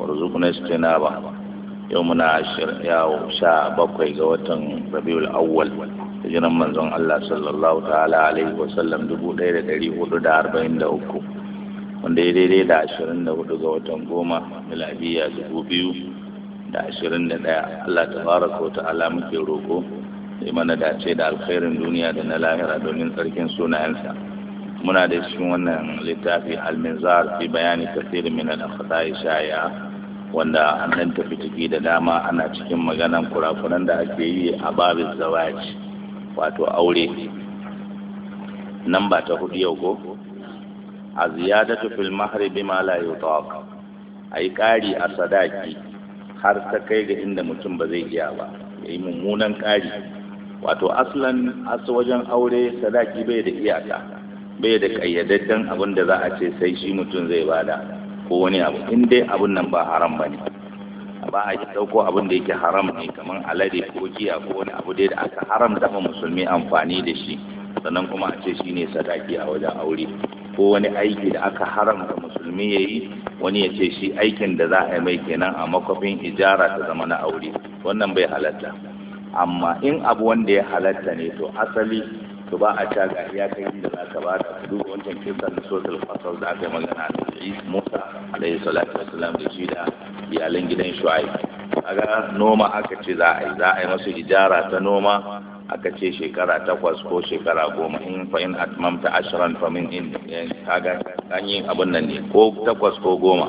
warzuqna istinaba yau muna ya sha bakwai ga watan rabiul awwal hijiran manzon Allah sallallahu ta'ala alaihi wa sallam 1443 wanda ya daidai da 24 ga watan goma miladiya 2021 Allah tabaraka wa ta'ala muke roko sai mana dace da alkhairin duniya da na lahira domin tsarkin sunayensa muna da shi wannan littafi alminzar fi bayani kasiri min al shaya wanda annan tafi ciki da dama ana cikin maganan kurakuran da ake yi a babin zawaji wato aure nan ba ta hudu yau ko a ziyadatu fil bi bima la yutaq ai kari a sadaki har ta kai ga inda mutum ba zai iya ba yayi mummunan kari wato aslan as wajen aure sadaki bai da iyaka bai da kayyadaddan abin da za a ce sai shi mutum zai bada ko wani abu in dai abin nan ba haram ba ne ba a ki ɗauko abin da yake haram ne kamar alade ko giya ko wani abu dai da aka haramta ma musulmi amfani da shi sannan kuma a ce shi ne sadaki a wajen aure ko wani aiki da aka haramta musulmi ya yi wani ya ce shi aikin da za a yi mai kenan a makwafin ijara ta zama na aure wannan bai halatta amma in abu wanda ya halatta ne to asali to ba a ta ga ya kai da za ka ba da duk wancan kisan da social fasal da aka yi magana da Isa Musa alayhi salatu wassalam da shi da iyalan gidan Shu'aib kaga noma aka ce za a yi za a yi masu ijara ta noma aka ce shekara takwas ko shekara goma in fa in atmamta ashran fa min in eh, kaga an yi abin nan ne ko takwas ko goma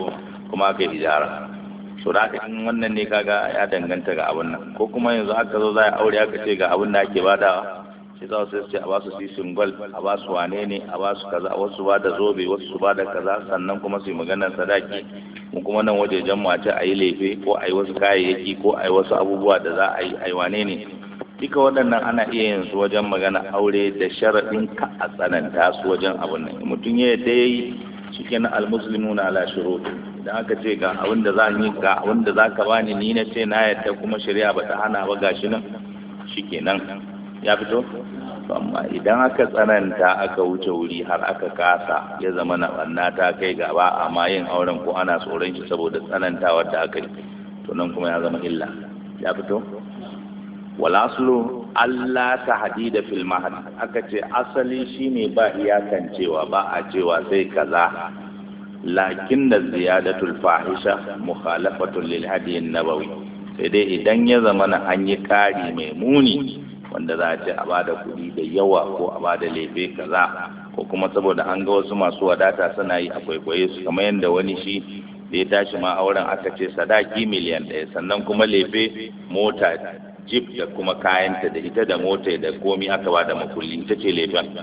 kuma aka yi ijara to da aka in wannan ne kaga ya danganta ga abin nan ko kuma yanzu aka zo za a aure aka ce ga abin da ake badawa shi za su ce a ba su sisin gwal a ba su wane ne a ba su kaza wasu ba da zobe wasu su ba da kaza sannan kuma su yi maganar sadaki mu kuma nan waje mu a ce a yi lefe ko a yi wasu kayayyaki ko a yi wasu abubuwa da za a yi a yi wane ne duka waɗannan ana iya yin su wajen magana aure da sharaɗin ka a tsananta su wajen abun nan mutum ya yadda ya yi shi na almuslimuna ala shurutu idan aka ce ga abin da za ni ga abin da za ka bani ni na ce na yadda kuma shari'a ba ta hana ba gashi nan shikenan ya fito amma idan aka tsananta aka wuce wuri har aka kasa ya zama na banna ta kai gaba amma yin auren ko ana tsoron shi saboda tsanantawa da aka yi to nan kuma ya zama illa ya fito walaslu Allah ta hadida fil mahad aka ce asali shine ba iyakan cewa ba a cewa sai kaza lakin da ziyadatul fahisha mukhalafatul lil hadi nabawi sai dai idan ya zama na an yi kari mai muni wanda za a ce a bada kuɗi da yawa ko a bada lefe kaza ko kuma saboda an ga wasu masu wadata suna yi a kwaikwaye su kamar yadda wani shi da ya tashi ma auren aka ce sadaki miliyan ɗaya sannan kuma lefe mota jip da kuma kayanta da ita da mota da komi aka ba da makulli ita ce lefen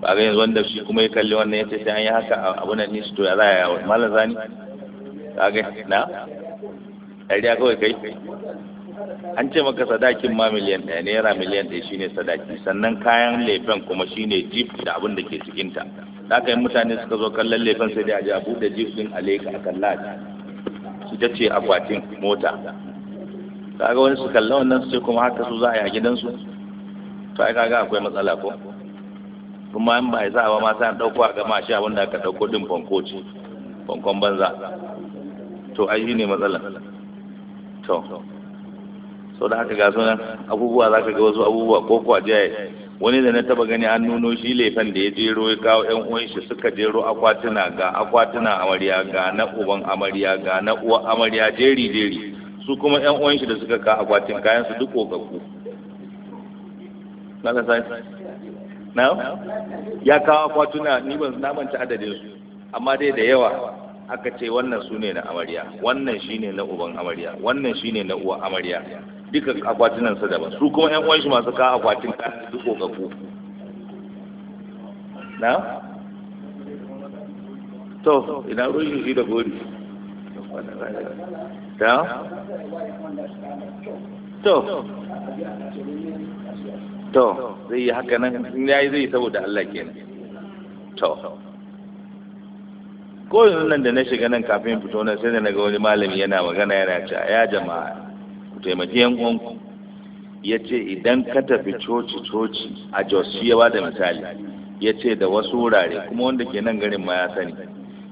ba ga yanzu wanda shi kuma ya kalli wannan ya ce sai an yi haka abu nan ni to ya za a malam zani ka ga na ɗariya kawai kai an ce maka sadakin ma miliyan ɗaya naira miliyan ɗaya shine sadaki sannan kayan lefen kuma shine jif da abin da ke cikinta da aka yi mutane suka zo kallon lefen sai dai a ji a buɗe jif ɗin a leka a kalla ita ce akwatin mota kaga wani su kalla wannan su ce kuma haka su za a yi a gidansu to ai kaga akwai matsala ko kuma in ba ya sa ba ma sai an ɗauko a gama shi abin da aka ɗauko ɗin fankoci fankon banza to ai shi ne matsalan to sau da haka ga sunan abubuwa za ka ga wasu abubuwa ko kuwa jiya wani da na taba gani an nuno shi lefan da ya jero ya kawo yan uwan shi suka jero akwatuna ga akwatuna amarya ga na uban amarya ga na uwa amarya jeri jeri su kuma yan uwan shi da suka ka akwatin kayan su duk kokaku na sai na ya kawo akwatuna ni ban na manta adadin su amma dai da yawa aka ce wannan su ne na amarya wannan shine na uban amarya wannan shine na uwa amarya duka akwatunan sada daban su kuma yan uwan shi masu kawo akwatin ka duk kokaku na to ina ruwan shi da gori da to to zai yi haka nan in yi zai saboda Allah kenan to ko yanzu nan da na shiga nan kafin fito nan sai da ga wani malami yana magana yana cewa ya jama'a ku taimaki yan ya ce idan ka tafi coci coci a jos shi ya da misali ya ce da wasu wurare kuma wanda ke nan garin ma ya sani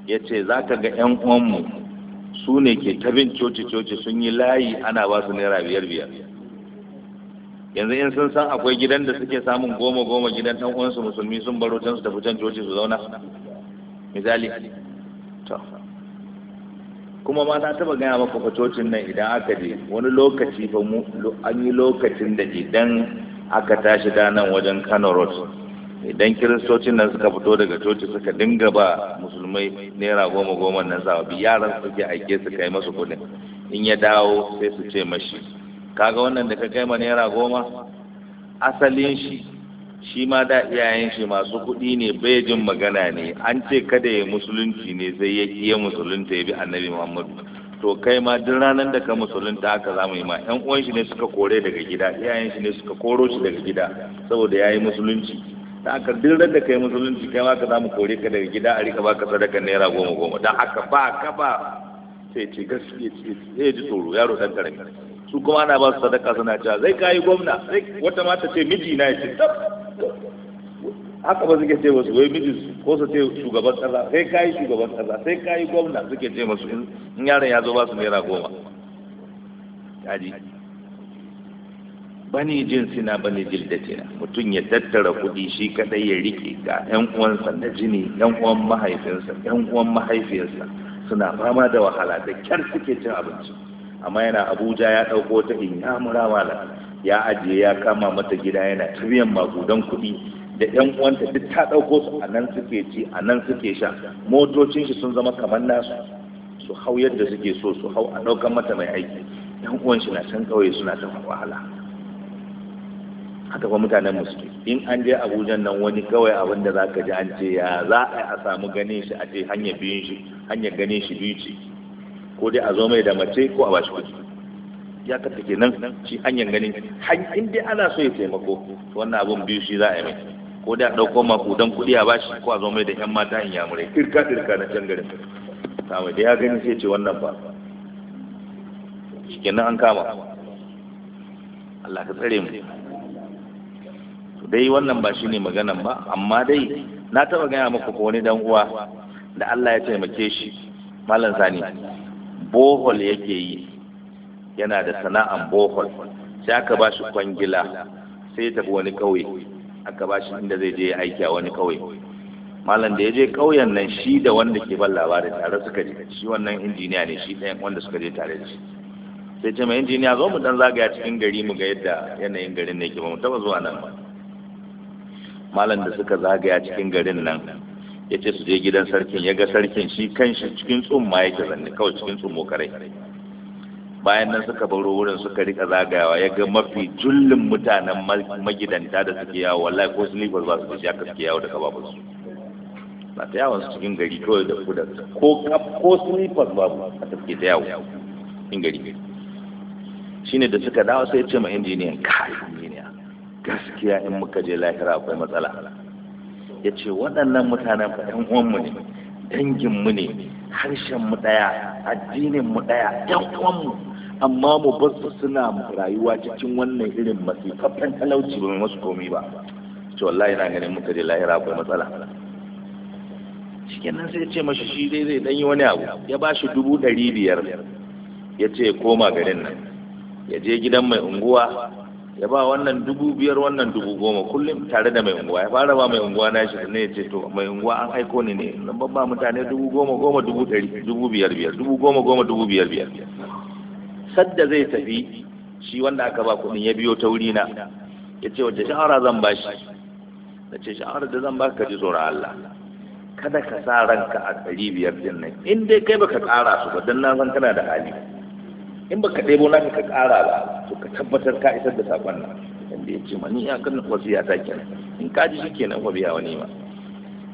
ya ce za ka ga yan uwanmu su ne ke tabin coci coci sun yi layi ana ba su naira biyar biyar yanzu in sun san akwai gidan da suke samun goma goma gidan ɗan uwansu musulmi sun baro can su tafi can coci su zauna misali kuma ma ta taba gaya maka fatocin nan idan aka je wani lokaci fa mu an yi lokacin da idan aka tashi da nan wajen Kano Road idan kiristocin nan suka fito daga coci suka dinga ba musulmai naira goma goma nan bi yaran suke aike su kai masu kuɗin in ya dawo sai su ce mashi kaga wannan da ka kai ma naira goma asalin shi shi ma da iyayen shi masu kuɗi ne bai jin magana ne an ce kada ya musulunci ne sai ya iya musulunta ya bi annabi muhammadu to kai ma duk ranar da ka musulunta haka za mu yi ma yan uwan shi ne suka kore daga gida iyayen shi ne suka koro shi daga gida saboda ya yi musulunci da aka duk ran da yi musulunci kai ma ka za mu kore ka daga gida a rika baka sadaka naira goma goma don haka ba ka ba sai ce gaskiya ce ji tsoro yaro dan karami su kuma ana ba su sadaka suna cewa zai kayi gwamna zai wata mata ce miji na ya ce haka ba suke ce wasu wai mijin ko su ce shugaban kaza sai kayi shugaban kaza sai kayi gwamna suke ce masu in yaron ya zo ba su naira goma kaji bani jinsi na bani jildati na mutum ya tattara kuɗi shi kadai ya rike ga yan uwansa na jini yan uwan mahaifinsa yan uwan mahaifiyarsa suna fama da wahala da kyar suke cin abinci amma yana abuja ya ɗauko ta inya ya ya ajiye ya kama mata gida yana tiriyan magudan kuɗi da yan uwanta duk ta ɗauko su a nan suke ci a nan suke sha motocin shi sun zama kamar nasu su hau yadda suke so su hau a ɗaukan mata mai aiki yan uwan shi na can kawai suna ta wahala haka fa mutanen mu in an je Abuja nan wani kawai abin da zaka ji an ce ya za a samu ganin shi a ce hanyar biyun shi hanyar ganin shi biyu ce ko dai a zo mai da mace ko a bashi kuɗi ya ke kenan shi hanyar ganin in dai ana so ya taimako to wannan abun biyu shi za a yi mai ko da ɗauko don kuɗi a bashi ko a zo mai da ƴan mata in yamurai irka irka na can garin mai da ya gani sai ce wannan ba kenan an kama Allah ka tsare mu dai wannan ba shine maganan ba amma dai na taɓa gaya maka ko wani dan uwa da Allah ya taimake shi malam sani bohol yake yi yana da sana'an bohol sai aka ba shi kwangila sai ya tafi wani kauye aka ba shi inda zai je ya aiki a wani kauye malam da ya je kauyen nan shi da wanda ke ban labarin tare suka je shi wannan injiniya ne shi ɗayan wanda suka je tare da shi sai ce mai injiniya zo mu dan zagaya cikin gari mu ga yadda yanayin garin ne ke ba mu taba zuwa nan ba malam da suka zagaya cikin garin nan ya ce su je gidan sarkin ya ga sarkin shi kan shi cikin tsumma yake zanne kawai cikin tsummo karai bayan nan suka baro wurin suka rika zagayawa ya ga mafi jullin mutanen magidanta da suke yawo wallahi ko su ba su da shi aka suke yawo da su na ta yawon su cikin gari kawai da kuda ko ko silifar ba a ta suke ta yawo cikin gari shine da suka dawo sai ce ma injiniyan kai injiniya gaskiya in muka je lahira akwai matsala ya ce waɗannan mutanen fa ɗan uwanmu ne danginmu ne harshenmu ɗaya addininmu ɗaya ɗan uwanmu amma mu su suna rayuwa cikin wannan irin kafin talauci ba mai masu komi ba ce wallahi na ganin muka je lahira akwai matsala shikenan sai ce mashi shi dai zai danyi wani abu ya ba shi dubu ɗari biyar ya ce koma garin nan ya je gidan mai unguwa ya ba wannan dubu biyar wannan dubu goma kullum tare da mai unguwa ya fara ba mai unguwa na shi ne ya ce to mai unguwa an aiko ni ne nan babba mutane dubu goma goma dubu ɗari dubu biyar biyar dubu goma goma dubu biyar biyar sadda zai tafi shi wanda aka ba kuɗin ya biyo ta wuri na ya ce wace shahara zan ba shi na ce shahara da zan ba ka ji tsoron Allah kada ka sa ranka a ɗari biyar din nan in dai kai baka ƙara su ba don na san kana da hali in baka ɗebo na ka ƙara ba to ka tabbatar ka isar da saƙon nan inda ya ce ma ni ya kan ya ta kenan in ka ji shi kenan wa biya wani ma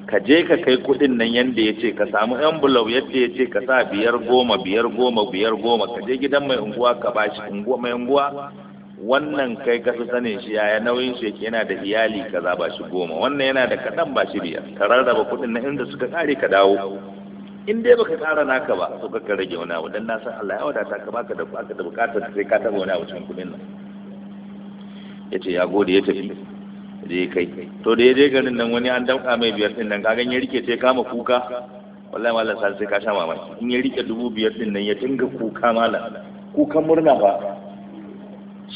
ka je ka kai kuɗin nan yadda ya ce ka samu envelope yadda ya ce ka sa biyar goma biyar goma biyar goma ka je gidan mai unguwa ka bashi unguwa mai unguwa wannan kai ka fi sanin shi yaya nauyin shi yake yana da iyali za ba shi goma wannan yana da kaɗan ba shi biyar ka rarraba kuɗin na inda suka kare ka dawo in dai baka ƙara naka ba to ka rage wani abu dan na san Allah ya wadata ka baka da buƙatar da bukatar sai ka taba wani abu cikin kudin nan yace ya gode ya tafi je kai to da ya je garin nan wani an dauka mai biyar din nan kagan ya rike sai kama kuka wallahi malam sai sai ka sha mamaki in ya rike dubu biyar din nan ya dinga kuka malam kukan murna ba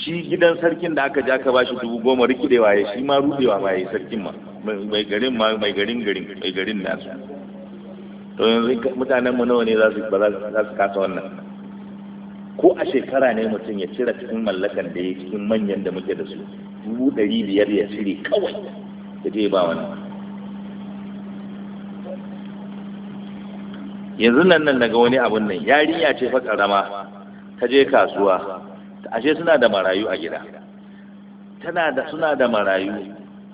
shi gidan sarkin da aka ja ka bashi dubu goma rikidewa ya shi ma rudewa ma ya sarkin ma mai garin ma mai garin garin mai garin nasu to yanzu mutanen mu nawa ne za su ba za su kasa wannan ko a shekara ne mutum ya cire cikin mallakan da ya cikin manyan da muke da su dubu ɗari biyar ya cire kawai ta je ba wani yanzu nan nan daga wani abun nan yarinya ce fa karama ta je kasuwa ashe suna da marayu a gida tana da suna da marayu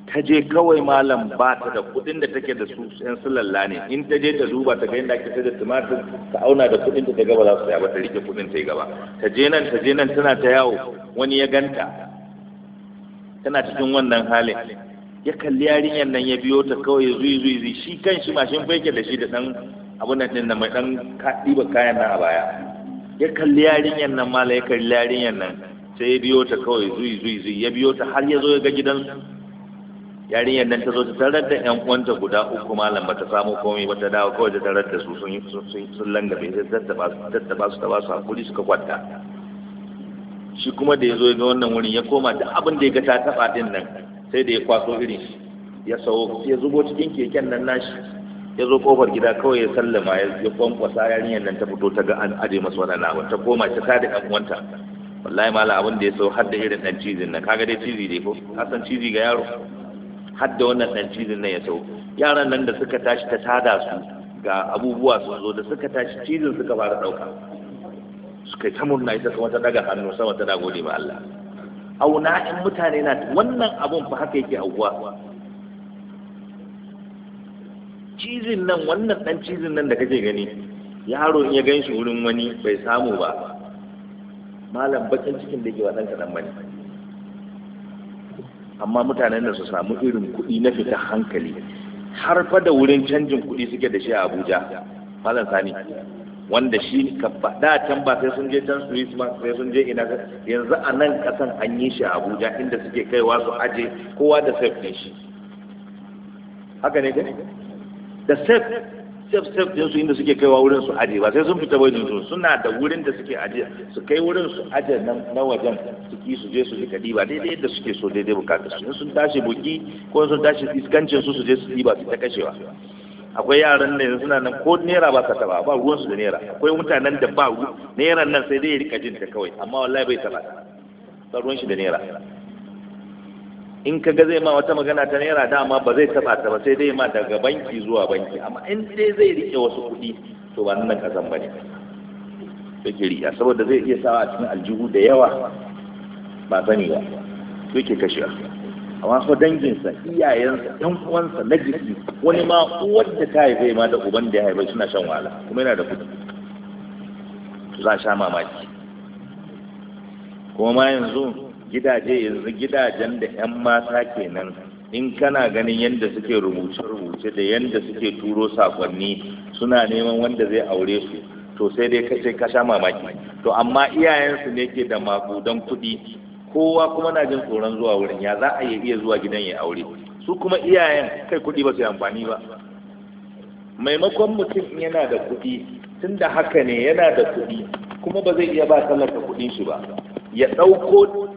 ta je kawai malam ba ta da kudin da take da su yan sulalla ne in ta je ta duba ta ga inda ake da tumatir ta auna da kudin da ta gaba za su saya ba ta rike kudin ta yi gaba ta je nan ta je nan tana ta yawo wani ya ganta tana cikin wannan halin ya kalli yarinyar nan ya biyo ta kawai zui zui zui shi kan shi shin fa da shi da dan abun nan din mai dan ɗiba kayan nan a baya ya kalli yarinyar nan mala ya kalli yarinyar nan sai ya biyo ta kawai zui zui zui ya biyo ta har ya zo ya ga gidansu yarinyar nan ta zo ta tarar da yan uwanta guda uku malam ba ta samu komai ba ta dawo kawai ta tarar da su sun sun langabe sai tattaba su tattaba su ta ba su hakuri suka kwanta shi kuma da ya zo ga wannan wurin ya koma da abin da ya ga ta taba din nan sai da ya kwaso irin shi ya sawo ya zubo cikin keken nan nashi ya zo kofar gida kawai ya sallama ya kwankwasa yarinyar nan ta fito ta ga an aje masa wani abin ta koma ta tada yan uwanta wallahi mala abin da ya sau har da irin dan cizin nan kaga dai cizi dai ko kasan cizi ga yaro har da wannan ɗan cizon nan ya sau yaran nan da suka tashi ta tada su ga abubuwa sun zo da suka tashi cizon suka fara ɗauka suka yi ta murna ita kuma ta daga hannu sama ta gode ma Allah auna in mutane na wannan abun fa haka yake aukuwa cizin nan wannan dan cizin nan da kake gani yaro in ya gan shi wurin wani bai samu ba malam bakin cikin da yake wa ɗan kaɗan bane amma mutanen da su samu irin kuɗi na fita hankali har fa da wurin canjin kuɗi suke da shi a Abuja malam sani wanda shi ka faɗa can ba sai sun je can su yi sai sun je ina yanzu a nan kasan an yi shi a Abuja inda suke kaiwa su aje kowa da safe ne shi haka ne da safe step step din su inda suke kaiwa wurin su aje ba sai sun fita wajen su suna da wurin da suke aje su kai wurin su aje na wajen su ki su je su ji kadi ba daidai yadda suke so daidai bukatu su sun tashi buki ko sun tashi iskancin su su je su ba su ta kashewa akwai yaran da suna nan ko naira ba ka taba ba ruwan su da naira akwai mutanen da ba naira nan sai dai ya rika jin ta kawai amma wallahi bai taba ba ruwan shi da naira in ka ga zai ma wata magana ta naira dama ba zai taba ta ba sai dai ma daga banki zuwa banki amma in dai zai rike wasu kuɗi to ba nan kasan bane yake riya saboda zai iya sawa a cikin aljihu da yawa ba sani ba to yake kashewa amma ko danginsa iyayensa ɗan uwansa na jiki wani ma uwar da ta haife ma da uban da ya haife suna shan wahala kuma yana da kuɗi za a sha mamaki kuma ma yanzu gidaje yanzu gidajen da 'yan mata kenan in kana ganin yadda suke rubuce-rubuce da yadda suke turo sakonni suna neman wanda zai aure su to sai dai kace ka sha mamaki to amma iyayensu ne ke da makudan kuɗi kowa kuma na jin tsoron zuwa wurin ya za a iya zuwa gidan ya aure su kuma iyayen kai kuɗi ba su amfani ba maimakon mutum yana da kuɗi tun da haka ne yana da kuɗi kuma ba zai iya ba talaka kuɗin shi ba ya ɗauko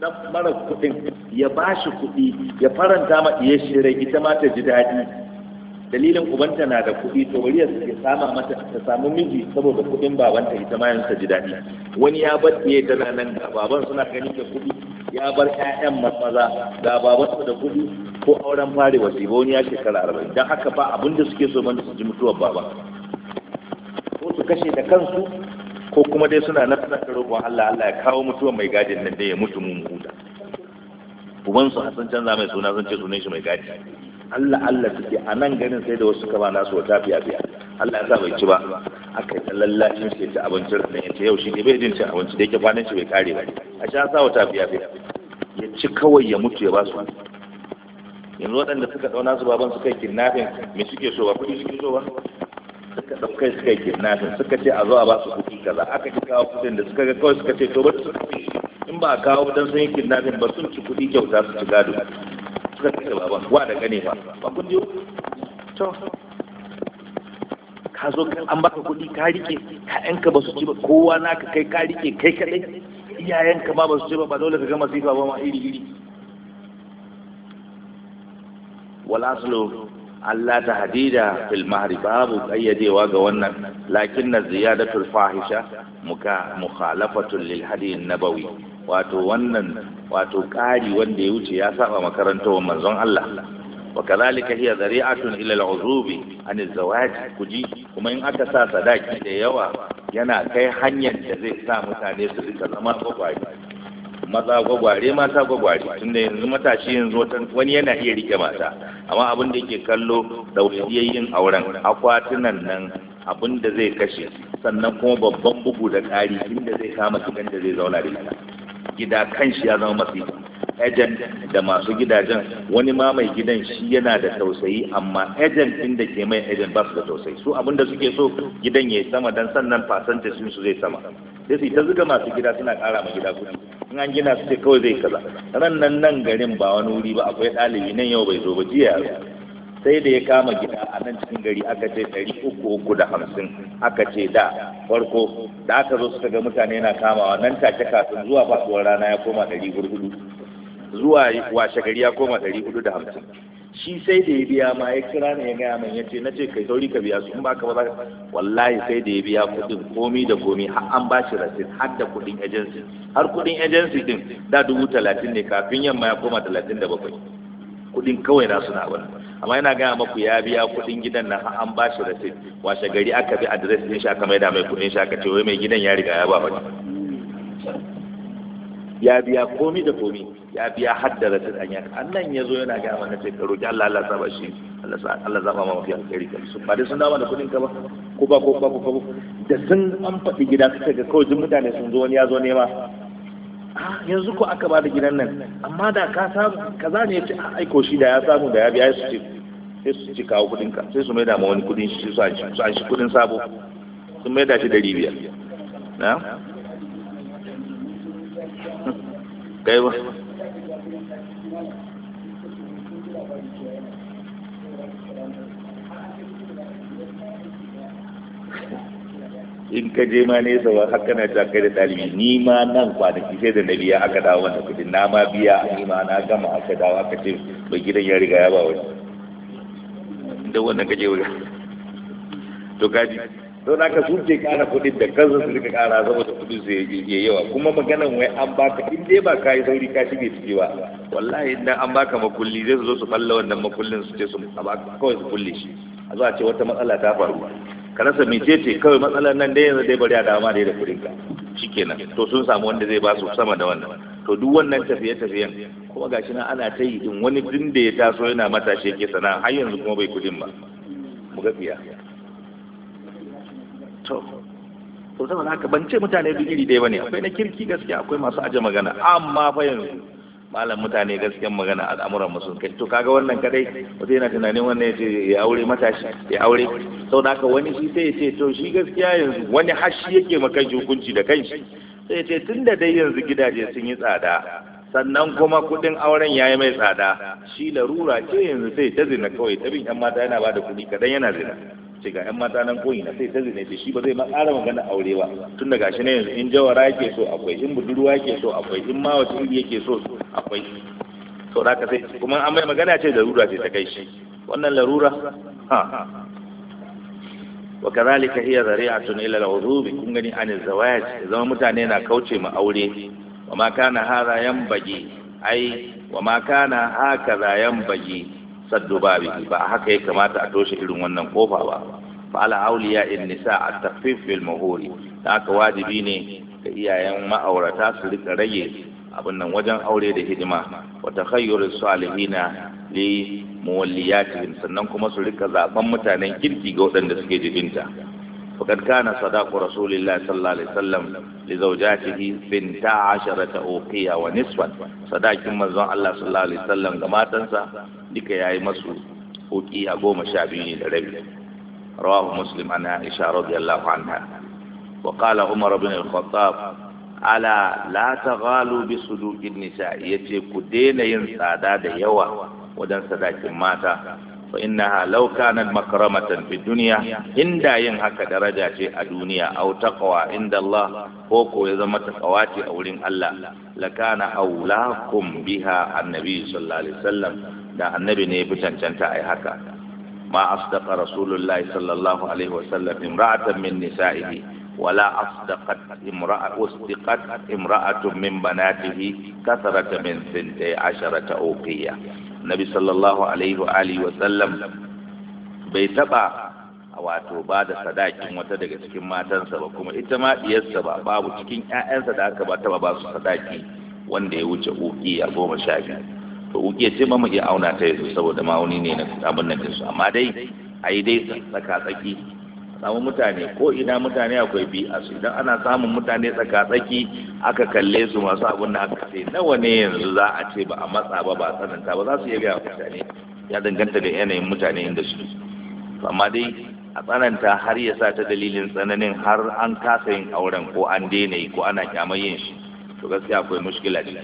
na mara kuɗin ya ba shi kuɗi ya faranta ma iya shirai ita ma ta ji daɗi dalilin ubanta na da kuɗi to bari ya sama mata ta samu miji saboda kuɗin babanta ita ma yanzu ta ji daɗi wani ya bar ɗaya tana nan ga baban suna ganin da kuɗi ya bar ƴaƴan maza ga babansa da kuɗi ko auren fare wasi ba wani ya shekara arba'in don haka ba abin da suke so mana su ji mutuwar baba ko su kashe da kansu ko kuma dai suna na suna da roƙon Allah Allah ya kawo mutuwa mai gadin nan dai ya mutu mun huta uban su sun canza mai suna sun ce sunan shi mai gadi Allah Allah suke a nan ganin sai da wasu kama nasu wata fiya fiya Allah ya sa bai ci ba aka yi lallashin shi ta abinci da ya ce yau shi ne bai jin cin abinci da yake kwanan shi bai kare ba a sha sa wata fiya fiya ya ci kawai ya mutu ya ba su yanzu waɗanda suka ɗauna su baban su kai kidnapping me suke so ba kuɗi suke so ba suka ɗaukai suka yi kidnapping suka ce a zo a ba su kuɗi kaza aka ci kawo kuɗin da suka ga kawai suka ce to bari su kashe in ba a kawo dan sun yi kidnapping ba sun ci kuɗi kyauta su ci gado suka ba ban wa da gane ba ba kun jiyo to ka zo an baka kuɗi ka rike ka yanka ba su ci ba kowa na ka kai ka rike kai kaɗai iyayenka ma ba su ci ba ba dole ka ga masifa ba ma iri iri wala aslo Allah ta hadida fil mahri babu kayyadewa ga wannan lakin na ziyadatul fahisha muka mukhalafatul lil hadiyin nabawi wato wannan wato kari wanda ya wuce ya saba makarantar manzon Allah wa kadhalika hiya zari'atun ila al-uzubi an zawaj kuji kuma in aka sa sadaki da yawa yana kai hanyar da zai sa mutane su rika zama kwakwai maza gwagware mata gwagware tun da yanzu matashi yanzu wani yana iya rike mata amma abin da yake kallo da yin auren akwatunan nan abin da zai kashe sannan kuma babban bugu da ƙari inda zai kama gidan da zai zauna da ita gida kan shi ya zama masu agent da masu gidajen wani ma mai gidan shi yana da tausayi amma agent din da ke mai agent ba su da tausayi su abin da suke so gidan ya sama dan sannan fasanta sun su zai sama sai su ta zuga masu gida suna kara ma gida kuɗi in an gina su sai kawai zai kaza ran nan nan garin ba wani wuri ba akwai ɗalibi nan yau bai zo ba jiya sai da ya kama gida a nan cikin gari aka ce ɗari uku uku da hamsin aka ce da farko da aka zo suka ga mutane na kamawa nan take kafin zuwa fasuwar rana ya koma ɗari hurhudu zuwa washe gari ya koma ɗari hudu da hamsin shi sai da ya biya ma ya kira ne ya gaya min ya ce na ce kai sauri ka biya su in ba ka ba wallahi sai da ya biya kuɗin komi da komi har an ba shi rasit har da kuɗin agency har kuɗin agency din da dubu talatin ne kafin yamma ya koma talatin da bakwai kuɗin kawai na suna wani amma yana gaya maku ya biya kuɗin gidan na har an ba shi rasit washe gari aka bi adres din shi aka mai da mai kuɗin shi aka ce wai mai gidan ya riga ya ba ba ya biya komi da komi ya biya haddara ta danya annan yazo yana ga mana ce ka roki Allah Allah saba shi Allah sa Allah zaba ma mafi alheri ka su ba dai sun dawo da kudin ka ba ko ba ko ba ko da sun an faɗi gida suka ga kawai jin mutane sun zo wani ya zo nema yanzu ko aka bada gidan nan amma da ka samu kaza ne ya ce aiko shi da ya samu da ya biya su ce sai su ci kawo kudin ka sai su maida ma wani kudin shi su an shi kudin sabo sun maida shi dari biyar gaiwa in ka je ma nesa ba haka na ta kai da ɗalibi ni ma nan kwanaki sai da na biya aka dawo wanda kudi na ma biya ni ma na gama aka dawo aka ce bai gidan ya riga ya ba wani da wannan kaje wuri to kaji don haka su ke kara kuɗin da kansu su rika kara zama da kuɗin su yi yawa kuma maganan wai an baka in dai ba ka yi sauri ka shige ciki ba wallahi idan an baka makulli zai zo su falla wannan makullin su ce su kawai su kulle shi a zuwa ce wata matsala ta faru ka rasa mecece kawai matsalar nan dai yanzu dai bari a dama dai da kuɗin ka shikenan to sun samu wanda zai ba su sama da wannan to duk wannan tafiye-tafiyen kuma gashi nan ana ta yi in wani din da ya taso yana matashe ke sana'a har yanzu kuma bai kuɗin ba mu ga to to saboda haka ban ce mutane duk iri ɗaya bane akwai na kirki gaskiya akwai masu aje magana amma fa yanzu malam mutane gaskiyan magana al'amuran musu kai to kaga wannan kadai wata yana tunanin wannan ya ce ya aure matashi ya aure saboda haka wani shi sai ya ce to shi gaskiya yanzu wani hashi yake ma kanshi hukunci da kanshi sai ya ce tunda dai yanzu gidaje sun yi tsada sannan kuma kudin auren yayi mai tsada shi larura ce yanzu sai ta zina kawai ta bin yan mata yana bada kuɗi kadan yana zina ce ga 'yan mata nan koyi na sai ta zine ce shi ba zai ma magana aure ba tun daga shi ne yanzu in jawara yake so akwai in budurwa yake so akwai in ma wata iri yake so akwai sau da sai kuma an mai magana ce rura sai ta kai shi wannan larura ha wa kazalika hiya zari'atun ila al-wudubi kun gani an zawaj zama mutane na kauce ma aure wa ma kana yan yanbaghi ai wa ma kana yan yanbaghi saddu babi ba haka ya kamata a toshe irin wannan kofa ba fa ala ya in nisa at takfif bil muhuri haka wajibi ne ga iyayen ma'aurata su rika rage abin nan wajen aure da hidima wa takhayyur salihina li muwalliyatihim sannan kuma su rika zaben mutanen kirki ga waɗanda suke jibinta فقد كان صداق رسول الله صلى الله عليه وسلم لزوجاته بنت عشرة أوقية ونصفا صداق من زوج الله صلى الله عليه وسلم كما تنسى لك يا مسو أوقية قوم شابيني لربي رواه مسلم عن عائشة رضي الله عنها وقال عمر بن الخطاب ala la ta galu bi sudukin nisa ya ce ku daina yin tsada da yawa wajen sadakin mata fa innaha law kanat makramatan duniya dunya inda yin haka daraja ce a duniya aw taqwa inda Allah ko ko ya zama ta ce a wurin Allah lakana aulakum biha annabi sallallahu alaihi da annabi ne ya fi cancanta ai haka ma asdaqa rasulullahi sallallahu alaihi wasallam imra'atan min nisa'ihi ولا أصدقت امرأة أصدقت امرأة من بناته كثرة من ثنتي عشرة أوقية annabi sallallahu alaihi wa alihi wa sallam bai taba wato ba da sadakin wata daga cikin matansa ba kuma ita ma diyarsa ba babu cikin ƴaƴansa da aka ba taba ba su sadaki wanda ya wuce uki a goma sha biyu to uki ya ce ma mu iya auna ta yanzu saboda ma'auni ne na abin nan su amma dai ai dai tsaka tsaki samu mutane ko ina mutane akwai biyu su idan ana samun mutane tsaka-tsaki aka kalle su masu abin da aka sai nawa ne yanzu za a ce ba a matsa ba ba ba za su iya a mutane ya danganta da yanayin mutane inda su amma dai a tsananta har ya sa ta dalilin tsananin har an kasa yin auren ko an daina yi ko ana kyamar yin shi to gaskiya akwai mushkila ne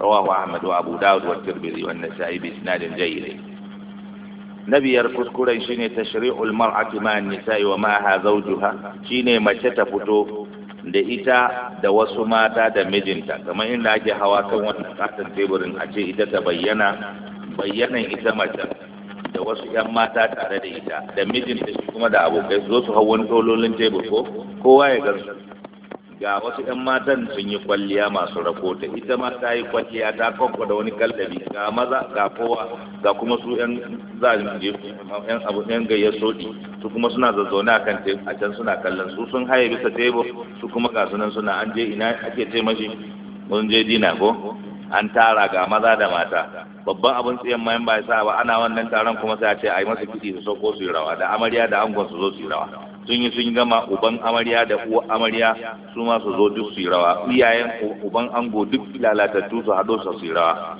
rawahu ahmad wa abu dawud wa tirmidhi wa an-nasa'i bi isnadin jayyid na biyar kuskuren shine tashri'ul mar'ati ma nisa'i wa ma ha zawjuha shine mace ta fito da ita da wasu mata da mijinta kamar inda ake hawa kan wannan katon teburin a ce ita ta bayyana bayyanan ita mace da wasu yan mata tare da ita da mijinta shi kuma da abokai su zo su hau wani tololin tebur ko kowa ya gansu ga wasu 'yan matan sun yi kwalliya masu rakota ita ma ta yi kwalliya ta kwakwa da wani kallabi ga maza ga kowa ga kuma su 'yan zalimje abu 'yan gayya soɗi su kuma suna zazzaune a kan a can suna kallon su sun haye bisa tebur su kuma ga sunan suna an je ina ake ce mashi mun je dina ko an tara ga maza da mata babban abin tsayen mayan ba ya sa ba ana wannan taron kuma sai a ce a yi masa kiɗi su sauko su yi rawa da amarya da angon su zo su yi rawa sun yi sun gama uban amarya da uwa amarya su ma su zo duk su yi rawa iyayen uban ango duk lalatattu su haɗo su su yi rawa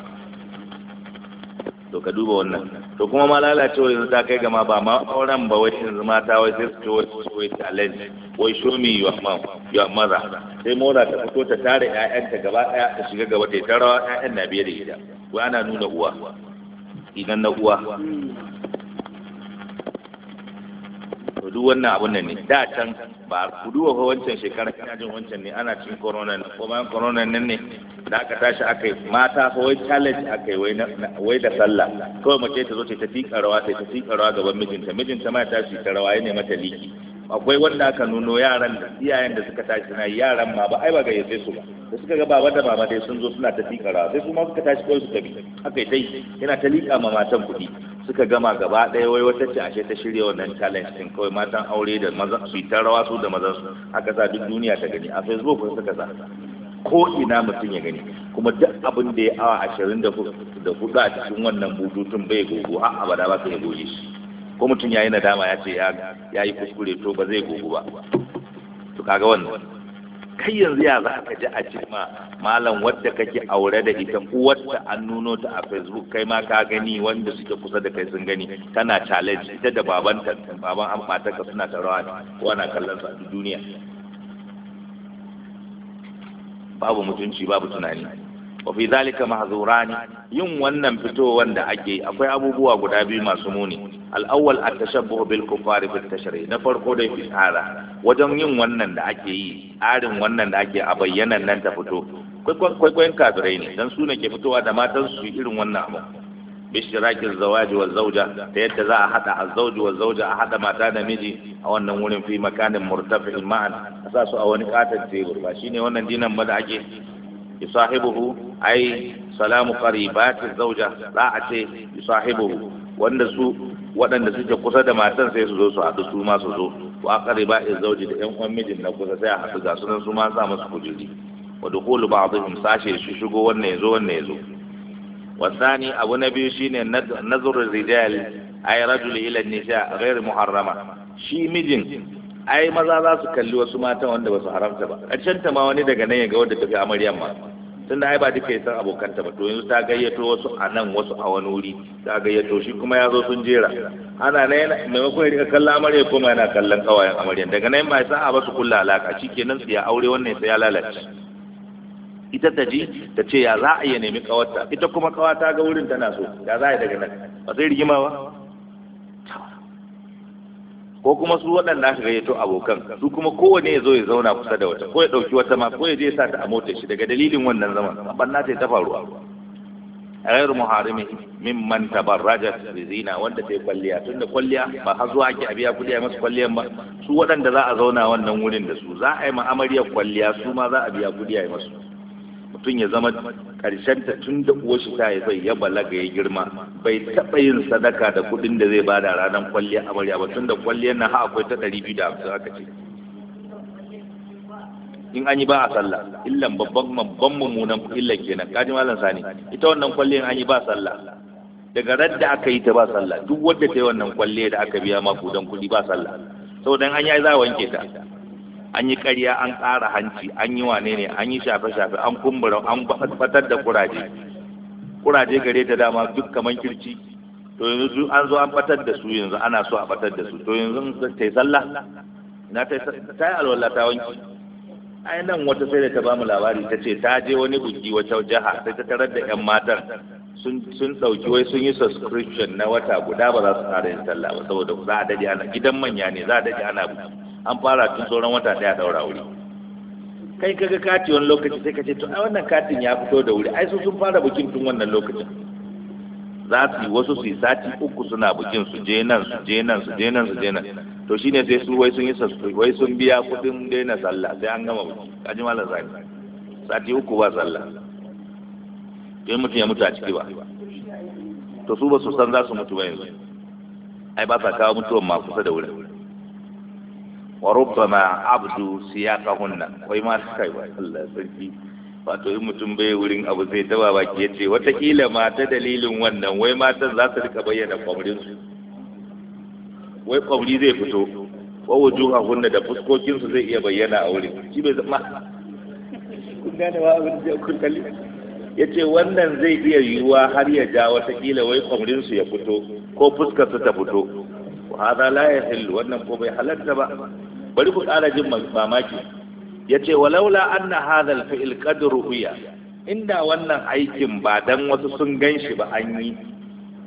to ka duba wannan to kuma ma lalacewa yanzu ta kai gama ba ma auren ba wai yanzu mata wai sai su ce wai wai talent wai show me your mom your mother sai mora ta fito ta tare ƴaƴanta gaba ɗaya ta shiga gaba ta yi ta rawa ƴaƴan na biye da ita wai ana nuna uwa idan na uwa to duk wannan abun nan ne da can ba ku duba fa wancan shekara kana jin wancan ne ana cin corona ne ko bayan corona nan ne da aka tashi aka yi mata ko wai challenge aka yi wai da sallah kawai mace ta zo ta fika rawa ta fi karawa gaban mijinta mijinta ma ta fika rawa ya ne mata liki akwai wanda aka nuno yaran da iyayen da suka tashi suna yaran ma ba ai ba gayyace su ba da suka ga baba da mama dai sun zo suna ta karawa sai su ma suka tashi kawai su tafi aka yi dai yana ta liƙa ma matan kuɗi suka gama gaba ɗaya wai wata ce ashe ta shirya wannan challenge din kawai matan aure da mazan su ta rawa su da mazan su aka sa duk duniya ta gani a facebook su suka sa ko ina mutum ya gani kuma duk abin da ya awa ashirin da hudu a cikin wannan bututun bai gogo har abada ba sai ya goge shi ko mutum ya yi nadama ya ce ya yi kuskure to ba zai gogo ba to kaga wannan kai yanzu ya za ka ji a cikin ma malam wadda kake aure da ita ko wadda an nuno ta a facebook kai ma ka gani wanda suke kusa da kai sun gani tana challenge ita da baban ta baban an mata ka suna tarawa ne ana kallon sa a duniya babu mutunci babu tunani wa fi zalika mahzurani yin wannan fitowar da ake akwai abubuwa guda biyu masu muni al'awwal a tashabbuhu bil kufari bil tashri na farko dai fitara wajen yin wannan da ake yi tsarin wannan da ake a bayyanan nan ta fito kwaikwayon kafirai ne dan su ke fitowa da matan su irin wannan abu bishirakin zawaji wa zauja ta yadda za a hada zauji wa zauja a hada mata da miji a wannan wurin fi makanin murtafi'in ma'an a sa su a wani katon tebur ba shine wannan dinan ba da ake yusahibuhu ai salamu qaribati zauja za a ce yusahibuhu wanda su waɗanda suke kusa da matan sai su zo su haɗu su ma su zo a akari ba in zauji da ƴan uwan mijin na kusa sai a haɗu ga sunan su ma sa musu kujeri wa dukulu ba'dhum sashe shi shigo wannan yazo wannan yazo wasani abu na biyu shine nazrul rijal ay rajul ila nisa ghair muharrama shi mijin ai maza za su kalli wasu matan wanda ba su haramta ba a canta ma wani daga nan ya ga wanda tafi amaryan ma tunda ai ba duka ya san abokanta ba to yanzu ta gayyato wasu a nan wasu a wani wuri ta gayyato shi kuma ya zo sun jera ana na yana maimakon ya rika kallon amarya kuma yana kallon kawayen amarya daga nan ba sa'a ba su kulla alaka su ya aure wannan sai ya lalace ita ta ji ta ce ya za a iya nemi kawarta ita kuma kawa ga wurin tana so ya za a yi daga nan ba sai rigima ba ko kuma su waɗanda aka gayyato abokan su kuma kowane ya zo ya zauna kusa da wata ko ya ɗauki wata ma ko ya je sa ta a motar shi daga dalilin wannan zaman ɓanna ta ta faruwa gairu muharimi mimman tabarrajat bi zina wanda ta yi kwalliya tunda kwalliya ba har zuwa ake abiya kudi a masu kwalliyan ba su waɗanda za a zauna wannan wurin da su za a yi ma'amariyar kwalliya su ma za a biya kuɗi a masu mutum ya zama ƙarshen ta tun da shi ta zai ya balaga ya girma bai taɓa yin sadaka da kuɗin da zai bada ranar kwalliya amarya ba tun da kwalliyar na ha akwai ta ɗari biyu da hamsin aka ce in an yi ba a sallah illan babban babban mummunan illan kenan kaji malam sani ita wannan kwalliyar an yi ba sallah daga da aka yi ta ba sallah duk wadda ta yi wannan kwalliyar da aka biya maku don kuɗi ba sallah saboda an yi za a wanke ta an yi ƙarya an ƙara hanci an yi wane ne an yi shafe-shafe an kumbura an batar da kuraje kuraje gare ta dama duk kaman kirci to yanzu an zo an batar da su yanzu ana so a batar da su to yanzu ta yi sallah na ta yi alwala ta wanki ai nan wata sai da ta bamu labari ta ce ta je wani buki wata jaha sai ta tarar da yan matan sun ɗauki wai sun yi subscription na wata guda ba za su ƙara yin sallah ba saboda za a daɗe ana gidan manya ne za a daɗe ana buki an fara tun sauran wata ɗaya ɗaura wuri kai kaga kati wani lokaci sai ka ce to ai wannan katin ya fito da wuri ai su sun fara bikin tun wannan lokacin za su yi wasu su yi sati uku suna bikin su je nan su je nan su je nan su je nan to shine sai su wai sun yi sassu wai sun biya kudin daina sallah sai an gama biki kaji malam zani sati uku ba sallah to mutum ya mutu a ciki ba to su ba su san za su mutu ba yanzu ai ba sa kawo mutuwan ma kusa da wurin warubama abdu siyaka hunna wai ma yi wa Allah sarki wato in mutum bai wurin abu zai taba baki yace watakila ma ta dalilin wannan wai matan za su rika bayyana kwamrin su wai kwamri zai fito wa hunna da fuskokin su zai iya bayyana a wurin shi bai zama kun gane wa abin da kun kalli yace wannan zai iya yiwuwa har ya ja watakila wai kwamrin su ya fito ko fuskar su ta fito hada la yahillu wannan ko bai halatta ba bari ku ƙara jin mamaki ya ce walaula anna hadhal fi'l qad ru'ya inda wannan aikin ba dan wasu sun ganshi ba an yi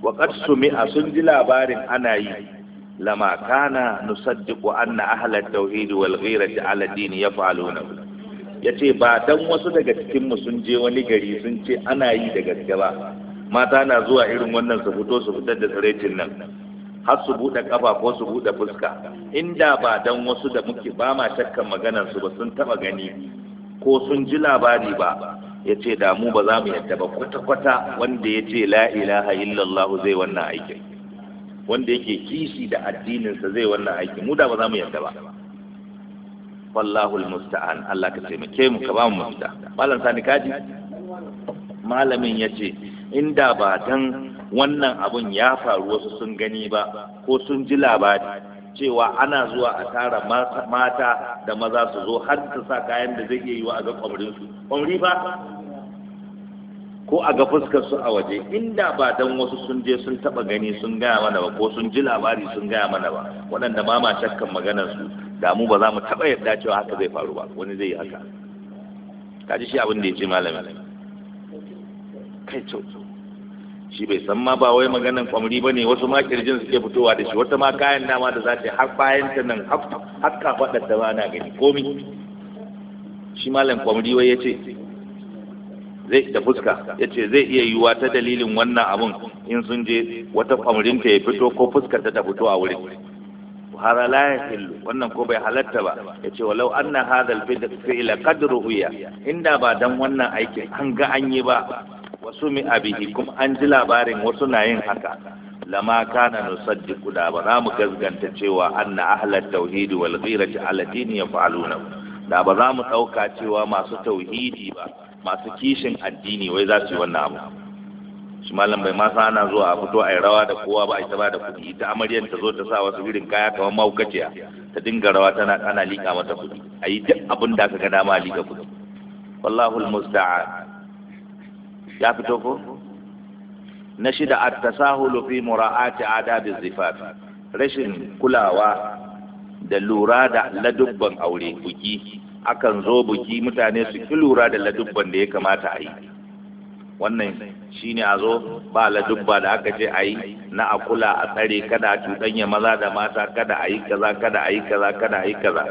wa qad sumi'a sun ji labarin ana yi lama kana nusaddiqu anna ahla at-tauhid wal ghirati ala din yaf'aluna yace ba dan wasu daga cikin mu sun je wani gari sun ce ana yi da gaske ba mata na zuwa irin wannan su fito su fitar da tsiraicin nan har su buɗe ƙafa ko su buɗe fuska inda ba dan wasu da muke ba ma shakkan maganar su ba sun taɓa gani ko sun ji labari ba ya ce da mu ba za mu yadda ba kwata-kwata wanda ya ce la ilaha illallah zai wannan aikin wanda yake kishi da addininsa zai wannan aiki, mu da ba za mu yadda ba wallahu musta'an Allah ka taimake mu ka ba mu mafita malam sani kaji malamin ya ce inda ba dan wannan abun ya faru wasu sun gani ba ko sun ji labari cewa ana zuwa a tara mata da maza su zo har su sa kayan da zai iya yi wa a ga kwamrinsu kwamri ba ko a ga fuskar su a waje inda ba dan wasu sun je sun taba gani sun gaya mana ba ko sun ji labari sun gaya mana ba waɗanda ba ma shakkan maganar su da mu ba za mu taba yadda cewa haka zai faru ba wani zai yi haka kaji shi abin da ya ce malami kai cewa shi bai san ma ba wai maganan kwamri ba ne wasu ma kirjin suke fitowa da shi wata ma kayan nama da za ta har bayan ta nan har kafaɗar ta bana gani komi shi malam kwamri wai ya ce zai da fuska ya ce zai iya yiwuwa ta dalilin wannan abun in sun je wata kwamrinta ya fito ko fuskar ta ta fito a wurin hara la yahillu wannan ko bai halatta ba yace walau anna hadal fi'la qadru huya inda ba dan wannan aikin an ga an yi ba wasu mi abihi kuma an ji labarin wasu na yin haka lama kana nusaddiqu da ba za mu gazganta cewa anna ahlat tauhidi wal ghirati ala dini yaf'aluna da ba za mu dauka cewa masu tauhidi ba masu kishin addini wai za su yi wannan abu shi malam bai ma ana zuwa a fito a yi rawa da kowa ba a ta ba da kuɗi ita amaryar ta zo ta sa wasu irin kaya kamar maukaciya ta dinga rawa tana ana liƙa mata kuɗi a yi duk abin da aka ga dama liƙa kuɗi wallahul musta'an ya fito ko na shida a tasahulu fi mura'ati adadin zifaf rashin kulawa da lura da ladubban aure buki akan zo buki mutane su ki lura da ladubban da ya kamata a yi wannan shine a zo ba ladubba da aka ce a yi na a kula a tsare kada a cuɗanya maza da mata kada a yi kaza kada a yi kaza kada a yi kaza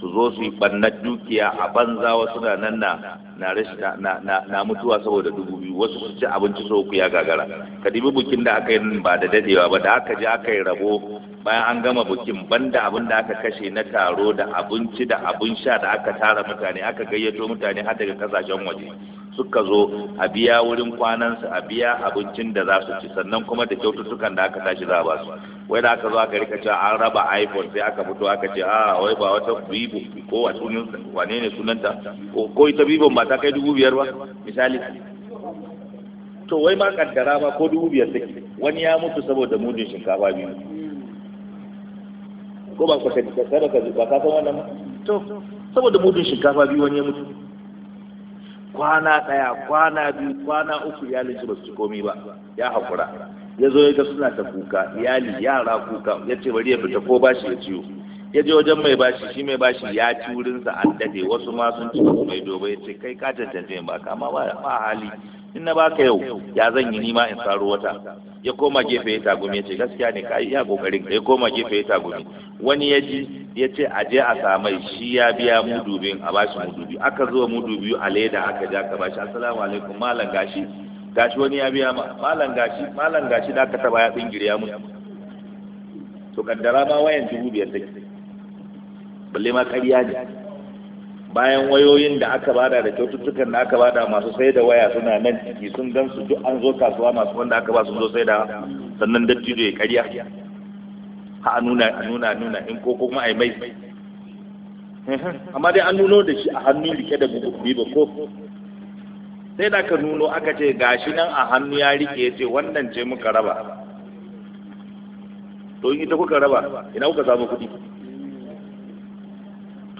su zo su yi ɓannar dukiya a banza wasu na nan na na mutuwa saboda dubu biyu wasu su ci abinci so ku ya gagara ka dibi bukin da aka yi ba da dadewa ba da aka je aka yi rabo bayan an gama bukin banda abin da aka kashe na taro da abinci da abin sha da aka tara mutane aka gayyato mutane har daga kasashen waje suka zo a biya wurin kwanansu a biya abincin da za su ci sannan kuma da kyaututtukan da aka tashi za a ba su wai da aka zo aka rika cewa an raba iphone sai aka fito aka ce a wai ba wata bibu ko wa sunan wane ne sunanta ko ita bibu ba ta kai dubu biyar ba misali to wai ma kaddara ba ko dubu biyar take wani ya mutu saboda mudin shinkafa biyu ko ba ka ka ka ka ka san wannan to saboda mudin shinkafa biyu wani ya mutu kwana ɗaya kwana biyu kwana uku iyalin shi ba su ci komi ba ya haƙura ya zo ya ga suna ta kuka iyali yara kuka ya ce bari ya fita ko bashi ya ciwo ya je wajen mai bashi shi mai bashi ya ci wurinsa an dade wasu ma sun ci ba mai dobe ya ce kai ka cancanta ba kama ba hali in na baka yau ya zan yi nima in saro wata ya koma gefe ya tagumi ya ce gaskiya ne ka iya kokarin ya koma gefe ya tagumi wani ya ji ya ce a je a samai shi ya biya mudubin a bashi mudubi aka zo mudubi a leda aka ja ka bashi assalamu alaikum malam gashi gashi wani ya biya ma malam gashi malam gashi da aka taba ya tsingire ya mutu to kaddara ma wayan dubu biyar take balle ma ƙarya ne bayan wayoyin da aka bada da kyaututtukan da aka bada masu sai da waya suna nan ciki sun gan su duk an zo kasuwa masu wanda aka ba su zo sai da sannan dattijo ya karya ha a nuna nuna nuna in ko kuma ai mai amma dai an nuno da shi a hannu rike da biba ko sai da ka nuno aka ce gashi nan a hannu ya rike ya ce wannan ce muka raba to in ita kuka raba ina kuka samu kuɗi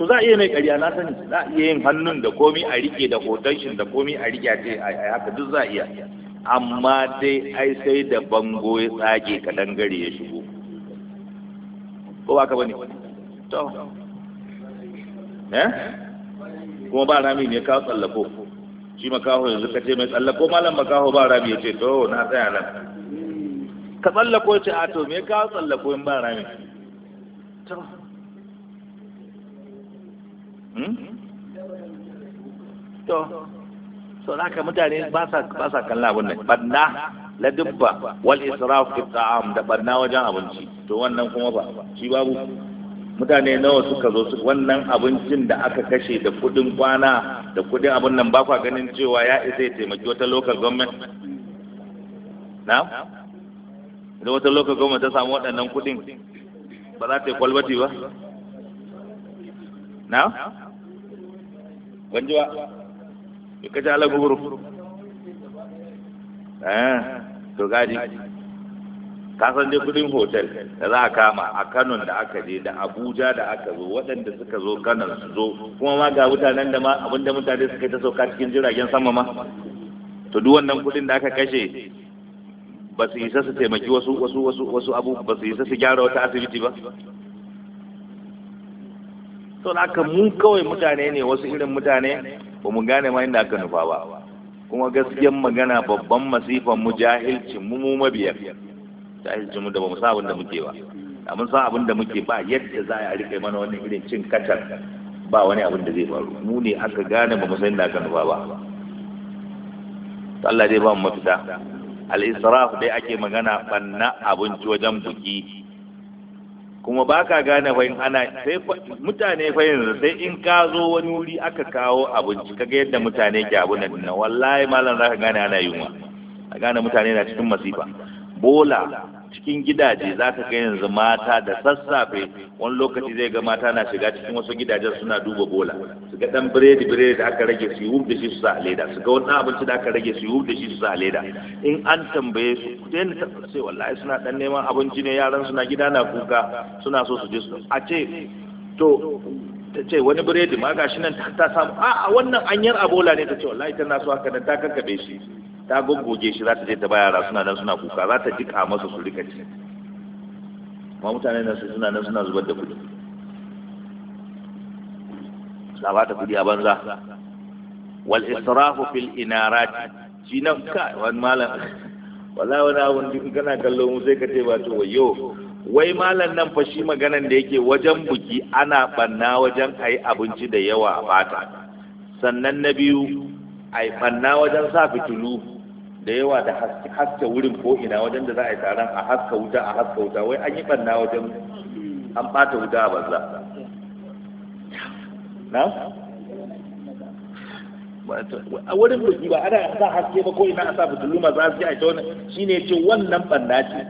to za a iya mai ƙarya na sani za a iya yin hannun da komi a rike da hoton shi da komi a rike a ce a haka duk za a iya amma dai ai sai da bango ya tsage ka dangare ya shigo ko ba ka bane to eh kuma ba rami ne ka tsallako shi makaho yanzu ka ce mai tsallako malam makaho ba rami ya ce to na tsaya nan ka tsallako ce a to me ka tsallako in ba rami to Hmm? to so haka mutane ba sa kallon abin nan banna la dubba wal israf fi ta'am da banna wajen abinci to wannan kuma ba shi babu mutane nawa suka zo su wannan abincin da aka kashe da kudin kwana da kudin abin nan ba kwa ganin cewa ya isa ya taimaki wata local government na idan wata local government ta samu waɗannan kudin ba za ta yi kwalbati ba na ban ji ka ya kaji ala to gaji ka san dai kudin hotel da za a kama a Kano da aka je da Abuja da aka zo waɗanda suka zo Kano su zo kuma ma ga mutanen da ma abinda mutane suka ta sauka cikin jiragen sama ma to duk wannan kudin da aka kashe ba su isa su taimaki wasu wasu wasu wasu abu ba su isa su gyara wata asibiti ba sau da aka mu kawai mutane ne wasu irin mutane ba mu gane ma inda aka nufa ba kuma gaskiyan magana babban masifan mu jahilcin mu mu mabiyar jahilcin mu da ba mu sa abin da muke ba da mun sa abin da muke ba yadda za a rike mana wannan irin cin kacar ba wani abin da zai faru mu ne aka gane ba mu san inda aka nufa ba Allah dai ba mu mafita al-israf dai ake magana banna abinci wajen buki kuma ba ka gane fahim ana sai mutane fahim sai in ka zo wani wuri aka kawo abinci kaga yadda mutane ke abu nan wallahi malam za ka gane ana yunwa a gane mutane na cikin masifa bola cikin gidaje za ka ga yanzu mata da sassafe wani lokaci zai ga mata na shiga cikin wasu gidajen suna duba bola su ga dan biredi biredi da aka rage su yi da shi su sa leda su ga wani abinci da aka rage su yi da shi su sa leda in an tambaye su ku daina ta sai wallahi suna dan neman abinci ne yaran suna gida na kuka suna so su je su a ce to ta ce wani biredi ma gashi nan ta samu a wannan anyar abola ne ta ce wallahi tana so haka nan ta kakkabe shi ta goggoge shi za ta je ta ba yara suna nan suna kuka za ta jika masa su rika ci kuma mutane nan suna nan suna zubar da kuɗi za ba ta kuɗi a banza wal israfu fil inarat shi nan ka wani malam wala wani abun duk kana kallo mu sai ka ce ba to wayo wai malam nan fa shi maganan da yake wajen buki ana banna wajen ayi abinci da yawa a bata sannan na biyu ai banna wajen sa fitilu da yawa da haska wurin ko ina wajen da za a yi taron a haska wuta a haska wuta wai an yi ɓanna wajen an ɓata wuta a banza na a wurin buki ba ana sa haske ba ko ina a sa za su yi a ita wannan shi ya ce wannan banna ce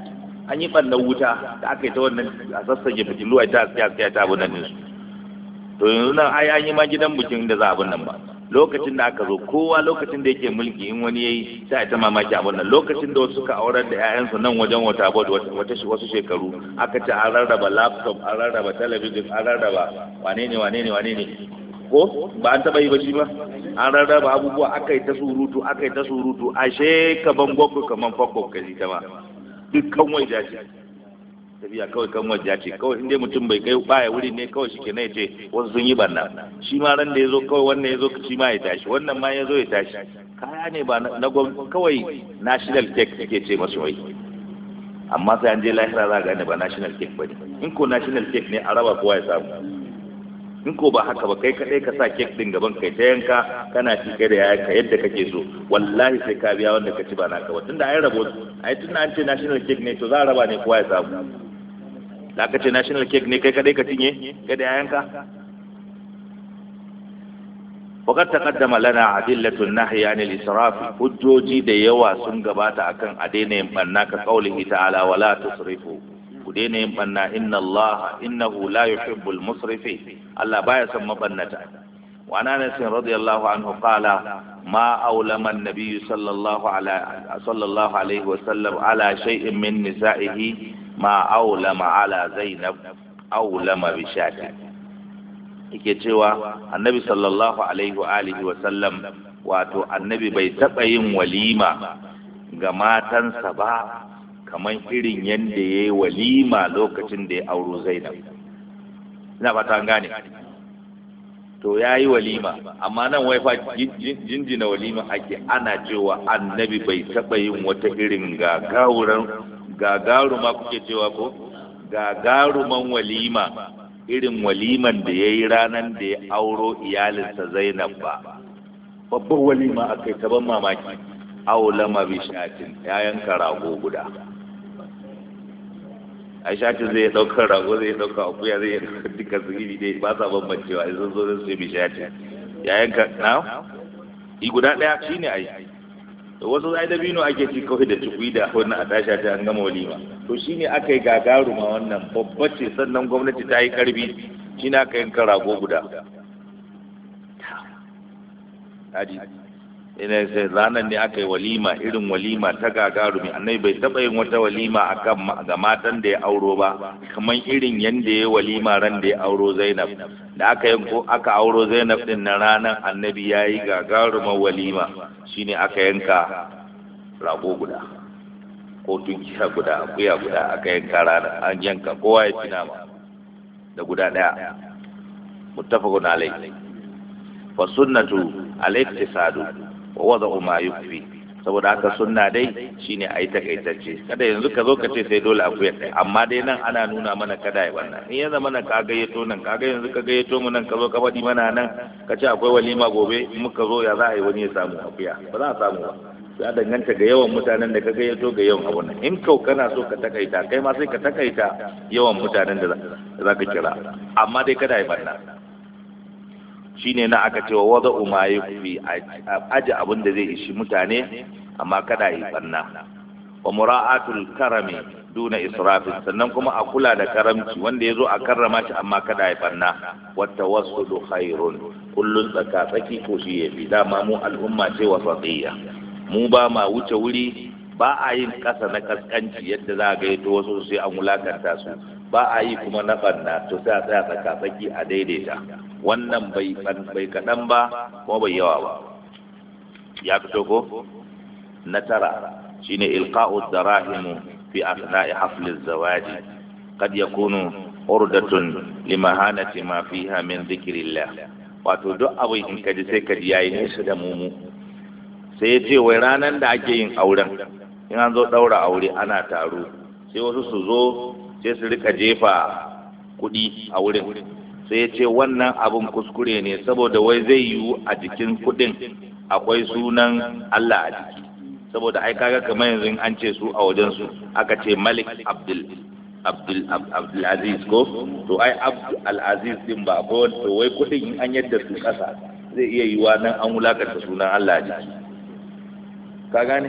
an yi ɓannan wuta da aka yi ta wannan a sassage fitulu a ita haske haske a ta abu nisu to yanzu nan ai an yi ma gidan bikin da za a abin nan ba lokacin da aka zo kowa lokacin da yake mulki in wani yayi sai ta mamaki a nan lokacin da wasu suka aurar da ƴaƴansu nan wajen wata bod wata wasu shekaru aka ce an rarraba laptop an rarraba talabijin an rarraba wane ne wane ne wane ne ko ba an taba yi ba shi ba an rarraba abubuwa aka yi ta surutu aka yi ta surutu ashe ka bango kaman man fakko ka ji ta ma dukkan wai jaji tafiya kawai kan wajja ce kawai inda mutum bai kai baya wuri ne kawai shike ne ce wasu sun yi banna shi ma ran da ya zo kawai wannan ya zo shi ma ya tashi wannan ma ya zo ya tashi kaya ne ba na gwamnati kawai national tech suke ce masu wai amma sai an je lahira za a gane ba national cake ba ne in ko national cake ne a raba kowa ya samu in ko ba haka ba kai kadai ka sa cake din gaban kai ta yanka kana ci kai da yayanka yadda kake so wallahi sai ka biya wanda ka ci ba naka ba tunda ai rabo ai tunda an ce national cake ne to za a raba ne kowa ya samu da aka ce national cake ne kai kadai ka cinye kai da yayanka wakar taqaddama lana adillatun nahyi anil israf hujjoji da yawa sun gabata akan a daina yin banna ka qaulihi ta'ala wala tusrifu ku daina yin banna inna allaha innahu la musrifi Allah baya son mabannata wa radiyallahu anhu ما أولم النبي صلى الله عليه صلى الله عليه وسلم على شيء من نسائه ma aulama ala zainab aulama bi shati yake cewa annabi sallallahu alaihi wa alihi wa sallam wato annabi bai taɓa yin walima ga matansa ba kamar irin yadda ya yi walima lokacin da ya auro zainab ina fata gane to ya yi walima amma nan wai fa jinjina walima ake ana cewa annabi bai taɓa yin wata irin gagawuran gagaruma kuke cewa ko gagaruman walima irin waliman da ya yi ranar da ya auro iyalinsa zainab ba babban walima a kai taban mamaki aulama bishatin ya yanka rago guda a shatin zai ɗaukar rago zai ɗauka akuya zai duka su dai ba sa bambancewa sun zo su yi bishatin ya yanka na yi guda ɗaya shine ai da wasu da dabino ake ci kawai da cikwi da wannan a tasha ta an gama walima to shi ne aka yi gagaruma wannan babba ce sannan gwamnati ta yi karbi shine aka yanka rago guda Adi. ina sai ranar ne aka yi walima irin walima ta gagarumi annai bai taɓa yin wata walima akan ga matan da ya auro ba kamar irin yadda ya walima ran da ya auro zainab da aka yi ko aka auro zainab din na ranar annabi ya yi gagarumar walima shine aka yanka rago guda ko tunkiya guda akuya guda aka yanka ranar an yanka kowa ya tina ma da guda ɗaya muttafaqun alai fa sunnatu alaihi iqtisadu wada wada'u ma saboda haka sunna dai shine ayi takaitacce kada yanzu ka zo ka ce sai dole akuyar ɗaya amma dai nan ana nuna mana kada ya wannan in ya zama na ka gayyato nan ka ga yanzu ka gayyato mu nan ka zo ka faɗi mana nan ka ce akwai walima gobe in muka zo ya za a yi wani ya samu akuya ba za a samu ba ya danganta ga yawan mutanen da ka gayyato ga yawan abu nan in kau kana so ka takaita kai ma sai ka takaita yawan mutanen da za ka kira amma dai kada ya banna shine na aka cewa wada ma fi aji abin da zai ishi mutane amma kada yi banna wa mura'atul karami duna israfin sannan kuma a kula da karamci wanda ya zo a karrama shi amma kada yi barna wata wasu khairun kullun tsaka tsaki ko shi ya fi dama mu al'umma ce wasatiyya mu ba ma wuce wuri ba a yin kasa na kaskanci yadda za a gaito wasu sai an wulakanta su ba a yi kuma na banna to sai a tsaya tsaka tsaki a daidaita wannan bai kaɗan ba kuma bai yawa ba ya fito ko na tara shine ilqa'u darahim fi asna'i hafliz zawaji kad yakunu urdatun limahanati ma fiha min dhikrillah wato duk abin in kaji sai kaji yayi nesa da mumu sai ya ce wai ranar da ake yin auren in an zo daura aure ana taro sai wasu su zo sai su rika jefa kuɗi a wurin sai ya ce wannan abin kuskure ne saboda wai zai yiwu a jikin kuɗin akwai sunan Allah a jiki saboda ai kaga kamar yanzu an ce su a wajen su aka ce Malik Abdul Abdul Abdul Aziz ko to ai Abdul Al Aziz din ba ko to wai kuɗin in an yadda su ƙasa zai iya yiwa nan an wulakanta sunan Allah a jiki ka gane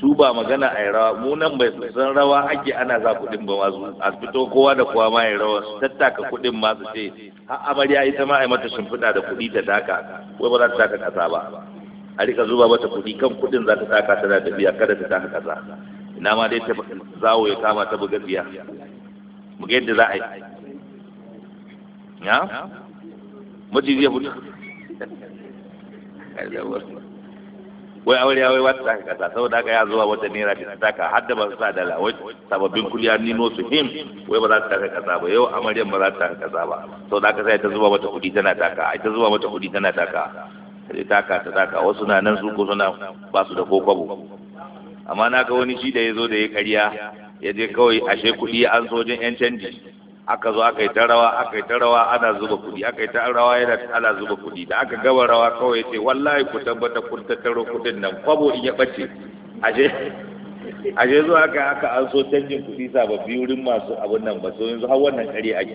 su ba magana a yi rawa mu nan bai san rawa ake ana za kuɗin ba masu a fito kowa da kowa ma yi rawa su tattaka kuɗin masu ce har amarya ita ma a mata shimfiɗa da kuɗi ta taka wai ba za ta taka ƙasa ba a rika zuba mata kuɗi kan kuɗin za ta taka tana tafiya kada ta taka ƙasa ina ma dai ta zawo ya kama ta buga biya mu ga yadda za a yi ya mutu zai fito wai aure ya wai wata ta kasa saboda haka ya zuwa wata naira da ta ka hadda ba su sa dala wai sababbin kuliya nino su him wai ba za su taka kasa ba yau amaryan ba za su taka kasa ba saboda haka sai ta zuba mata kuɗi tana taka ai ta zuba mata kuɗi tana taka sai taka ta taka wasu na nan su ko suna ba su da kokobo amma na ga wani shi da ya zo da ya karya ya je kawai ashe kuɗi an sojin yan canji aka zo aka yi ta rawa aka yi ta rawa ana zuba kuɗi aka yi ta rawa yana ana zuba kuɗi da aka gaba rawa kawai ce wallahi ku tabbata kun tattaro kuɗin nan kwabo in ya ɓace aje aje zuwa aka aka an so canjin kudi sababbi wurin masu abun nan ba so yanzu har wannan kare ake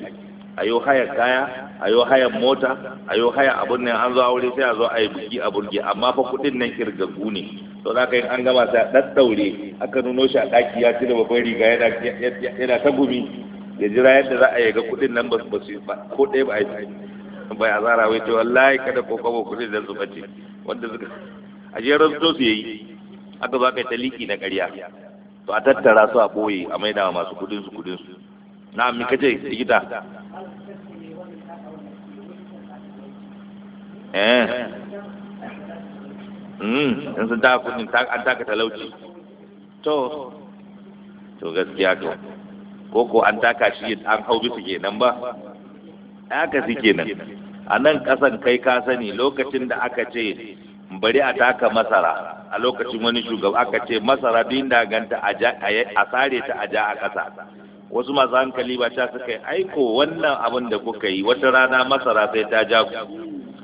ayo yi kaya ayo haya mota ayo haya abun nan an zo aure sai a zo a yi biki a burge amma fa kuɗin nan kirgagu ne to za ka yi an gama sai a ɗaɗɗaure aka nuno shi a ɗaki ya ci da babban riga yana ta gumi ya jira yadda za a yi ga kudin nan ba su ko ɗaya ba a yi ba ya zara wai ce wallahi kada ko kwabo kudin da su bace wanda suka a je ranzo su yi aka ba kai taliki na ƙarya to a tattara su a ɓoye a maida wa masu kudin su kudin su na mi kace likita eh mm in sun ta kudin an taka talauci to to gaskiya to ko ko an taka shi an hau ke kenan ba haka su kenan a nan ƙasan kai ka sani lokacin da aka ce bari a taka masara a lokacin wani shugaba aka ce masara duk da ganta a sare ta a ja a ƙasa wasu masu hankali ba ta suka yi aiko wannan abin da kuka yi wata rana masara sai ta ja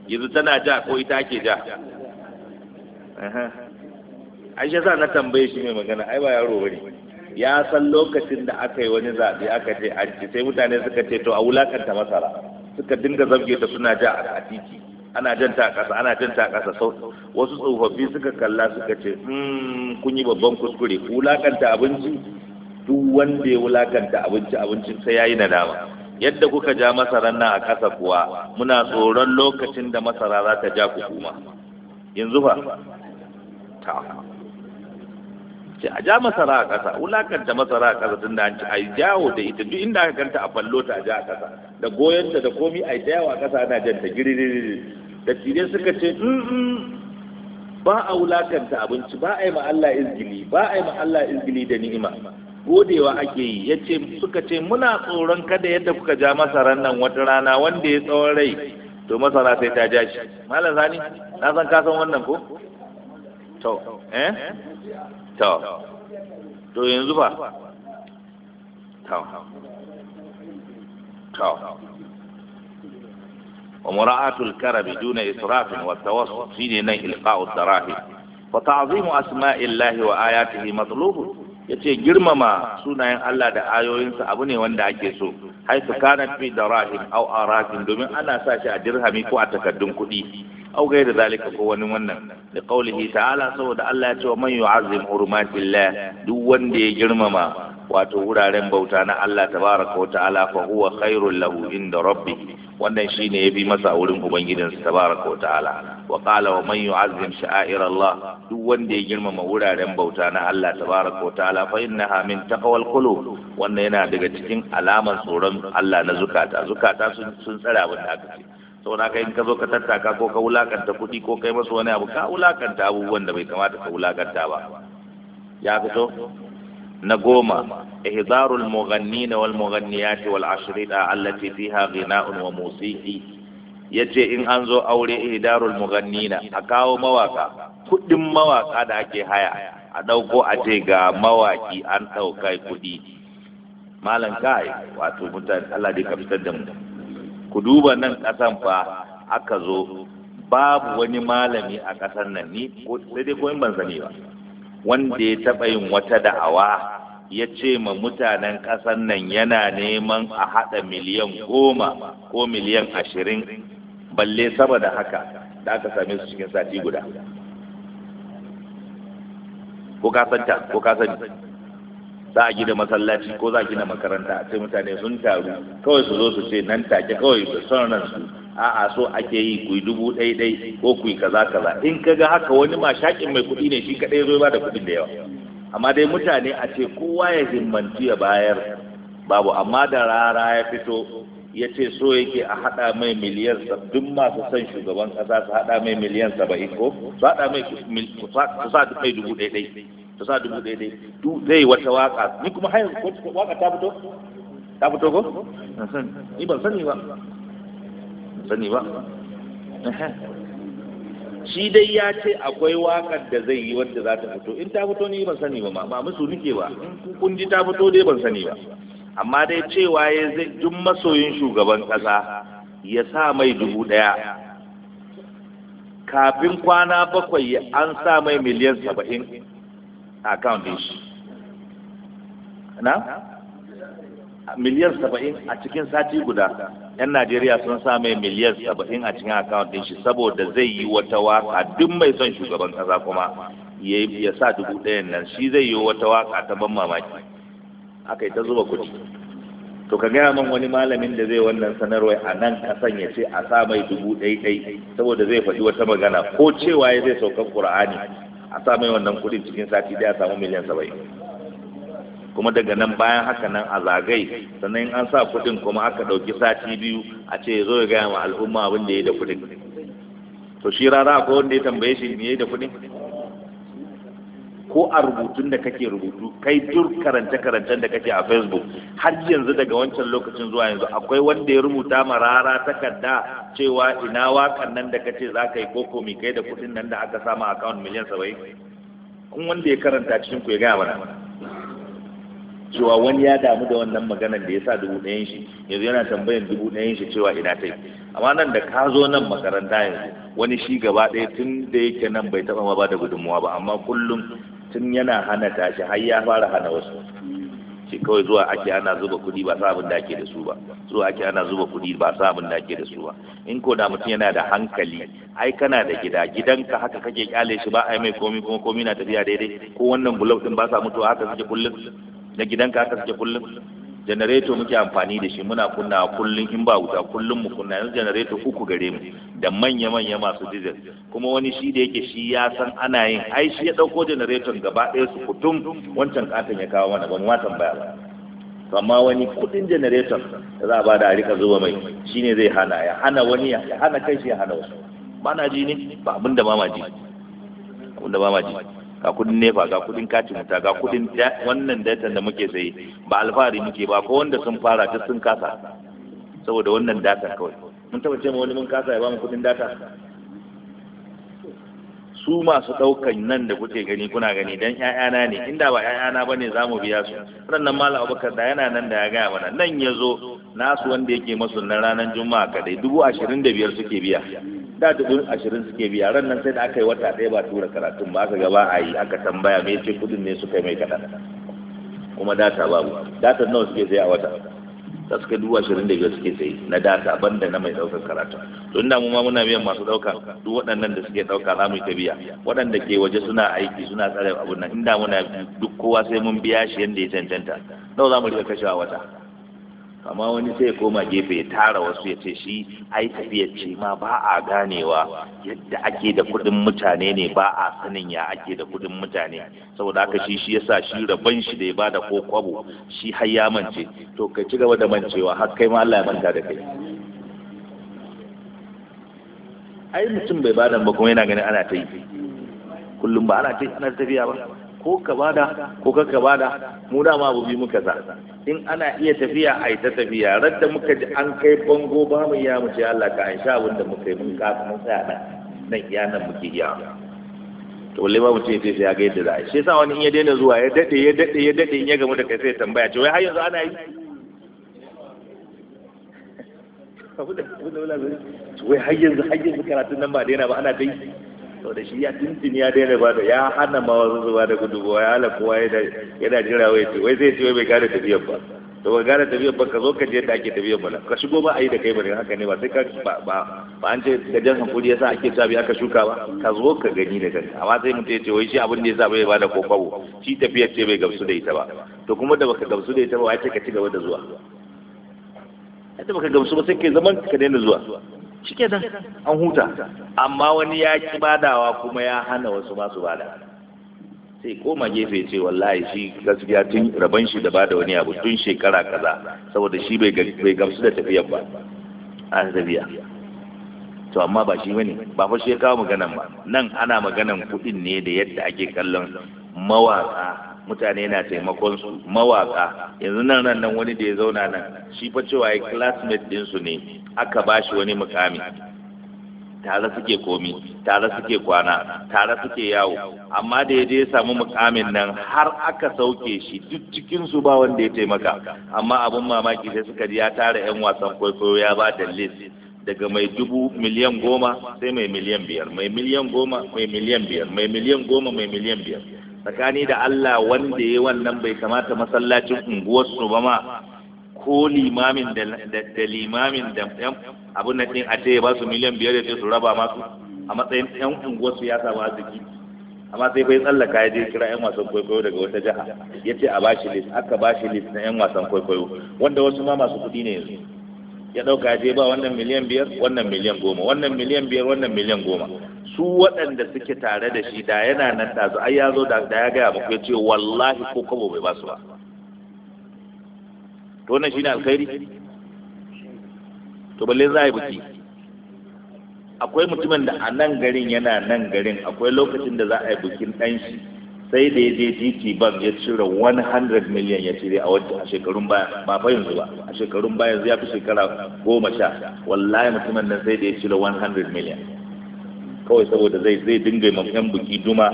yanzu tana ja ko ita ke ja aisha sa na tambaye shi mai magana ai ba yaro bane ya san lokacin da aka yi wani zaɓe aka ce a ci sai mutane suka ce to a wulakanta masara suka dinga zabge ta suna ja a titi ana jan ta ƙasa ana jan ta ƙasa sau wasu tsofaffi suka kalla suka ce hmm, kun yi babban kuskure wulakanta abinci duk wanda ya wulakanta abinci abincin sai ya yi nadama yadda kuka ja masaran nan a ƙasa kuwa muna tsoron lokacin da masara za ta ja ku kuma yanzu fa ce a ja masara a ƙasa wulakanta masara a ƙasa tun da an ci a jawo da ita duk inda aka kanta a ballo ta a ja a ƙasa da goyonta da komi a jawo a ƙasa ana jan ta giriri da tire suka ce ba a wulakanta abinci ba a yi ma'alla izgili ba a yi ma'alla izgili da ni'ima godewa ake yi ya ce suka ce muna tsoron kada yadda kuka ja masaran nan wata rana wanda ya tsawon rai to masara sai ta ja shi malam sani na san ka san wannan ko to eh to to yanzu ba to to wa mura'atul karabi duna israfin wa tawassul shine nan ilqa'u sarahi wa ta'zimu asma'illahi wa ayatihi yace girmama sunayen Allah da ayoyinsa abu ne wanda ake so haifu kana fi darahim aw arafin domin ana sa shi a dirhami ko a takaddun kuɗi au da zalika ko wani wannan da qaulihi ta'ala saboda Allah ya ce wa man yu'azzim hurumatillah duk wanda ya girmama wato wuraren bauta na Allah tabaraka wa ta'ala fa huwa khairul lahu inda rabbih wannan shine yafi masa wurin ubangijinsa tabaraka wa ta'ala wa qala wa man yu'azzim sha'airallah, Allah duk wanda ya girmama wuraren bauta na Allah tabaraka wa ta'ala fa innaha min taqwal qulub wannan yana daga cikin alamar tsoron Allah na zukata zukata sun tsara abin aka ce na kai in ka zo ka tattaka ko ka wulakanta kuɗi ko kai masu wani abu ka wulakanta abubuwan da bai kamata ka wulakanta ba ya fito na goma ihdarul mughannin wal mughanniyat wal ashrida allati fiha ghina'un wa musiqi yace in an zo aure ihdarul mughannin a kawo mawaka kuɗin mawaka da ake haya a ɗauko a ce ga mawaki an ɗauka kuɗi malam kai wato mutane Allah dai ka fitar da mu ku duba nan ƙasan fa aka zo babu wani malami a ƙasar nan ni sai dai ko ban sani ba wanda ya taɓa yin wata da'awa ya ce ma mutanen ƙasar nan yana neman a haɗa miliyan goma ko miliyan ashirin balle saboda haka da aka same su cikin sati guda ko kasanta ko kasanta za a gina masallaci ko za a gina makaranta sai mutane sun taru kawai su zo su ce nan take kawai da sauran su a'a so ake yi kuyi dubu ɗai ɗai ko kuyi kaza kaza in ka ga haka wani ma shakin mai kuɗi ne shi kaɗai zo ba da kuɗin da yawa amma dai mutane a ce kowa ya himmantu ya bayar babu amma da rara ya fito ya ce so yake a haɗa mai miliyan sabbin masu son shugaban ƙasa su haɗa mai miliyan saba'in ko su haɗa mai kusa dubu ɗai ɗai ta sa dubu ɗaya dai du zai wata waka ni kuma hayan waka ta fito ta fito ko ni ban sani ba sani ba shi dai ya ce akwai wakar da zai yi wanda za ta fito in ta fito ni ban sani ba ba musu nike ba kun ji ta fito dai ban sani ba amma dai cewa ya zai duk masoyin shugaban kasa ya sa mai dubu daya kafin kwana bakwai an sa mai miliyan saba'in account din shi na miliyan saba'in a cikin sati guda yan najeriya sun sa mai miliyan saba'in a cikin account din shi saboda zai yi wata waka duk mai son shugaban kasa kuma ya sa dubu ɗayan nan shi zai yi wata waka ta ban mamaki aka yi ta zuba kuɗi to ka gaya man wani malamin da zai wannan sanarwa a nan kasan ya ce a sa mai dubu ɗai ɗai saboda zai faɗi wata magana ko cewa ya zai saukan ƙur'ani a sa mai wannan kuɗin cikin sati da a samu miliyan saba'in kuma daga nan bayan haka nan a zagai sannan an sa kuɗin kuma aka ɗauki sati biyu a ce ya zo ya gaya ma al'umma abin da ya da kuɗin to shi rara akwai wanda ya tambaye shi me ya yi da kuɗin ko a rubutun da kake rubutu kai duk karance-karancen da kake a facebook har yanzu daga wancan lokacin zuwa yanzu akwai wanda ya rubuta marara takarda cewa ina wakan nan da kace za ka yi koko mai kai da kudin nan da aka samu account miliyan saba'in kun wanda ya karanta cikin ku ya gaya mana cewa wani ya damu da wannan maganar da ya sa dubu ɗayan shi yanzu yana tambayan dubu ɗayan shi cewa ina ta yi amma nan da ka zo nan makaranta yanzu wani shi gaba ɗaya tun da yake nan bai taɓa ma ba da gudunmuwa ba amma kullum tun yana hana tashi har ya fara hana wasu shi kawai zuwa ake ana zuba kudi ba sa abin da ake da su ba zuwa ake ana zuba kudi ba sa abin da ake da su ba in ko da mutum yana da hankali ai kana da gida gidanka haka kake kyale shi ba ai mai komi kuma komi na tafiya daidai ko wannan bulok din ba sa mutuwa haka suke kullum na gidanka haka suke kullum janareto muke amfani da shi muna kunna kullum in ba wuta kullum mu kunna yanzu janareto uku gare mu da manya manya masu diesel kuma wani shi da yake shi ya san ana yin ai shi ya dauko janareton gaba ɗaya su kutum wancan katon ya kawo mana ban watan baya ba amma wani kudin janareton da za a ba da a rika zuba mai shine zai hana ya hana wani ya hana kai shi ya hana wasu ba na ji ne ba abin da ba ba ma ji ga kudin nefa ga kudin katin wuta ga kudin wannan datan da muke sayi ba alfahari muke ba ko wanda sun fara ta sun kasa saboda wannan datan kawai mun taba ce ma wani mun kasa ya ba mu kudin data su masu ɗaukan nan da kuke gani kuna gani dan ƴaƴana ne inda ba ƴaƴana bane za mu biya su sannan malam abubakar da yana nan da ya gaya mana nan ya zo nasu wanda yake masu na ranar juma'a kadai dubu ashirin da biyar suke biya da dubu ashirin suke biya ran nan sai da aka yi wata ɗaya ba tura karatun ba aka gaba a yi aka tambaya me ce kudin ne suka yi mai kaɗan kuma data babu data nawa suke sai a wata da suka dubu ashirin da biyar suke sai na data banda na mai ɗaukar karatu to inda mu ma muna biyan masu ɗauka duk waɗannan da suke ɗauka za mu yi ta biya waɗanda ke waje suna aiki suna tsare abun nan inda muna duk kowa sai mun biya shi yadda ya cancanta nawa za mu riƙa kashewa wata amma wani sai ya koma gefe ya tara wasu ya ce shi ai tafiyar ce ma ba a ganewa yadda ake da kuɗin mutane ne ba a sanin ya ake da kuɗin mutane saboda haka shi shi yasa shi rabon shi da ya bada ko kwabo shi har ya mance to ka ci gaba da mancewa har kai ma Allah ya manta da kai ai mutum bai bada ba kuma yana ganin ana ta yi kullum ba ana ta ana tafiya ba ko ka bada ko ka ka bada mu da ma bi muka za in ana iya tafiya ai ta tafiya radda muka ji an kai bango ba mu ya mu ce Allah ka insha abin da muka yi mun ka mun tsaya nan nan iya nan muke iya to wallahi ba mu ce sai ya ga yadda za shi sa wani in ya daina zuwa ya dade ya dade ya dade in ya gamu da kai sai tambaya ce wai har yanzu ana yi wai har yanzu har yanzu karatun nan ba daina ba ana dai to da shi ya tuntuni ya daina ba da ya hana ma wasu zuba da gudu ya hala kowa yana jira wai ce wai zai ce wai bai gane tafiyar ba to ba gane tafiyar ba ka zo ka je da ake tafiyar ba ka shigo ba a yi da kai ba haka ne ba sai ka ba ba an ce jan hankuri yasa ake sabi aka shuka ba ka zo ka gani da kanka amma sai mutum ya ce wai shi abin da yasa bai bada da kokwabo shi tafiyar ce bai gamsu da ita ba to kuma da baka gamsu da ita ba wai ka ci gaba da zuwa yadda baka gamsu ba sai ke zaman ka daina zuwa cike da an huta amma wani ya ki badawa kuma ya hana wasu masu bada sai koma gefe ce wallahi shi gaskiya tun raban shi da bada wani abu tun shekara kaza saboda shi bai gamsu da tafiyar ba a tafiya to amma ba shi bane ba fa shi ya kawo maganan ba nan ana maganan kuɗin ne da yadda ake kallon mawaka mutane na taimakon su mawaka yanzu nan ran nan wani da ya zauna nan shi fa cewa ya classmate din su ne aka bashi wani mukami tare suke komi tare suke kwana tare suke yawo amma da ya je ya samu mukamin nan har aka sauke shi duk cikin su ba wanda ya taimaka amma abin mamaki sai suka ji ya tara yan wasan kwaikwayo ya ba da list daga mai dubu miliyan goma sai mai miliyan biyar mai miliyan goma mai miliyan biyar mai miliyan goma mai miliyan biyar tsakani da Allah wanda ya wannan bai kamata masallacin unguwarsu ba ma ko limamin da limamin da abin na ɗin a ce ya ba su miliyan biyar da su raba masu a matsayin ɗan unguwarsu ya samu arziki amma sai bai tsallaka ya je kira 'yan wasan kwaikwayo daga wata jiha ya ce a shi list aka shi list na 'yan wasan kwaikwayo wanda wasu ma masu kuɗi ne yanzu ya ɗauka je ba wannan miliyan biyar wannan miliyan goma wannan miliyan biyar wannan miliyan goma su waɗanda suke tare da shi da yana nan ɗazu ai ya zo da ya gaya muku ya ce wallahi ko kabo bai ba su ba to wannan shine alkhairi to balle za a yi biki akwai mutumin da a nan garin yana nan garin akwai lokacin da za a yi bikin ɗan shi sai da ya je titi bank ya cire 100 miliyan ya cire a wajen a shekarun baya ba fa yanzu ba a shekarun baya yanzu ya fi shekara goma sha wallahi mutumin nan sai da ya cire 100 miliyan kawai saboda zai zai dinga mafiyan buki duma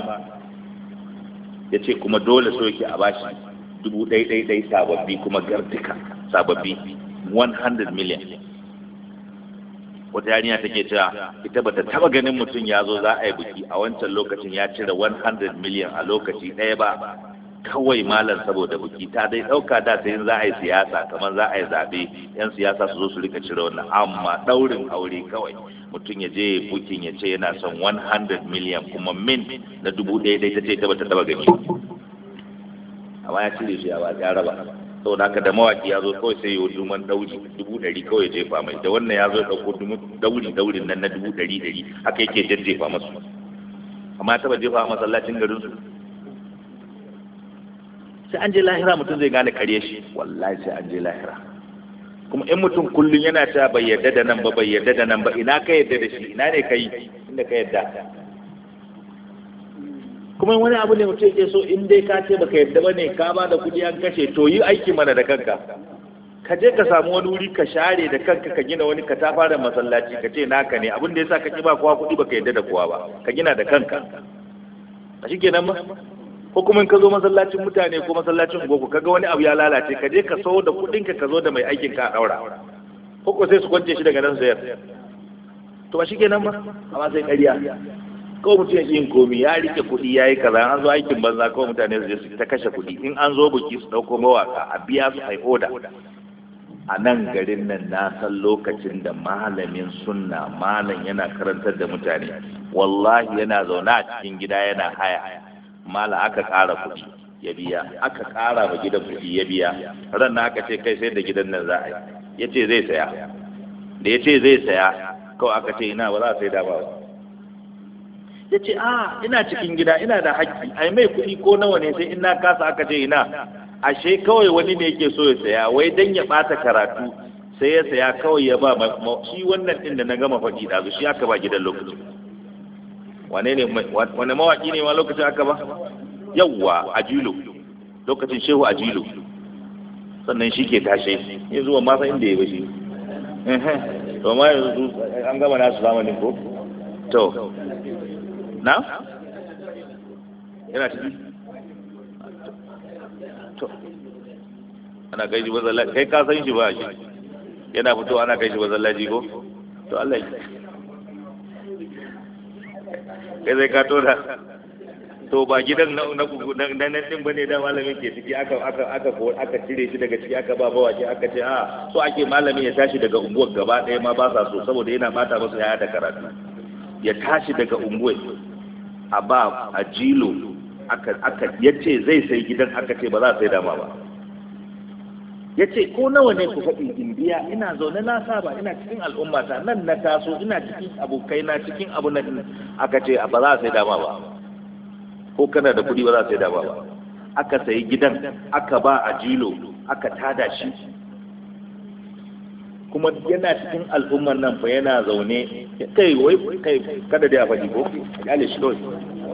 ya ce kuma dole so yake a bashi dubu ɗai ɗai ɗai sababbi kuma gartuka sababbi 100 miliyan wata yarinya take cewa ita bata taba ganin mutum ya zo za a yi biki a wancan lokacin ya cire 100 miliyan a lokaci ɗaya ba kawai malam saboda biki ta dai ɗauka da sai za a yi siyasa kamar za a yi zaɓe yan siyasa su zo su rika cire wannan amma ɗaurin aure kawai mutum ya je bukin ya ce yana son 100 miliyan kuma min na dubu ɗaya ta ce ta bata taba gani amma ya cire shi a ba ya raba saboda haka da mawaki ya zo kawai sai yau duman dauri dubu ɗari kawai jefa mai da wannan ya zo ɗauko dauri dauri nan na dubu ɗari ɗari haka yake jajjefa masu amma ya taɓa jefa a masallacin garin su sai an je lahira mutum zai gane kare shi wallahi sai an je lahira kuma in mutum kullum yana ta bai yarda da nan ba bai yarda da nan ba ina ka yarda da shi ina ne ka yi inda ka yarda kuma wani abu ne mutum yake so in dai ka ce baka yadda ba ne ka ba da kuɗi an kashe to yi aiki mana da kanka ka je ka samu wani wuri ka share da kanka ka gina wani ka da masallaci ka ce naka ne abin da yasa ka ki ba kowa kuɗi baka yadda da kowa ba ka gina da kanka a shi kenan ma ko kuma in ka zo masallacin mutane ko masallacin gogo kaga wani abu ya lalace ka je ka sau da kuɗinka ka zo da mai aikin ka a ɗaura ko ko sai su kwance shi daga nan sayar to ba shi kenan ma amma sai ƙarya ko mutum yake yin komi ya rike kuɗi ya yi kaza an zo aikin banza ko mutane su je su ta kashe kuɗi in an zo buki su ɗauko mawaka a biya su ai oda a nan garin nan na san lokacin da malamin sunna malam yana karantar da mutane wallahi yana zaune a cikin gida yana haya mala aka ƙara kuɗi ya biya aka ƙara ma gidan kuɗi ya biya ran na aka ce kai sai da gidan nan za a yi ya ce zai saya da ya ce zai saya kawai aka ce ina ba za a sai da ba ya ce a ah, ina cikin gida ina da haƙƙi ai mai kuɗi ko nawa ne sai ina kasa aka ce ina ashe kawai wani ne yake so ya saya wai dan ya ɓata karatu sai ya saya kawai ya ba shi wannan ɗin da na gama faɗi su shi aka ba gidan lokacin wane ne wane mawaƙi ne ma lokacin aka ba yawwa ajilo lokacin shehu ajilo sannan shi ke tashe ya zuwa masa inda ya bashi to ma yanzu an gama nasu zamanin ko to na yana ciki ana kai shi kai ka san shi ba shi yana fito ana kai shi ko to Allah ya kai zai to ba gidan na na na na din bane da malami ke ciki aka aka aka aka cire shi daga ciki aka ba bawaki aka ce a ah, so ake malami ya tashi daga unguwar gaba ma ba sa so saboda yana bata musu yaya da karatu ya tashi daga unguwar a ba a jilo aka ya ce zai sai gidan aka ce ba za a sai dama ba ya ce ko nawa ne ku faɗi in ina zaune na saba ina cikin al'ummata nan na taso ina cikin abokaina cikin abu na aka ce ba za a sai dama ba ko kana da kuɗi ba za a sai dama ba aka sayi gidan aka ba a jilo aka tada shi kuma yana cikin al'ummar nan fa yana zaune kai wai kai kada da ya faɗi ko yale shi kawai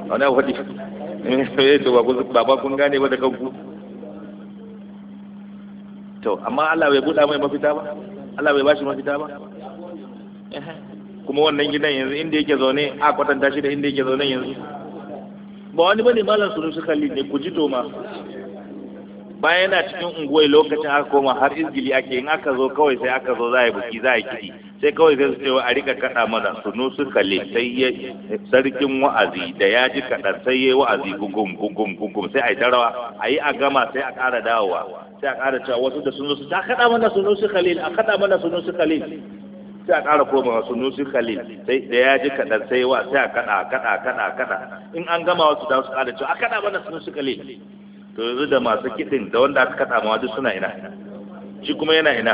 wani ya faɗi eh, eh to ba ba kun gane ba da kanku to amma Allah bai buɗa mai mafita ba Allah bai bashi mafita ba eh, kuma wannan gidan yanzu inda yake zaune a kwatanta shi da inda yake zaune yanzu ba wani bane malam sunu su kalli ne ku ji to ma bayan yana cikin unguwai lokacin aka koma har izgili ake in aka zo kawai sai aka zo za a yi buki za a yi kiɗi sai kawai sai su ce a rika kaɗa mana sunu su kalle sai ya sarkin wa'azi da ya ji kaɗa sai ya wa'azi gugum gugum gugum sai a yi tarawa a yi a gama sai a ƙara dawowa sai a ƙara cewa wasu da sunu su ta kaɗa mana sunu su kalle a kaɗa mana sunu su kalle sai a ƙara koma wasu nusi kalle sai da ya ji kaɗan sai wa sai a kaɗa kaɗa kaɗa kaɗa in an gama wasu da su ƙara cewa a kaɗa mana sunu su kalle to yanzu da masu kiɗin da wanda aka kaɗa ma duk suna ina shi kuma yana ina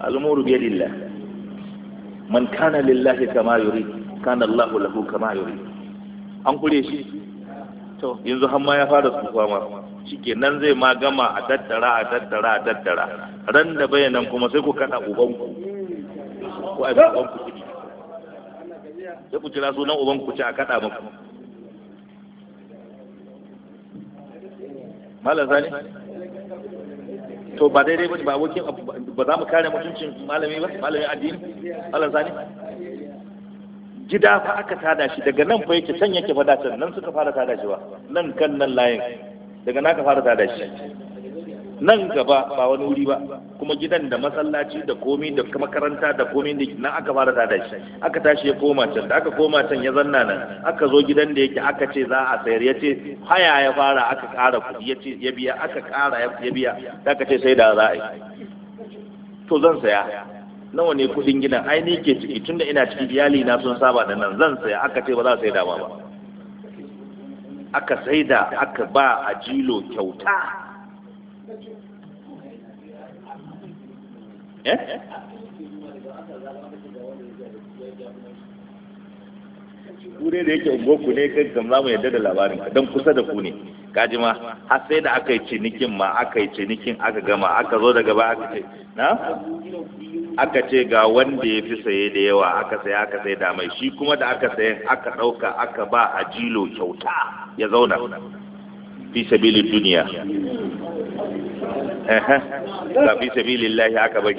al'umuru biya lillah man kana lillahi kama yuri kana allahu lahu kama yuri an kure shi to yanzu hamma ya fara tsufa ma shike nan zai ma gama a daddara a daddara a daddara ran da bayanan kuma sai ku kaɗa ubanku ko a ubanku kuɗi sai ku jira sunan ubanku ci a kaɗa maku malam zane to ba daidai ba ba abokin ba za mu kare mutuncin malami ba malami addini malam zane gida fa aka tada shi daga nan fa yake can yake fada can nan suka fara tada shi ba nan kan nan layin daga ka fara tada shi nan gaba ba wani wuri ba kuma gidan da masallaci da komi da makaranta da komi da nan aka fara tada shi aka tashi ya koma can da aka koma can ya zanna nan aka zo gidan da yake aka ce za a sayar ya ce haya ya fara aka ƙara kuɗi ya ce ya biya aka ƙara ya biya da aka ce sai da za a yi to zan saya nawa ne kuɗin gidan ai ni ke ciki tunda ina ciki iyali na sun saba da nan zan saya aka ce ba za a sayar dama ba aka sai da aka ba a jilo kyauta Eh? kure da yake ungoku ne kai kan zamu yadda da labarin ka dan kusa da ku ne kaji ma har sai da aka yi cinikin ma aka yi cinikin aka gama aka zo daga ba aka ce na aka ce ga wanda ya fi saye da yawa aka saya aka sai da mai shi kuma da aka sayan aka ɗauka aka ba a jilo kyauta ya zauna fi sabili duniya ba fi sabilillahi aka bari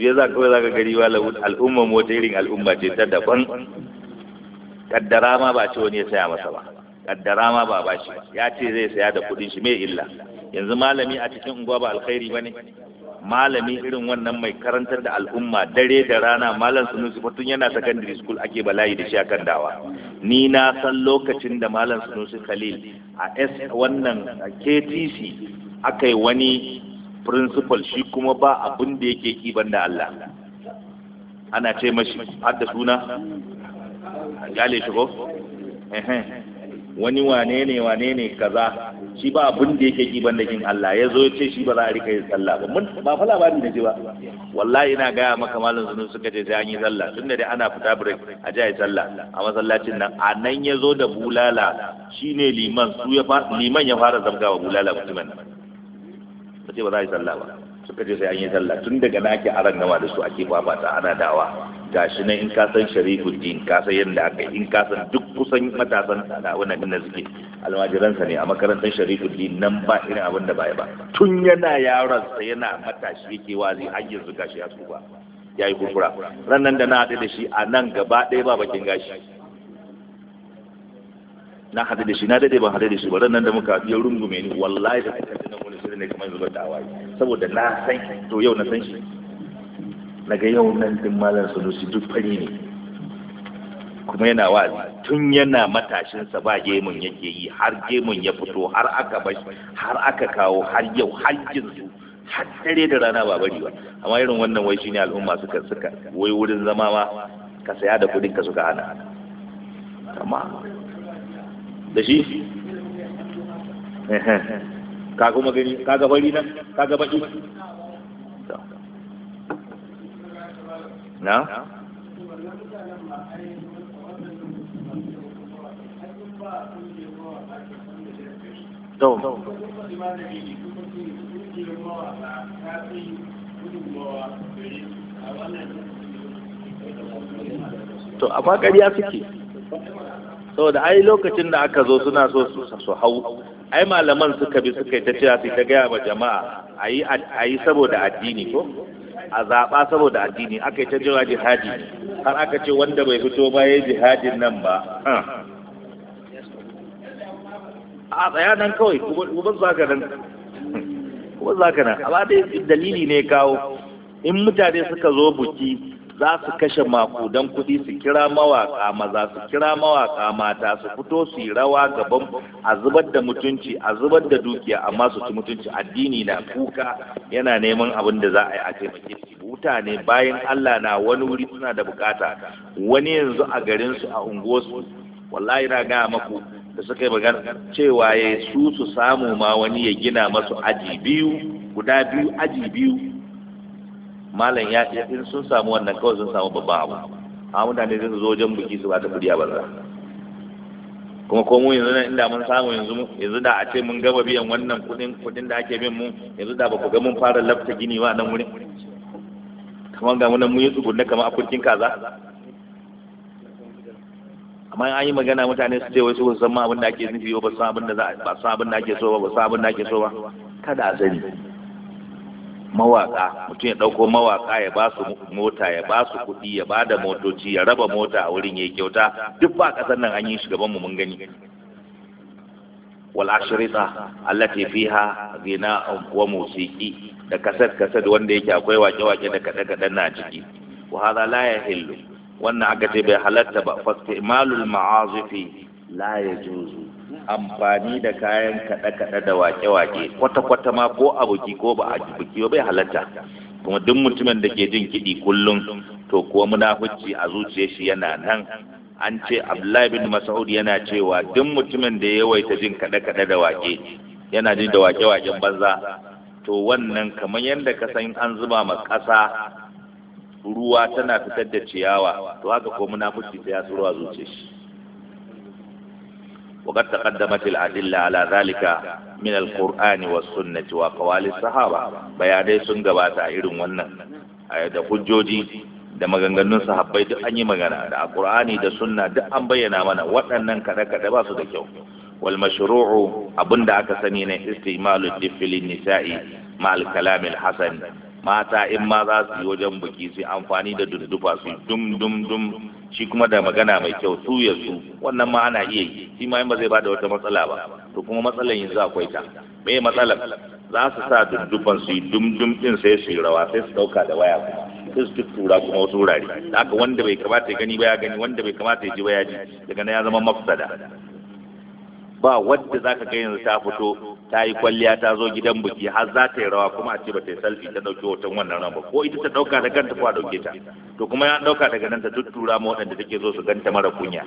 je za ka za ka gari wa al'umma mota irin al'umma ce ta daban kaddara ma ba ce wani ya saya masa ba kaddara ma ba ba shi ya ce zai saya da kudin shi mai illa yanzu malami a cikin unguwa ba alkhairi ba ne malami irin wannan mai karantar da al'umma dare da rana malam sunusi fa tun yana secondary school ake bala'i da shi akan dawa ni na san lokacin da malam sunusi khalil a s wannan ktc aka yi wani principal shi kuma ba abin da yake kiban da allah ana ce mashi har da suna gale shi ko wani wane ne wane ne kaza shi ba abin da yake kiban da kin Allah ya zo ya ce shi ba za a rika yin sallah ba mun ba fa labarin da ji ba wallahi ina gaya maka malam sun suka ce sai an yi sallah tunda dai ana fita break a ji a yi sallah a masallacin nan a nan ya zo da bulala shine liman su ya liman ya fara zabga wa bulala mutumin nan ba ce ba za a yi sallah ba suka ce sai an yi sallah tun daga na ake aran gama da su ake fafata ana dawa gashi na in ka san din ka san yadda aka in ka duk kusan matasan da wannan da suke almajiransa ne a makarantar din nan ba irin abin da baya ba tun yana yaronsa yana matashi yake wazi har yanzu gashi ya tsufa ya yi kurkura ranar da na haɗu da shi a nan gaba ɗaya ba bakin gashi na hadu da shi na dade ban hadu da shi ba ran nan da muka fiye rungume ni wallahi da aka nan wani sirri ne kamar zubar da hawaye saboda na san to yau na san shi daga yau nan din malam sanusi duk fari ne kuma yana wazi tun yana matashinsa ba gemun yake yi har gemun ya fito har aka bashi har aka kawo har yau har yanzu har dare da rana ba bari ba amma irin wannan wai shine al'umma suka suka wai wurin zama ma ka saya da kudin ka suka hana amma da shi ka kuma gani ka ga bari ka ga baki na to to amma ƙarya suke saboda ai lokacin da aka zo suna so su hau ai malaman suka bi suka yi ta cewa su ta gaya ba jama'a a yi saboda addini ko a zaɓa saboda addini aka yi ta cewa jihadi har aka ce wanda bai fito ba ya jihadin nan ba a tsaya nan kawai kuma zaka nan kuma za ka nan amma dai dalili ne kawo in mutane suka zo buki za su kashe makudan kuɗi su kira mawaƙa maza su kira mawaƙa mata su fito su yi rawa gaban a zubar da mutunci a zubar da dukiya amma su ci mutunci addini na kuka yana neman abin da za a yi a taimake mutane bayan Allah na wani wuri suna da bukata wani yanzu a garin su a unguwarsu wallahi na gaya maku da suka yi magana cewa ya su su samu ma wani ya gina masu aji biyu guda biyu aji biyu malam ya in sun samu wannan kawai sun samu babban abu a mutane zai zo wajen buki su ba ta a banza kuma ko mu yanzu nan inda mun samu yanzu yanzu da a ce mun gaba biyan wannan kudin kudin da ake bin mu yanzu da ba ku ga mun fara lafta gini ba nan wurin kamar ga munan mun yi tsugunne kamar a kurkin kaza amma an yi magana mutane su ce wai su san ma abin da ake nufi ba san abin da za ba san abin da ake so ba ba san abin da ake so ba kada a sani mawaka mutum ya ɗauko mawaka ya ba su mota ya ba su kuɗi ya ba da motoci ya raba mota a wurin ya yi kyauta duk ba ƙasar nan an yi shugaban mu mun gani wal ashrita allati fiha ghina wa musiqi da kasar kasar wanda yake akwai wake wake da kada kada na ciki wa hadha la yahillu wannan aka ce bai halatta ba fa istimalul ma'azifi la yajuzu amfani da kayan kaɗe-kaɗe da wake-wake kwata-kwata ma ko a buki ko ba a buki ba bai halatta kuma duk mutumin da ke jin kiɗi kullum to kuwa munafici a zuciyar shi yana nan an ce Abdullahi bin Mas'ud yana cewa duk mutumin da ya yawaita jin kaɗe-kaɗe da wake yana jin da wake-waken banza to wannan kamar yadda ka san an zuba ma ƙasa ruwa tana fitar da ciyawa to haka ko muna sai ya tsoro a zuciyar shi وقد تقدمت الأدلة على ذلك من القرآن والسنة وقوال الصحابة gabata سنغبات إيرون ونن da hujjoji da maganganun sahabbai duk an yi magana da alqur'ani da sunna duk an bayyana mana waɗannan kaɗe-kaɗe ba su da kyau wal mashru'u abinda aka sani ne istimalu difilin nisa'i ma al kalam al hasan mata in ma za su yi wajen buki sai amfani da duddufa su dum dum dum shi kuma da magana mai kyau su ya su wannan ma ana iya yi shi ma in ba zai bada wata matsala ba to kuma matsalan yanzu akwai ta me matsalan za su sa duddufan su yi dum dum din sai su yi rawa sai su dauka da waya kuma sai su tura kuma wasu wurare haka wanda bai kamata ya gani ba ya gani wanda bai kamata ya ji ba ya ji daga nan ya zama mafsada ba wadda zaka ga yanzu ta fito ta yi kwalliya ta zo gidan biki har za ta yi rawa kuma a ce ba ta yi salfi ta dauki hoton wannan ran ba ko ita ta dauka da kanta ko a dauke ta to kuma ya dauka daga nan ta tuttura ma waɗanda take zo su ganta mara kunya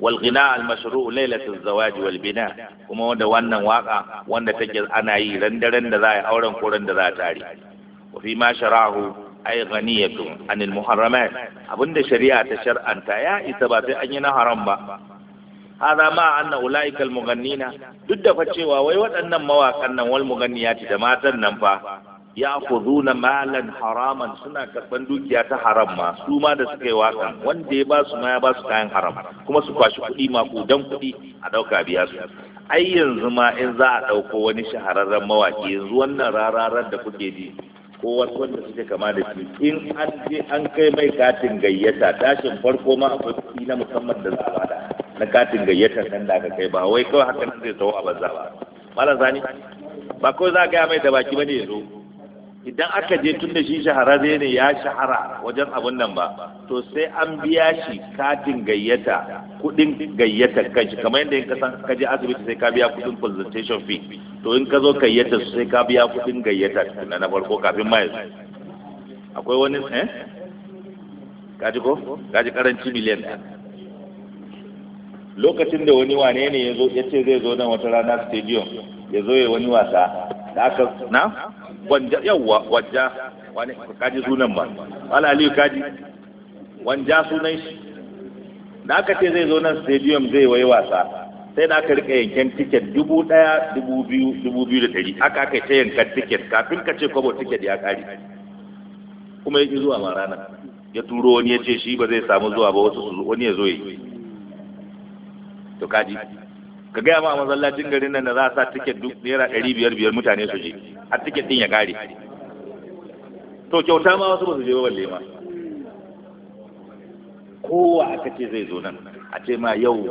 wal ghina al mashru' lailatul zawaj wal bina kuma wanda wannan waka wanda take ana yi ran daren da za a yi auren ko ran da za a tare wa fi ma sharahu ay ghaniyatun anil muharramat abinda shari'a ta shar'anta ya isa ba sai an yi na haram ba hada ma anna ulaikal mughannina duk da fa cewa wai waɗannan mawakan nan wal mughanniyati da matan nan fa khuduna malan haraman suna karban dukiya ta haram ma su ma da suka yi waka, wanda ya ba su ma ya ba su kayan haram kuma su kwashi kuɗi ma dan kuɗi a ɗauka biya su ai yanzu ma in za a ɗauko wani shahararren mawaki yanzu wannan rararar da kuke ji ko wanda suke kama da shi in an je an kai mai katin gayyata tashin farko ma akwai kuɗi na musamman da za a bada na katin gayyatar nan da aka kai ba wai kawai haka nan zai tawo a banza ba malam sani ba ko za a gaya mai da baki bane ya zo idan aka je tun da shi shahara zai ne ya shahara wajen abun nan ba to sai an biya shi katin gayyata kudin gayyata kanshi kamar yadda in ka san ka je asibiti sai ka biya kudin consultation fee to in ka zo gayyata su sai ka biya kudin gayyata na na farko kafin ma yanzu akwai wani eh kaji ko kaji karanci miliyan ɗaya lokacin da wani wane ne ya zo ya ce zai zo nan wata rana stadium ya zo ya wani wasa da aka na wanja yawwa wanja wani kaji sunan ba wala aliyu kaji wanja sunan shi da aka ce zai zo nan stadium zai wai wasa sai da aka rika yankin tiket dubu daya dubu biyu dubu biyu da dari aka aka ce yankin tiket kafin ka ce kwabo tiket ya ƙare kuma ya ƙi zuwa ma rana ya turo wani ya ce shi ba zai samu zuwa ba wasu wani ya zo ya yi to kaji ka gaya ma a masallacin garin nan da za a sa tiket duk naira ɗari biyar biyar mutane su je a tiket ɗin ya ƙare to kyauta ma wasu ba su je ba balle kowa aka ce zai zo nan a ce ma yau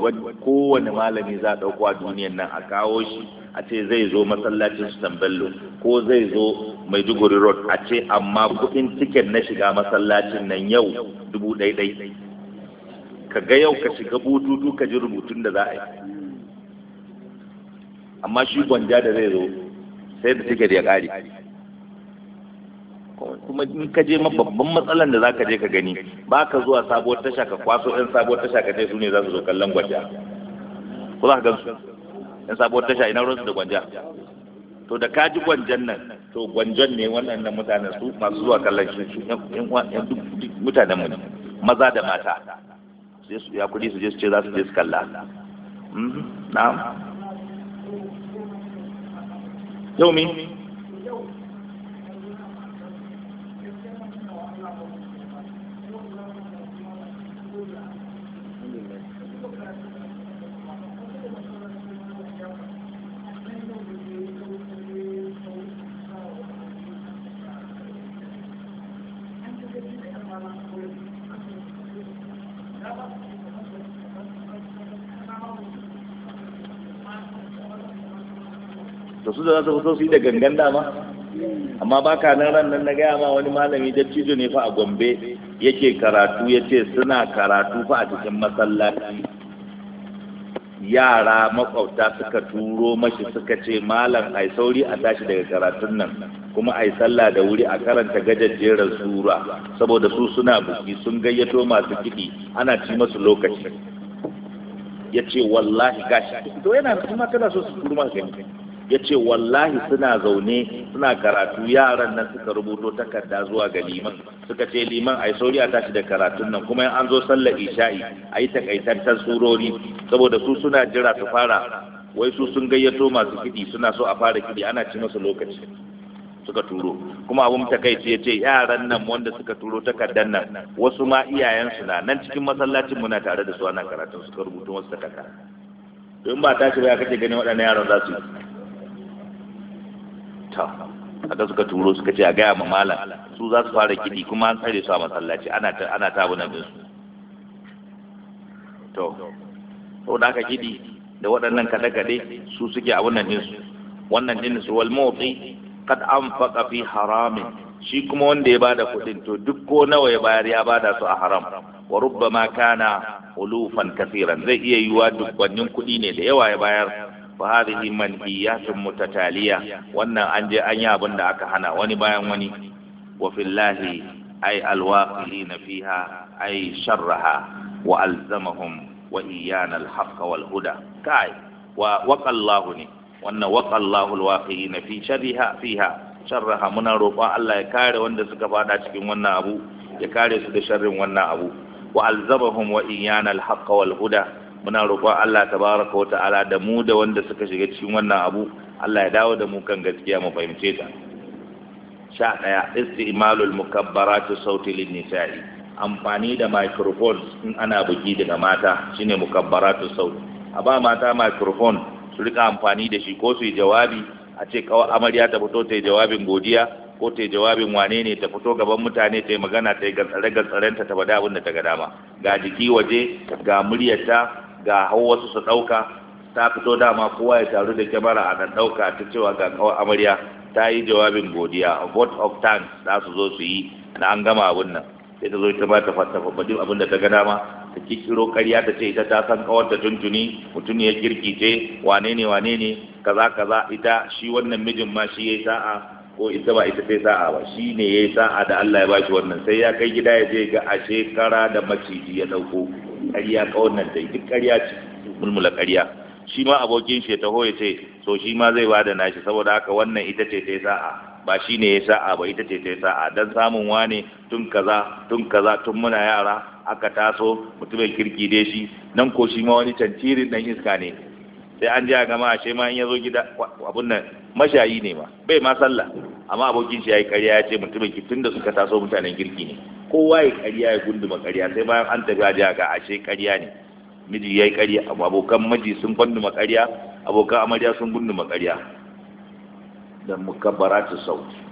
kowane malami za a ɗauko a duniyan nan a kawo shi a ce zai zo masallacin su tambello ko zai zo maiduguri road a ce amma kuɗin tiket na shiga masallacin nan yau dubu ɗai ɗai ka ga yau ka shiga bututu ka ji rubutun da za a yi amma shi gwanja da zai zo sai da tiket ya ƙare kuma in ka je babban matsalan da za ka je ka gani ba ka zuwa sabuwar tasha ka kwaso 'yan sabuwar tasha ka su ne za su zo kallon gwanja ko za ka gan su sabuwar tasha ina ruwansu da gwanja to da ka ji gwanjan nan to gwanjan ne wannan na mutanen su masu zuwa kallon shi yan mutanen mu maza da mata sai ya kuɗi su je su ce za su je su kalla mhm, na'am yau su da za su fito su yi da gangan dama amma ba ka nan ran nan na gaya ma wani malami dattijo ne fa a gombe yake karatu yace suna karatu fa a cikin masallaci yara makwabta suka turo mashi suka ce malam ai sauri a tashi daga karatun nan kuma ai sallah da wuri a karanta gajajjerar sura saboda su suna buki sun gayyato masu kiɗi ana ci masu lokaci ya wallahi gashi to yana kuma kana so su turo masu ya ce wallahi suna zaune suna karatu yaran nan suka rubuto takarda zuwa ga liman suka ce liman ai sauri a tashi da karatun nan kuma an zo sallar isha'i a yi takaitantar surori saboda su suna jira su fara wai su sun gayyato masu kiɗi suna so a fara kiɗi ana ci masa lokaci suka turo kuma abun takaici ya ce yaran nan wanda suka turo takardar nan wasu ma iyayensu na nan cikin masallacin muna tare da su ana karatun suka rubuta wasu takarda to in ba tashi ba kace ganin waɗannan yaran za su yi ta haka suka turo suka ce a gaya ma malam su za su fara kiɗi kuma an tsare su a masallaci ana ta abu ta su to da haka kiɗi da waɗannan kaɗe-kaɗe su suke abin nan su wannan din su wal motsi kad an faƙa fi haramin shi kuma wanda ya bada kuɗin to duk ko nawa ya bayar ya bada su a haram wa ma kana ulufan kasiran zai iya yiwuwa dukkanin kuɗi ne da yawa ya bayar fa hadhihi manhiyatun mutataliya wannan an je an yi abin da aka hana wani bayan wani wa fillahi ay alwaqilina fiha ay sharraha wa alzamahum wa iyana alhaqqa huda kai wa ne wannan waqallahu alwaqilina fi sharriha sharraha muna roƙon Allah ya kare wanda suka fada cikin wannan abu ya kare su da sharrin wannan abu wa alzamahum wa iyana huda muna roƙon Allah tabaraka wa ala da mu da wanda suka shiga cikin wannan abu Allah ya dawo da mu kan gaskiya mu fahimce ta sha ɗaya isti'malul mukabbaratu sauti lin nisa'i amfani da microphone in ana buki daga mata shine mukabbaratu sauti a ba mata microphone su rika amfani da shi ko su yi jawabi a ce kawai amarya ta fito ta yi jawabin godiya ko ta yi jawabin wane ne ta fito gaban mutane ta yi magana ta yi gantsare gantsaren ta ta faɗa abin da ta ga dama ga jiki waje ga muryarta ga hau wasu su ɗauka ta fito dama kowa ya taru da kyamara a nan ɗauka ta cewa ga kawai amarya ta yi jawabin godiya vote of thanks za su zo su yi na an gama abin nan sai ta zo ta ba ta fata babbadin abin da ta ga dama ta kikiro karya ta ce ita ta san kawar tuntuni mutum ya kirkice wane ne wane ne kaza kaza ita shi wannan mijin ma shi ya yi sa'a ko ita ba ita sai sa'a ba shi ne ya yi sa'a da Allah ya ba wannan sai ya kai gida ya je ga a shekara da maciji ya ɗauko ƙarya ƙaunar da duk ƙarya ce mulmula ƙarya shi ma abokin shi ya taho ya ce so shi ma zai bada nashi saboda haka wannan ita ce ta sa'a ba shi ne ya sa'a ba ita ce ta sa'a don samun wane tun kaza tun kaza tun muna yara aka taso mutumin kirki dai shi nan ko shi ma wani tantirin dan iska ne sai an ji gama ashe ma in ya zo gida abun nan mashayi ne ma bai ma sallah amma abokin shi ya yi ƙarya ya ce mutumin tun da suka taso mutanen girki ne kowa ya ƙarya ya gunduma ƙarya sai bayan an tafi a jiya ga ashe ƙarya ne miji ya yi ƙarya amma abokan miji sun gunduma ƙarya abokan amarya sun gunduma ƙarya da mukabbaratu sauti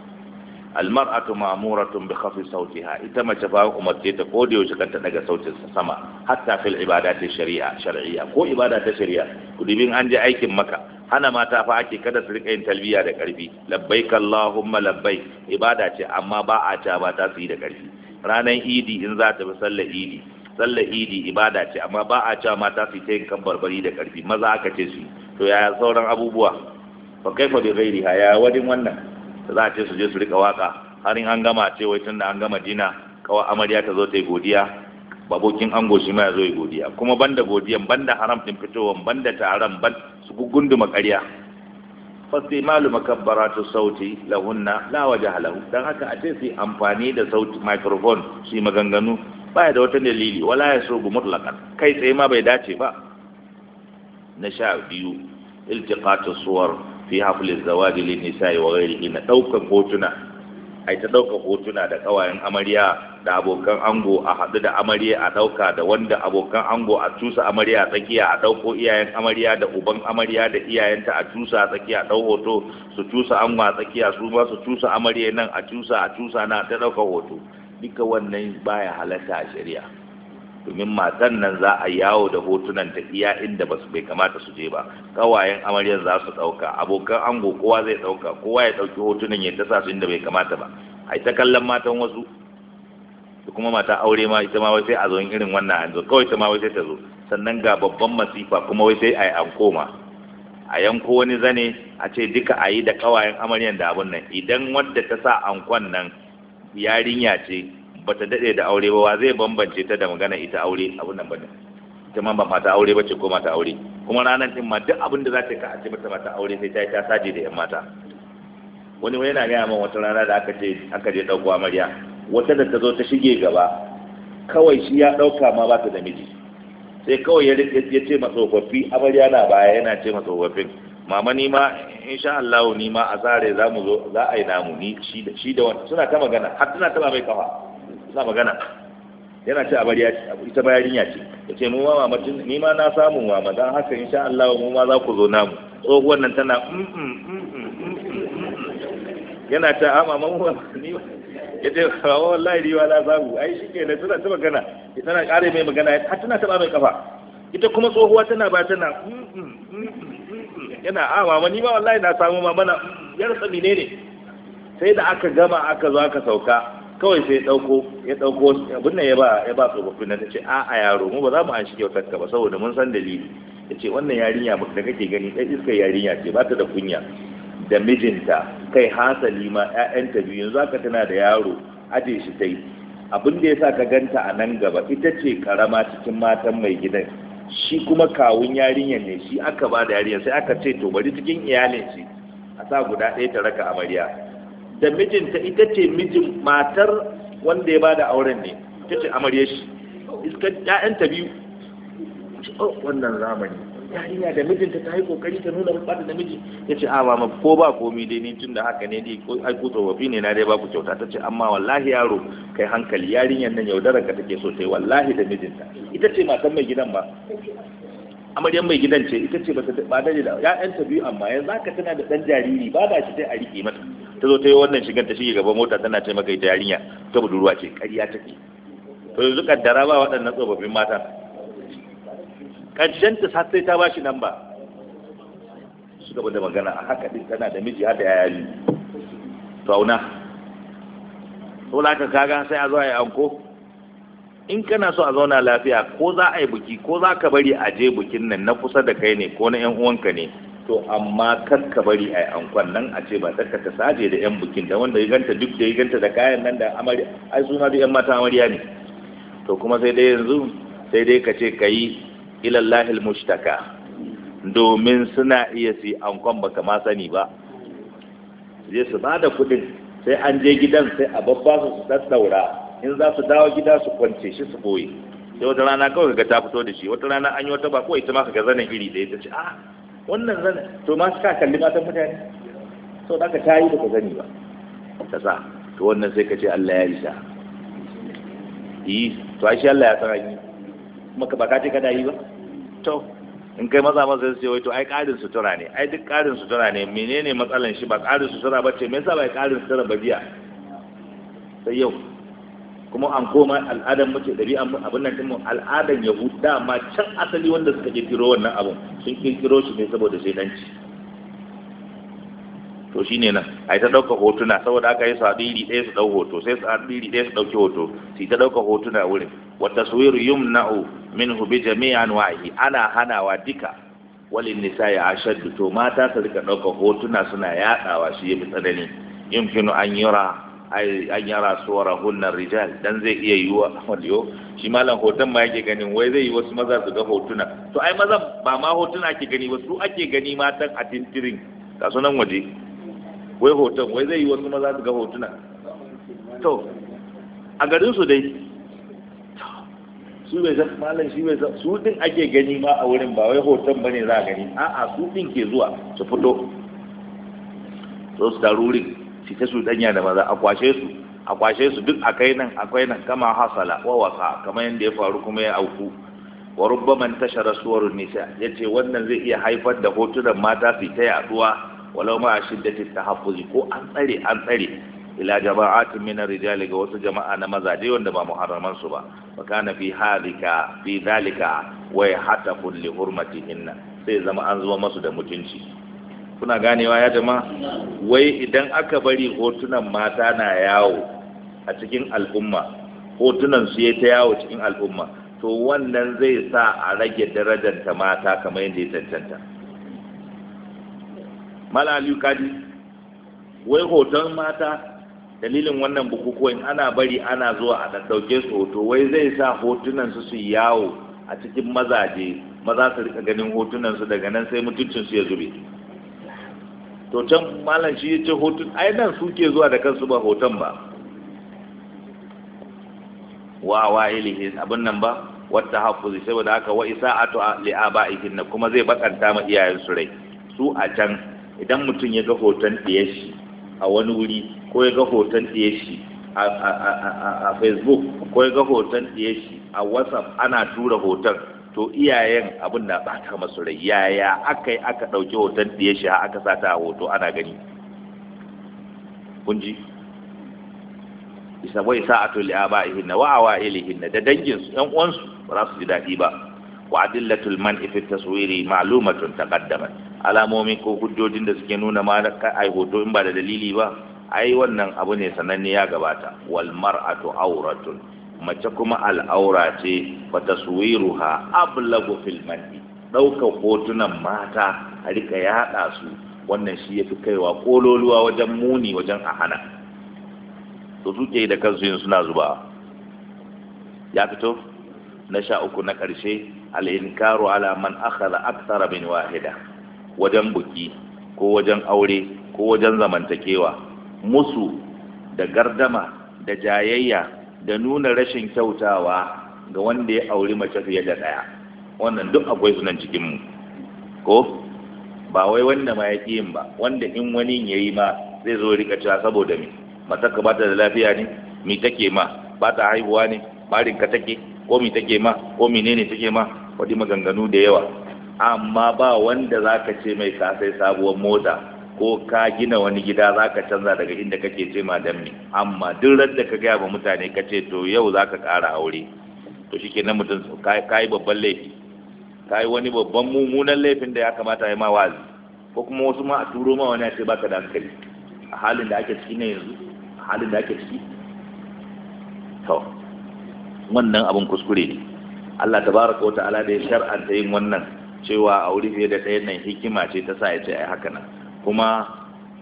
almar'atu ma'muratun bi khafi sautiha ita mace fa umarce ta ko da yaushe kan ta daga sautin sama hatta fil ibadati shari'a shar'iyya ko ibada ta shari'a kudibin an je aikin maka hana mata fa ake kada su rika yin talbiya da karfi labbaik allahumma labbaik ibada ce amma ba a ta ba ta su yi da karfi ranar idi in za ta bi sallar idi sallar idi ibada ce amma ba a cewa mata su ta yin kan barbari da karfi maza aka ce su to yaya sauran abubuwa fa kaifa bi ghairiha ya wadin wannan da za a ce su je su rika waka har in an gama ce wai tunda an gama dina kawai amarya ta zo ta yi godiya babokin ango shi ma ya zo yi godiya kuma banda godiyan banda haram din fitowan banda taron ban su gunduma ƙarya fasimalu makabbaratu sauti lahunna la waje halahu?" dan haka a ce su amfani da sauti microphone su yi maganganu baya da wata dalili wala ya so gu mutlaqan kai tsaye ma bai dace ba na sha biyu iltiqatu suwar fi haflin zawaji lin nisa'i wa ghairihi na ɗaukan hotuna ai ta dauka hotuna da kawayen amarya da abokan ango a haɗu da amarya a dauka da wanda abokan ango a tusa amarya tsakiya a dauko iyayen amarya da uban amarya da iyayenta a tusa a tsakiya dau hoto su tusa ango a tsakiya su ma su tusa amarya nan a tusa a tusa na ta dauka hoto duka wannan baya halatta a shari'a domin matan nan za a yawo da hotunan ta iya inda ba su bai kamata su je ba kawayen amaryar za su ɗauka abokan ango kowa zai ɗauka kowa ya ɗauki hotunan ya tasa su inda bai kamata ba a ta kallon matan wasu da kuma mata aure ma ita ma wai sai a zo irin wannan hanzo kawai ta ma wai sai ta zo sannan ga babban masifa kuma wai sai a yi an koma a yanko wani zane a ce duka a yi da kawayen amaryar da abun nan idan wadda ta sa ankon nan yarinya ce bata daɗe da aure ba wa zai bambance ta da magana ita aure abun nan bane ita ma ba mata aure bace ko mata aure kuma ranar din ma duk abin da za ta ka aje mata mata aure sai ta yi ta saje da yan mata wani wani yana gaya min wata rana da aka je aka je ɗauko amarya wata da ta zo ta shige gaba kawai shi ya ɗauka ma ba ta da miji sai kawai ya ya ce ma tsofaffi amarya na baya yana ce ma tsofaffin mama ni ma insha Allah ni ma a zare za mu zo za a yi namu ni shi da shi da wani suna ta magana har suna ta mai kafa suna magana yana ce a bari ya ce ita ba yarinya ce ya ce mu ma mamatin ni ma na samu ma ma dan haka insha Allah mu ma za ku zo namu tsohuwar nan tana mm, mm, mm, yana ta ama mamu ni ya ce ba wallahi ni ma na samu ai shi ke tana ta magana tana ƙara mai magana har tana taɓa mai kafa ita kuma tsohuwa tana ba tana yana a ma ni ma wallahi na samu ma mana yar tsamine ne sai da aka gama aka zo aka sauka kawai sai dauko ya dauko abin nan ya ba ya ba tsofaffi na ce a a yaro mu ba za mu an shi kyautar ka ba saboda mun san dalili yace wannan yarinya da kake gani dai iska yarinya ce ba ta da kunya da mijinta kai hasali ma ƴaƴanta biyu yanzu aka tana da yaro aje shi tai abin da yasa ka ganta a nan gaba ita ce karama cikin matan mai gidan shi kuma kawun yarinyar ne shi aka ba da yarinyar sai aka ce to bari cikin iyalin shi a sa guda ɗaya ta raka amarya da mijinta ita ce mijin matar wanda ya bada auren ne ita ce amarya shi iska ƴaƴanta biyu oh, wannan zamani yarinya da mijinta ta yi kokari ta nuna rufa da namiji ya ce a mama ko ba komi dai ni tun da haka ne dai ko ai tsofaffi ne na dai ba ku kyauta ta ce amma wallahi yaro kai hankali yarinyar nan yaudarar ka take so ta yi wallahi da mijinta ita ce matan mai gidan ba amaryan mai gidan ce ita ce bata ba da da ya'yan ta biyu amma yanzu haka tana da dan jariri ba da shi sai a rike mata ta zo ta yi wannan shigar ta shige gaban mota tana ce maka ita yarinya ta budurwa ce ƙarya take to yanzu kaddara ba waɗannan tsofaffin mata ƙarshen ta sai ta ba nan ba su gaba da magana a haka din tana da miji har da yayari to auna to la ka kaga sai a zo a yi anko in kana so a zauna lafiya ko za a yi buki ko za ka bari a je bukin nan na kusa da kai ne ko na yan uwanka ne to amma kar ka bari a yi ankon nan a ce ba ta ta saje da yan bukin da wanda ya ganta duk da ya ganta da kayan nan da amarya ai suna da yan mata amarya ne to kuma sai dai yanzu sai dai ka ce ka yi ilallahi mushtaka domin suna iya su ankon baka ma sani ba Zai su ba da kuɗin sai an je gidan sai a babba su su in za su dawo gida su kwance shi su boye sai wata rana kawai ga ta fito da shi wata rana an yi wata ba kawai ita ma ga zanen iri da ita ce a ah, wannan zanen to ma su ka kalli matan mutane sau da ka ta yi da ka zani ba ta sa to wannan sai ka ce Allah ya rita yi to a shi Allah ya san yi maka ba ka ce kada yi ba to in kai maza maza sai wai to ai karin sutura ne ai duk karin sutura ne menene matsalan shi ba karin sutura ba ce me yasa ba karin sutura ba jiya sai yau kuma an koma al'adan muke ɗabi'an abin nan kuma al'adar yahuda ma can asali wanda suka kirkiro wannan abin sun kirkiro shi ne saboda shaidanci to shi ne nan yi ta ɗauka hotuna saboda aka yi su haɗu iri ɗaya su ɗau hoto sai su haɗu iri ɗaya su ɗauki hoto su ta ɗauka hotuna wurin wata suwiru na'u min hubi jami'an wahi ana hanawa duka walin nisa ya ashaddu to mata su rika ɗauka hotuna suna yaɗawa shi ya fi tsanani yumkinu an yura an yara suwara hunnar rijal dan zai iya yiwa waliyo shi malam hoton ma yake ganin wai zai yi wasu maza su ga hotuna to ai mazan ba ma hotuna ake gani wasu ake gani matan a tintirin ga sunan waje wai hoton wai zai yi wasu maza su ga hotuna to a garin su dai su bai san malam shi bai san su din ake gani ma a wurin ba wai hoton bane za a gani a'a su din ke zuwa su fito to su taru su su danya da maza a kwashe su a kwashe su duk akai nan akwai nan kama hasala wa wasa kamar yadda ya faru kuma ya auku wa rubbaman tashara suwarun nisa yace wannan zai iya haifar da hotunan mata su ta yaduwa walau ma shiddati tahaffuzi ko an tsare an tsare ila jama'atin min rijali ga wasu jama'a na maza mazaje wanda ba muharraman su ba wa kana fi halika fi zalika wa hatafu li hurmatihinna sai zama an zuwa masu da mutunci kuna ganewa ya jama wai idan aka bari hotunan mata na yawo a cikin al'umma hotunan su ya ta yawo cikin al'umma to wannan zai sa a rage darajanta mata kamar yadda ya cancanta malaliyu kaji wai hoton mata dalilin wannan bukukuwan ana bari ana zuwa a ɗauke su hoto wai zai sa hotunan su su yawo a cikin mazaje maza su rika ganin hotunan su daga nan sai mutuncin su ya zube to can malam shi ya ce hoton ai nan suke zuwa da kansu ba hoton ba wa wa ilihi abin nan ba wata hafuzi saboda haka wa to li aba'ihin ikinna kuma zai bakanta ma iyayen su rai su a can idan mutum ya ga hoton ɗaya shi a wani wuri ko ya ga hoton ɗaya shi a facebook ko ya ga hoton ɗaya shi a whatsapp ana tura hoton to iyayen abin na ɓata masu rai yaya aka yi aka ɗauki hoton ɗiye shi aka sata a hoto ana gani kunji isa wai sa'atu li aba'ihinna wa awailihinna da dangin su ɗan uwansu ba za su ji daɗi ba wa adillatul man ifi taswiri ma'lumatun taqaddama alamomi ko hujjojin da suke nuna ma ai hoto in ba da dalili ba ai wannan abu ne sananne ya gabata wal mar'atu auratun mace kuma al'aura ce fa taswiruha ablagu fil ɗaukar hotunan mata a rika yaɗa su wannan shi ya fi kaiwa kololuwa wajen muni wajen a hana to suke da kansu yin suna zuba ya fito na sha uku na ƙarshe al'inkaru ala man akhadha akthara min wahida wajen buki ko wajen aure ko wajen zamantakewa musu da gardama da jayayya da nuna rashin kyautawa ga wanda ya auri mace fiye da ɗaya wannan duk akwai sunan cikinmu ko ba wai wanda ma ya yin ba wanda in wani ya yi ma zai zo rika cewa saboda me mata ka bata da lafiya ne mi take ma ba ta haihuwa ne barin ka take ko mi take ma ko menene take ma wadi maganganu da yawa amma ba wanda zaka ce mai ka sai sabuwar mota ko ka gina wani gida za ka canza daga inda kake ce madam ne amma duk da ka gaya ba mutane ka ce to yau za ka ƙara aure to shi kenan mutum ka yi babban laifi ka yi wani babban mummunan laifin da ya kamata ya ma wazi ko kuma wasu ma a turo ma wani a ce baka da hankali a halin da ake ciki ne yanzu a halin da ake ciki to wannan abin kuskure ne Allah tabaraka wa ta'ala da ya shar'anta yin wannan cewa aure fiye da ɗayan nan hikima ce ta sa ya ce a yi haka nan kuma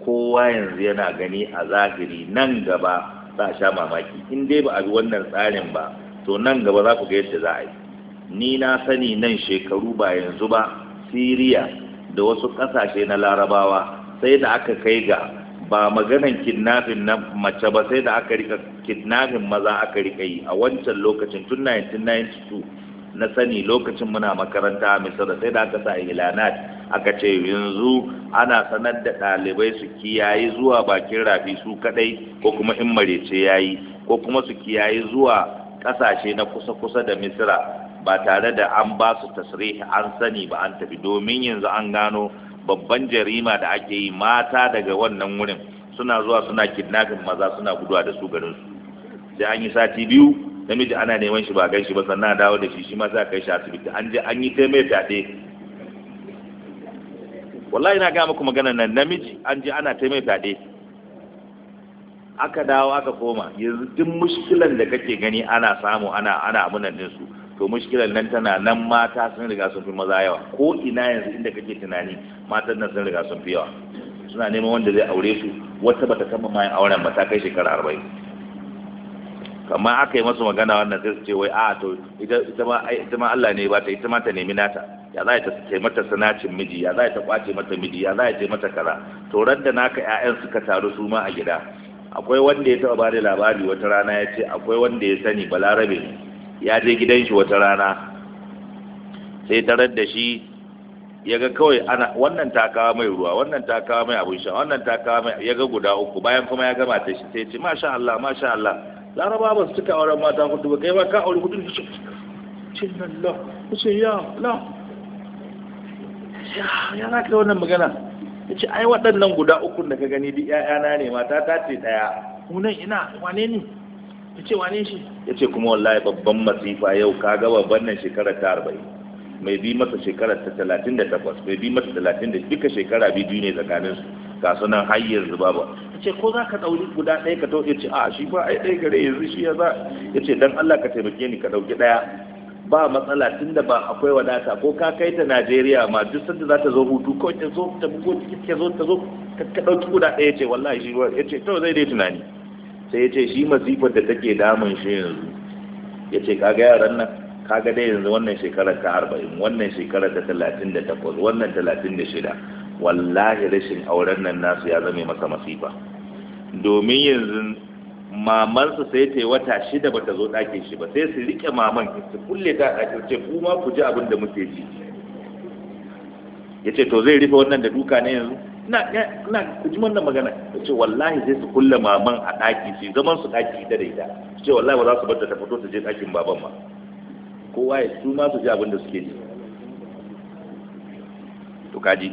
kowa yanzu yana gani a zahiri nan gaba za a sha mamaki in dai ba a bi wannan tsarin ba to nan gaba za ku ga yadda za a yi ni na sani nan shekaru ba yanzu ba siriya da wasu ƙasashe na larabawa sai da aka kai ga ba maganan kidnafin na mace ba sai da aka rika kidnafin maza aka rika yi a wancan lokacin tun 1992 na sani lokacin muna makaranta a misira sai da aka sa ilanat aka ce yanzu ana sanar da ɗalibai su kiyaye zuwa bakin rafi su kadai ko kuma in marece yi ko kuma su kiyaye zuwa ƙasashe na kusa-kusa da misira ba tare da an ba su tasrihi an sani ba an tafi domin yanzu an gano babban jarima da ake yi mata daga wannan wurin suna zuwa suna kidnapping maza suna guduwa da su garin su sai an yi sati biyu namiji ana neman shi ba kai shi ba sannan a dawo da shi shi ma za a kai shi asibiti an je an yi ta mai fyaɗe wallahi na gaya muku magana nan namiji an je ana ta mai fyaɗe aka dawo aka koma yanzu duk muskilan da kake gani ana samu ana ana abunan din su to muskilan nan tana nan mata sun riga sun fi maza yawa ko ina yanzu inda kake tunani matan nan sun riga sun fi yawa suna neman wanda zai aure su wata bata kama mayan auren ba ta kai shekara arba'in kamar aka yi masu magana wannan sai su ce wai a to ita ma Allah ne ba ta ita ma ta nemi nata ya za ta ce mata sanacin miji ya za ta kwace mata miji ya za ta mata kaza to ran da naka ƴaƴan suka taru su ma a gida akwai wanda ya taba bada labari wata rana ya ce akwai wanda ya sani balarabe ya je gidan shi wata rana sai tarar da shi ya ga kawai ana wannan ta kawo mai ruwa wannan ta kawo mai abin sha wannan ta kawo mai ya ga guda uku bayan kuma ya gama ta shi sai ce masha Allah masha Allah laraba ba su cika auren mata hudu ba kai ba ka auri hudu shi cin lalla ku ce ya la ya ya na kai wannan magana ya ce ai waɗannan guda uku da ka gani duk ƴaƴana ne mata ta ce ɗaya. mu ina wane ne ce wane shi ya ce kuma wallahi babban masifa yau ka babban nan shekarar ta 40 mai bi masa shekarar ta takwas mai bi masa talatin da duka shekara biyu ne tsakanin su ga sunan hayyar zubaba ta ce ko za ka ɗauri guda ɗaya ka ɗauke ce a shi ba ai ɗaya gare yanzu shi ya za ya ce don Allah ka taimake ni ka ɗauki ɗaya ba matsala tun da ba akwai wadata ko ka kai ta Najeriya ma duk sanda za ta zo hutu ko ta zo ta bugo ta zo ta zo ka ɗauki guda ɗaya ce wallahi shi ya ce to zai dai tunani sai ya ce shi masifar da take damun shi yanzu ya ce kaga yaran nan kaga dai yanzu wannan shekarar ta arba'in wannan shekarar ta talatin da takwas wannan talatin da shida wallahi rashin auren nan nasu ya zame masa masifa domin yanzu mamansu sai ta yi wata shida bata zo ɗakin shi ba sai su rike maman su kulle ta ɗakin ce ku ma ku ji abin da muke ji ya ce to zai rufe wannan da duka ne yanzu na ku ji wannan magana ya ce wallahi sai su kulle maman a ɗaki su zaman su ɗaki da da ita ce wallahi ba za su bar ta fito ta je ɗakin baban ma kowa ya su ma su ji abin da suke ji to kaji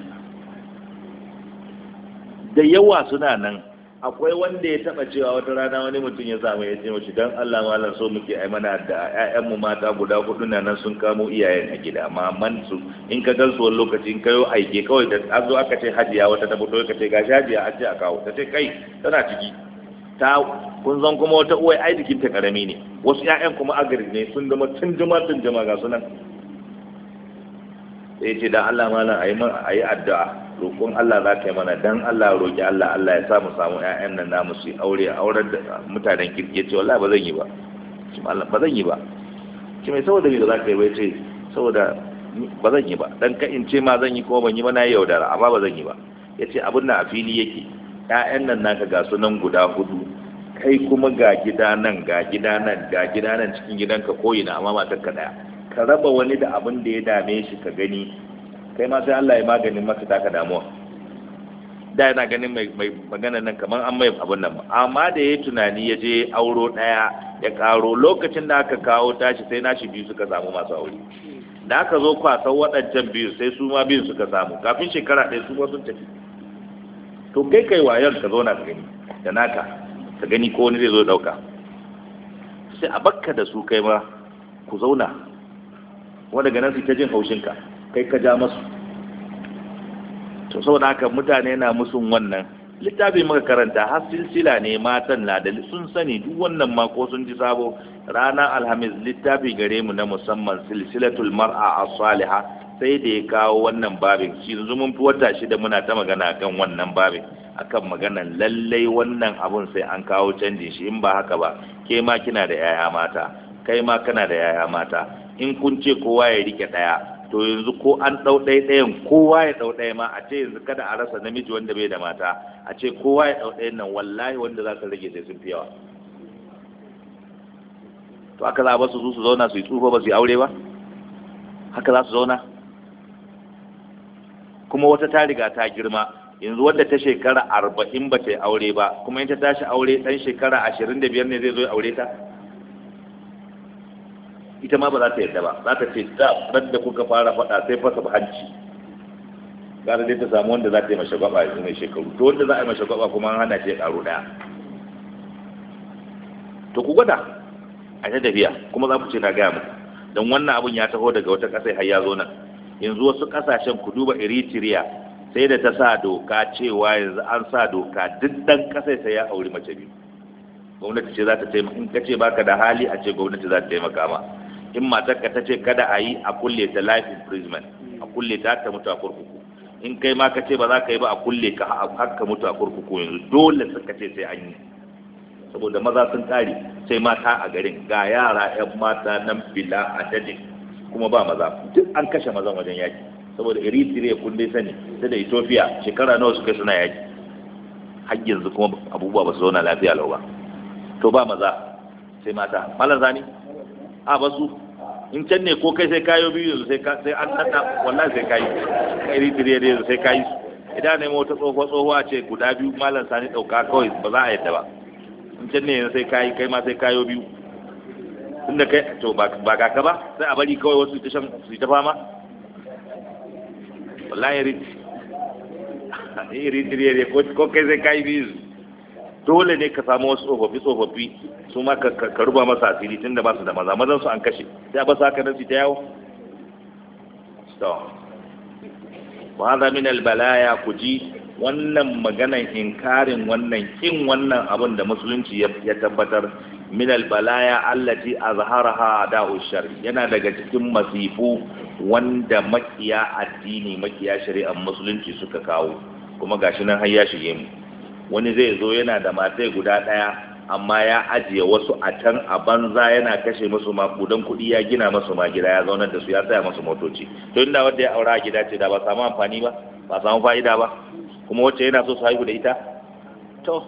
da yawa suna nan akwai wanda ya taba cewa wata rana wani mutum ya samu ya ce mashi dan Allah malam so muke ai mana da ƴaƴan mu mata guda hudu na nan sun kamo iyayen a gida man su in ka gan su wani lokaci in kayo aike kawai da an zo aka ce hajiya wata ta fito ka ce gashi hajiya an ce a kawo ta ce kai tana ciki ta kun zan kuma wata uwai ai jikin ta karami ne wasu ƴaƴan kuma agari ne sun zama tun juma tun juma ga sunan sai ce da Allah malam ayi addu'a roƙon Allah za ka yi mana dan Allah roƙi Allah Allah ya sa mu samu ƴaƴan nan namu su aure auren da mutanen kirki ya ce wallahi ba zan yi ba ba zan yi ba ce mai saboda me za ka yi bai ce saboda ba zan yi ba dan ka in ce ma zan yi ko ban yi ba na yaudara amma ba zan yi ba ya ce abin nan a fili yake ƴaƴan nan naka ga su nan guda hudu kai kuma ga gida nan ga gida nan ga gida nan cikin gidanka ko ina amma matarka daya ka raba wani da abin da ya dame shi ka gani kai ma sai Allah ya maganin maka taka damuwa da yana ganin mai magana nan kamar an mai abun nan amma da yayi tunani ya je auro daya ya karo lokacin da aka kawo tashi sai nashi biyu suka samu masu aure da aka zo kwasan waɗancan biyu sai su ma biyu suka samu kafin shekara ɗaya su sun tafi to kai kai wayar ka zauna ka gani da naka ka gani ko wani zai zo ɗauka sai a bakka da su kai ma ku zauna wanda ganin su ta jin haushinka kai ka ja masu to saboda haka mutane na musun wannan littafi muka karanta har silsila ne matan na da sun sani duk wannan ma ko sun ji sabo ranar alhamis littafi gare mu na musamman silsilatul mar'a as-saliha sai da ya kawo wannan babin shi yanzu mun fi wata shida muna ta magana kan wannan babin akan maganan lallai wannan abun sai an kawo canjin shi in ba haka ba ke ma kina da yaya mata kai ma kana da yaya mata in kun ce kowa ya rike daya to yanzu ko an ɗau ɗaya kowa ya ɗau ɗaya ma a ce yanzu kada a rasa namiji wanda bai da mata a ce kowa ya ɗau ɗayan nan wallahi wanda za ka rage sai sun fi yawa to haka za a basu su su zauna su yi tsufa ba su yi aure ba haka za su zauna kuma wata ta riga ta girma yanzu wadda ta shekara arba'in ba ta yi aure ba kuma in ta tashi aure ɗan shekara ashirin da biyar ne zai zo ya aure ta ita ma ba za ta yarda ba za ta ce ta ran da kuka fara faɗa sai fasa hanci. gara dai ta samu wanda za ta yi mashi gwaba yanzu mai shekaru to wanda za a yi mashi gwaba kuma an hana shi ya ƙaro ɗaya to ku gwada a ta tafiya kuma za ku ce na gaya muku don wannan abun ya taho daga wata ƙasa har ya zo nan yanzu wasu ƙasashen ku duba eritrea sai da ta sa doka cewa yanzu an sa doka duk ɗan ƙasai sai ya auri mace biyu gwamnati ce za ta taimaka in ka ce baka da hali a ce gwamnati za ta taimaka ma in matar ka ta ce kada a yi a kulle ta life imprisonment a kulle ta ta mutu a kurkuku in kai ma ka ce ba za ka yi ba a kulle ka a ka mutu a kurkuku yanzu dole suka ce sai an yi saboda maza sun tare sai mata a garin ga yara 'yan mata nan bila adadin kuma ba maza duk an kashe mazan wajen yaki saboda eritrea kun dai sani sai da ethiopia shekara nawa suka suna yaki har yanzu kuma abubuwa ba su zauna lafiya lau ba to ba maza sai mata malar zani a basu in can ne ko kai sai kayo biyu sai sai an tada wallahi sai kai kai tire ne sai kai idan ne mota tsofa tsofa ce guda biyu malam sani dauka kawai ba za a yadda ba in can ne sai kayi kai ma sai kayo biyu tunda kai to ba ga ka ba sai a bari kawai wasu tashan su ta fama wallahi rit iri ko kai sai kayi biyu dole ne ka samu wasu tsofaffi tsofaffi su ma ka ruba masa asiri tun da basu da maza mazan su an kashe sai a basu haka nan su ta yawo wa hadha min al ku ji wannan maganan inkarin wannan kin wannan abin da musulunci ya tabbatar min albalaya allati azharaha da'u shar yana daga cikin masifu wanda makiya addini makiya shari'ar musulunci suka kawo kuma gashi nan har ya shige mu wani zai zo yana da matai guda ɗaya amma ya ajiye wasu a can a banza yana kashe musu makudan kuɗi ya gina musu ma gida ya zaunar da su ya tsaya musu motoci to inda wanda ya aura a gida ce da ba samu amfani ba ba samu fa'ida ba kuma wacce yana so su haihu da ita to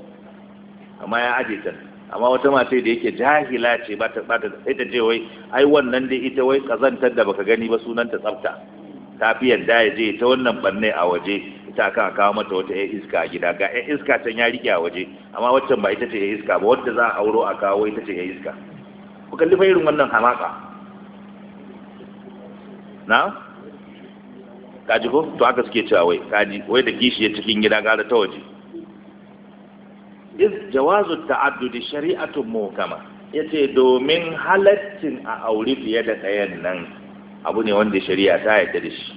amma ya ajiye ta amma wata mace da yake jahila ce ba ta ba ta ita ce wai ai wannan dai ita wai kazantar da baka gani ba sunanta tsafta ta fi yadda ya je ta wannan banne a waje ta aka kawo mata wata ƴan iska a gida ga 'yan iska can ya rike a waje amma waccan ba ita ce ƴan iska ba wadda za a auro a kawo ita ce ƴan iska ku kalli fa irin wannan hamaka na kaji ko to haka suke cewa wai kaji wai da kishi ya cikin gida ga ta waje iz jawazu ta'addudi shari'atun muhkama yace domin halaccin a auri fiye da kayan nan abu ne wanda shari'a ta yarda da shi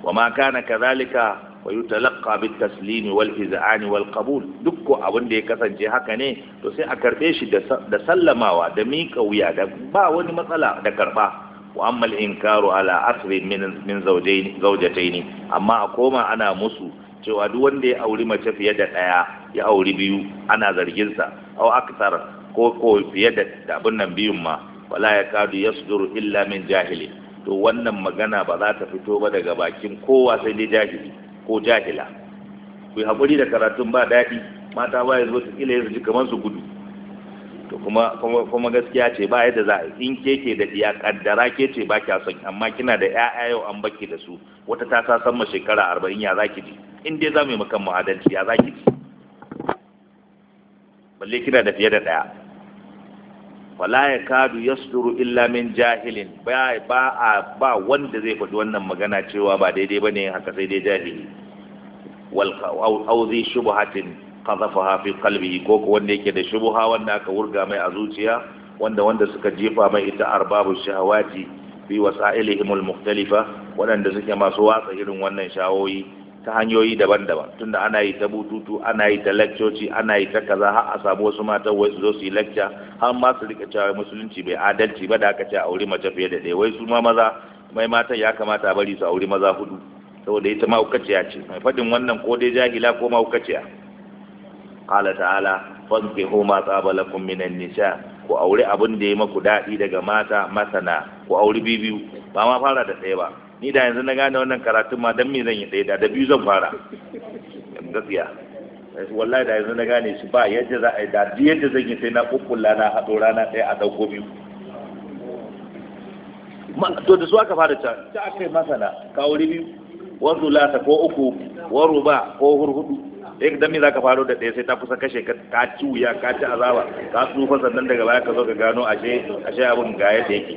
wa ma kana kadhalika wa yutalaqqa bit taslim wal iz'an wal qabul dukko abin da ya kasance haka ne to sai a karbe shi da sallamawa da mika wuya da ba wani matsala da karba wa amma al inkaru ala asri min min zawjayn amma a koma ana musu cewa duk wanda ya auri mace fiye da daya ya auri biyu ana zargin sa aw akthar ko ko fiye da abin nan biyun ma wala ya kadu yasduru illa min jahili to wannan magana ba za ta fito ba daga bakin kowa sai dai jahili ko jahila ku haƙuri da karatun ba daɗi mata ba ya zo su ƙila ya kamar su gudu to kuma kuma gaskiya ce ba yadda za a in ke ke da iya kaddara ke ce ba kya son amma kina da ƴaƴa yau an baki da su wata ta sa san ma shekara arba'in ya ki ji in dai za mu yi makan mu adalci ya ki ji balle kina da fiye da ɗaya wala ya kadu yasduru illa min jahilin ba ba ba wanda zai faɗi wannan magana cewa ba daidai bane haka sai dai jahili wal shubuhatin zi shubhatin qadhafaha fi ko ko wanda yake da shubha wanda aka wurga mai a zuciya wanda wanda suka jefa mai ita arbabu shahawati bi wasailihim al mukhtalifa waɗanda suke masu watsa irin wannan shawoyi ta hanyoyi daban-daban tunda ana yi ta bututu ana yi ta lakcoci ana yi ta kaza har a samu wasu mata wai su zo su yi lakca har ma su rika cewa musulunci bai adalci ba da aka ce a auri mace fiye da ɗaya wai su ma maza mai matan ya kamata a bari su auri maza hudu saboda ita mahaukaciya ce mai faɗin wannan ko dai jahila ko mahaukaciya qala ta'ala fankihu ma tsabalakum lakum minan nisa ku aure abin da ya maku daɗi daga mata masana ku aure bibiyu ba ma fara da ɗaya ba ni da yanzu na gane wannan karatun ma dan me zan yi ɗaya da da biyu zan fara gaskiya wallahi da yanzu na gane shi ba yadda za a yi da yadda zan yi sai na kukkula na haɗo rana ɗaya a dauko biyu to da su aka fara can ta aka yi masana kawo biyu wa zulata ko uku wa ruba ko hurhudu eh dan me ka faro da ɗaya sai ta kusa kashe ka ka ci wuya ka ci azaba ka tsufa sannan daga baya ka zo ka gano ashe ashe abun ga yadda yake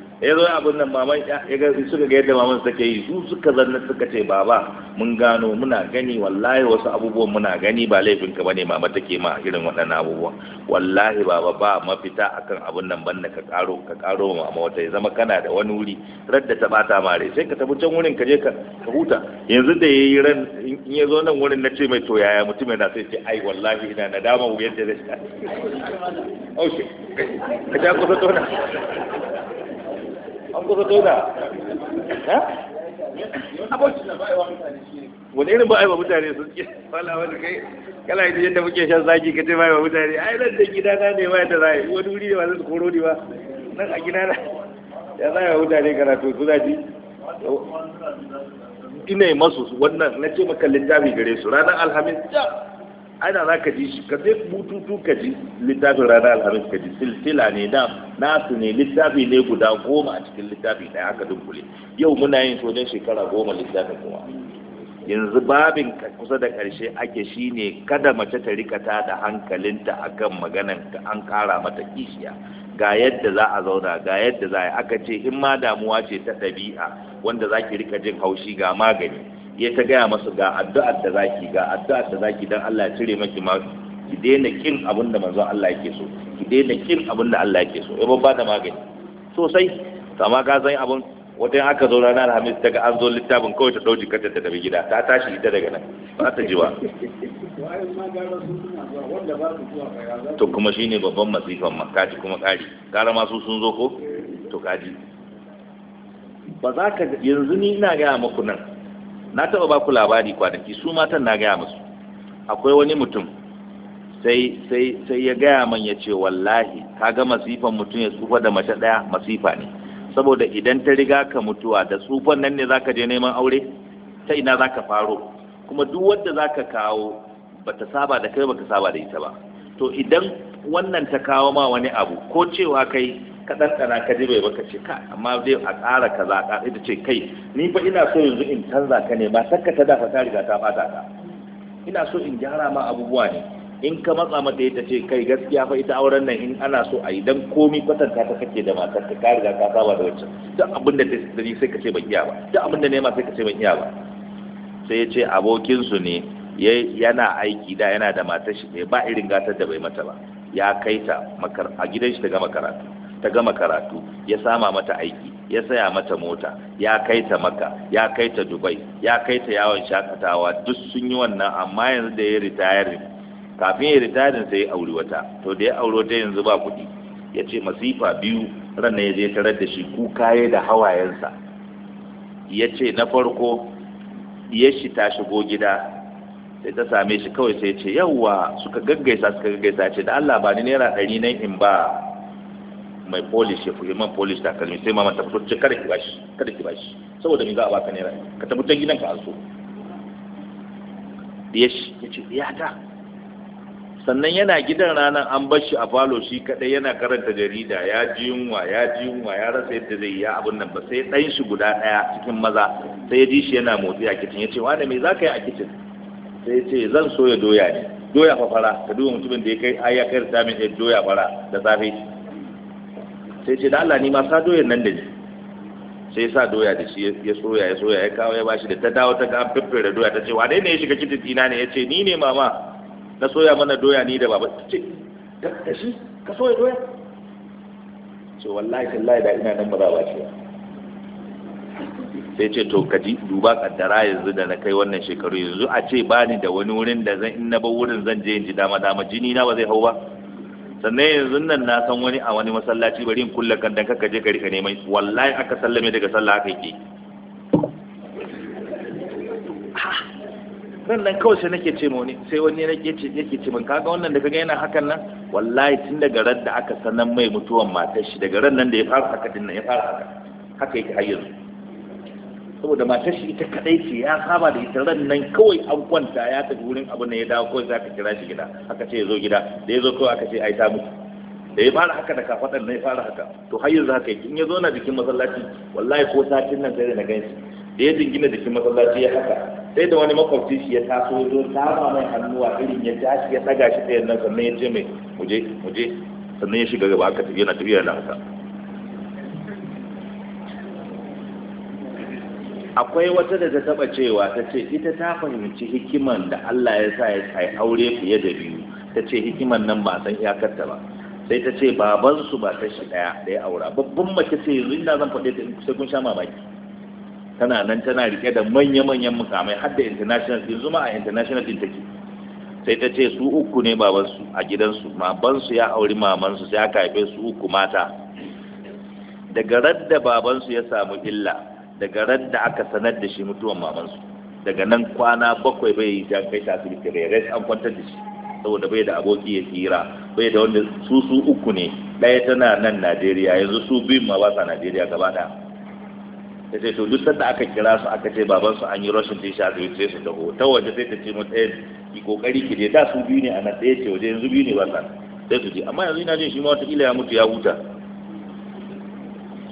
ya zo abin nan maman ya ga suka ga yadda maman take yi su suka zanna suka ce baba mun gano muna gani wallahi wasu abubuwan muna gani ba laifin ka bane mama take ma irin waɗannan abubuwan wallahi baba ba mafita akan abin nan banda ka karo ka karo ma mama wata ya zama kana da wani wuri radda ta bata mare sai ka tafi can wurin ka je ka huta yanzu da yayi ran in ya zo nan wurin na ce mai to yaya mutum yana sai ce ai wallahi ina nadama da zai ka kusa tona an kusa tona ha wani irin ba a yi mutane sun ce wala wani kai kala yi yadda muke shan zaki ka ce ba yi mutane ai nan da gida na ne ba da za yi wani wuri ne ba zai koro ne ba nan a gida na ya za yi mutane karatu su za ina yi masu wannan na ce maka littafi gare su ranar alhamis Ana za ka ji shi ka je bututu ka ji littafin ranar alhamis ka ji silsila ne da nasu ne littafi ne guda goma a cikin littafi ɗaya aka dunkule yau muna yin sojan shekara goma littafin kuma yanzu babin kusa da ƙarshe ake shi ne kada mace ta rikata da hankalinta a kan maganan ka an kara mata kishiya ga yadda za a zauna ga yadda za a yi aka ce in ma damuwa ce ta ɗabi'a wanda za ki rika jin haushi ga magani ya ta gaya masu ga addu'ar da zaki ga addu'ar da zaki dan Allah ya cire maki ma ki daina kin abin da manzon Allah yake so ki daina kin abin da Allah yake so ya babba da magani sosai amma ka san abin wata aka zo ranar alhamis daga an zo littafin kawai ta ɗauki kanta ta tafi gida ta tashi ita daga nan ba ta ji ba to kuma shine babban masifan ma kaji kuma kari gara masu sun zo ko to kaji ba za ka yanzu ni ina gaya maku nan na taɓa ba ku labari kwanaki su matan na gaya musu akwai wani mutum sai sai sai ya gaya man ya ce wallahi kaga masifan mutum ya tsufa da mace ɗaya masifa ne saboda idan ta riga ka mutuwa da tsufan nan ne zaka je neman aure ta ina zaka faro kuma duk wanda ka kawo bata saba da kai baka saba da ita ba to idan wannan ta kawo ma wani abu ko cewa kai ka ɗanɗana ka ji bai baka ce ka amma dai a ƙara ka za a ita ce kai ni fa ina so yanzu in canza ka ne ba sakka ta dafa ta riga ta fata ka ina so in gyara ma abubuwa ne in ka matsa mata ita ce kai gaskiya fa ita auren nan in ana so a yi dan komi kwatanta ta kake da matar ka riga ka saba da wancan duk abin da ta sai ka ce ban iya ba duk abin da nema sai ka ce ban iya ba sai ya ce abokinsu ne yana aiki da yana da matar shi ne ba irin gatar da bai mata ba ya kai ta a gidan shi daga gama ta gama karatu ya sama mata aiki ya saya mata mota ya kai ta maka ya kai ta dubai ya kai ta yawon shakatawa duk sun yi wannan amma yanzu da ya ritayarin kafin ya ritayarin sai ya auri wata to da ya auri wata yanzu ba kuɗi ya ce masifa biyu ranar ya je tarar da shi kuka ya da hawayensa ya ce na farko ya shi ta shigo gida sai ta same shi kawai sai ce yawwa suka gaggaisa suka gaggaisa ce da Allah ba ni naira ɗari nan in ba mai polish ya fi man polish kalmi sai mama ta fito ce kada ki bashi kada ki bashi saboda me za a baka naira ka tafi gidan ka an so ya ce ya ta sannan yana gidan ranar an bar shi a falo shi kadai yana karanta jarida ya ji yunwa ya ji yunwa ya rasa yadda zai ya abin nan ba sai ɗan shi guda ɗaya cikin maza sai ya ji shi yana motsi a kicin ya ce wane me za ka yi a kicin sai ya ce zan soya doya ne doya fa fara ka duba mutumin da ya kai ai ya kai da doya fara da safe sai ce da Allah ni ma sa doyar nan da ni sai sa doya da shi ya soya ya soya ya kawo ya bashi da ta dawo ta ga fiffira doya ta ce wa ne ya shiga kitin dina ne ya ce ni ne mama na soya mana doya ni da baba ta ce da shi ka soya doya ce wallahi tallahi da ina nan ba za a ce sai ce to ka ji duba kaddara yanzu da na kai wannan shekaru yanzu a ce bani da wani wurin da zan in na ba wurin zan je in ji dama dama jini na ba zai hau ba sannan yanzu nan na san wani a wani masallaci bari in kulla kan dan kaka je ka rika neman wallahi aka sallame daga sallah aka yi nan nan kawai sai nake ce wani sai wani nake ce yake ce min kaga wannan da kaga yana hakan nan wallahi tun daga ran da aka sanan mai mutuwan matar shi daga ran nan da ya fara haka din nan ya fara haka haka yake har yanzu saboda matar shi ita kadai ce ya saba da ita ran nan kawai an kwanta ya tafi wurin abu ne ya dawo kawai za ka kira shi gida aka ce ya zo gida da ya zo kawai aka ce ai ta mutu da ya fara haka da kafaɗan na ya fara haka to har yanzu haka in ya zo na jikin masallaci wallahi ko satin nan sai na gan shi da ya jingina jikin masallaci ya haka sai da wani makwabci shi ya taso ya zo ba mai hannuwa irin ya tashi ya ɗaga shi ɗayan nan sannan ya ce mai muje muje sannan ya shiga gaba aka tafi yana tafiya da haka akwai wata da ta taba cewa ta ce ita ta fahimci hikiman da Allah ya sa ya aure fiye da biyu ta ce hikiman nan ba san iyakarta ba sai ta ce baban su ba ta shi daya da ya aura babban mace ce yanzu inda zan faɗe ta sai kun sha mamaki tana nan tana rike da manya-manyan mukamai har da international yanzu ma a international din take sai ta ce su uku ne baban su, a gidan su. gidansu su ya auri mamansu sai aka haife su uku mata daga radda su ya samu illa daga ran da aka sanar da shi mutuwan mamansu daga nan kwana bakwai bai yi jan kai shafi da rai an kwantar da shi saboda bai da aboki ya tsira bai da wanda su su uku ne ɗaya tana nan najeriya yanzu su biyun ma ba sa najeriya gaba ɗaya ta ce to duk sanda aka kira su aka ce baban su an yi rashin din sha biyu sai su taho ta waje sai ta ce mu ɗaya eh, ki kokari ki je da su biyu ne a nan ɗaya ce waje yanzu biyu ne ba sa sai su je amma yanzu ina jin shi ma wata ya mutu ya huta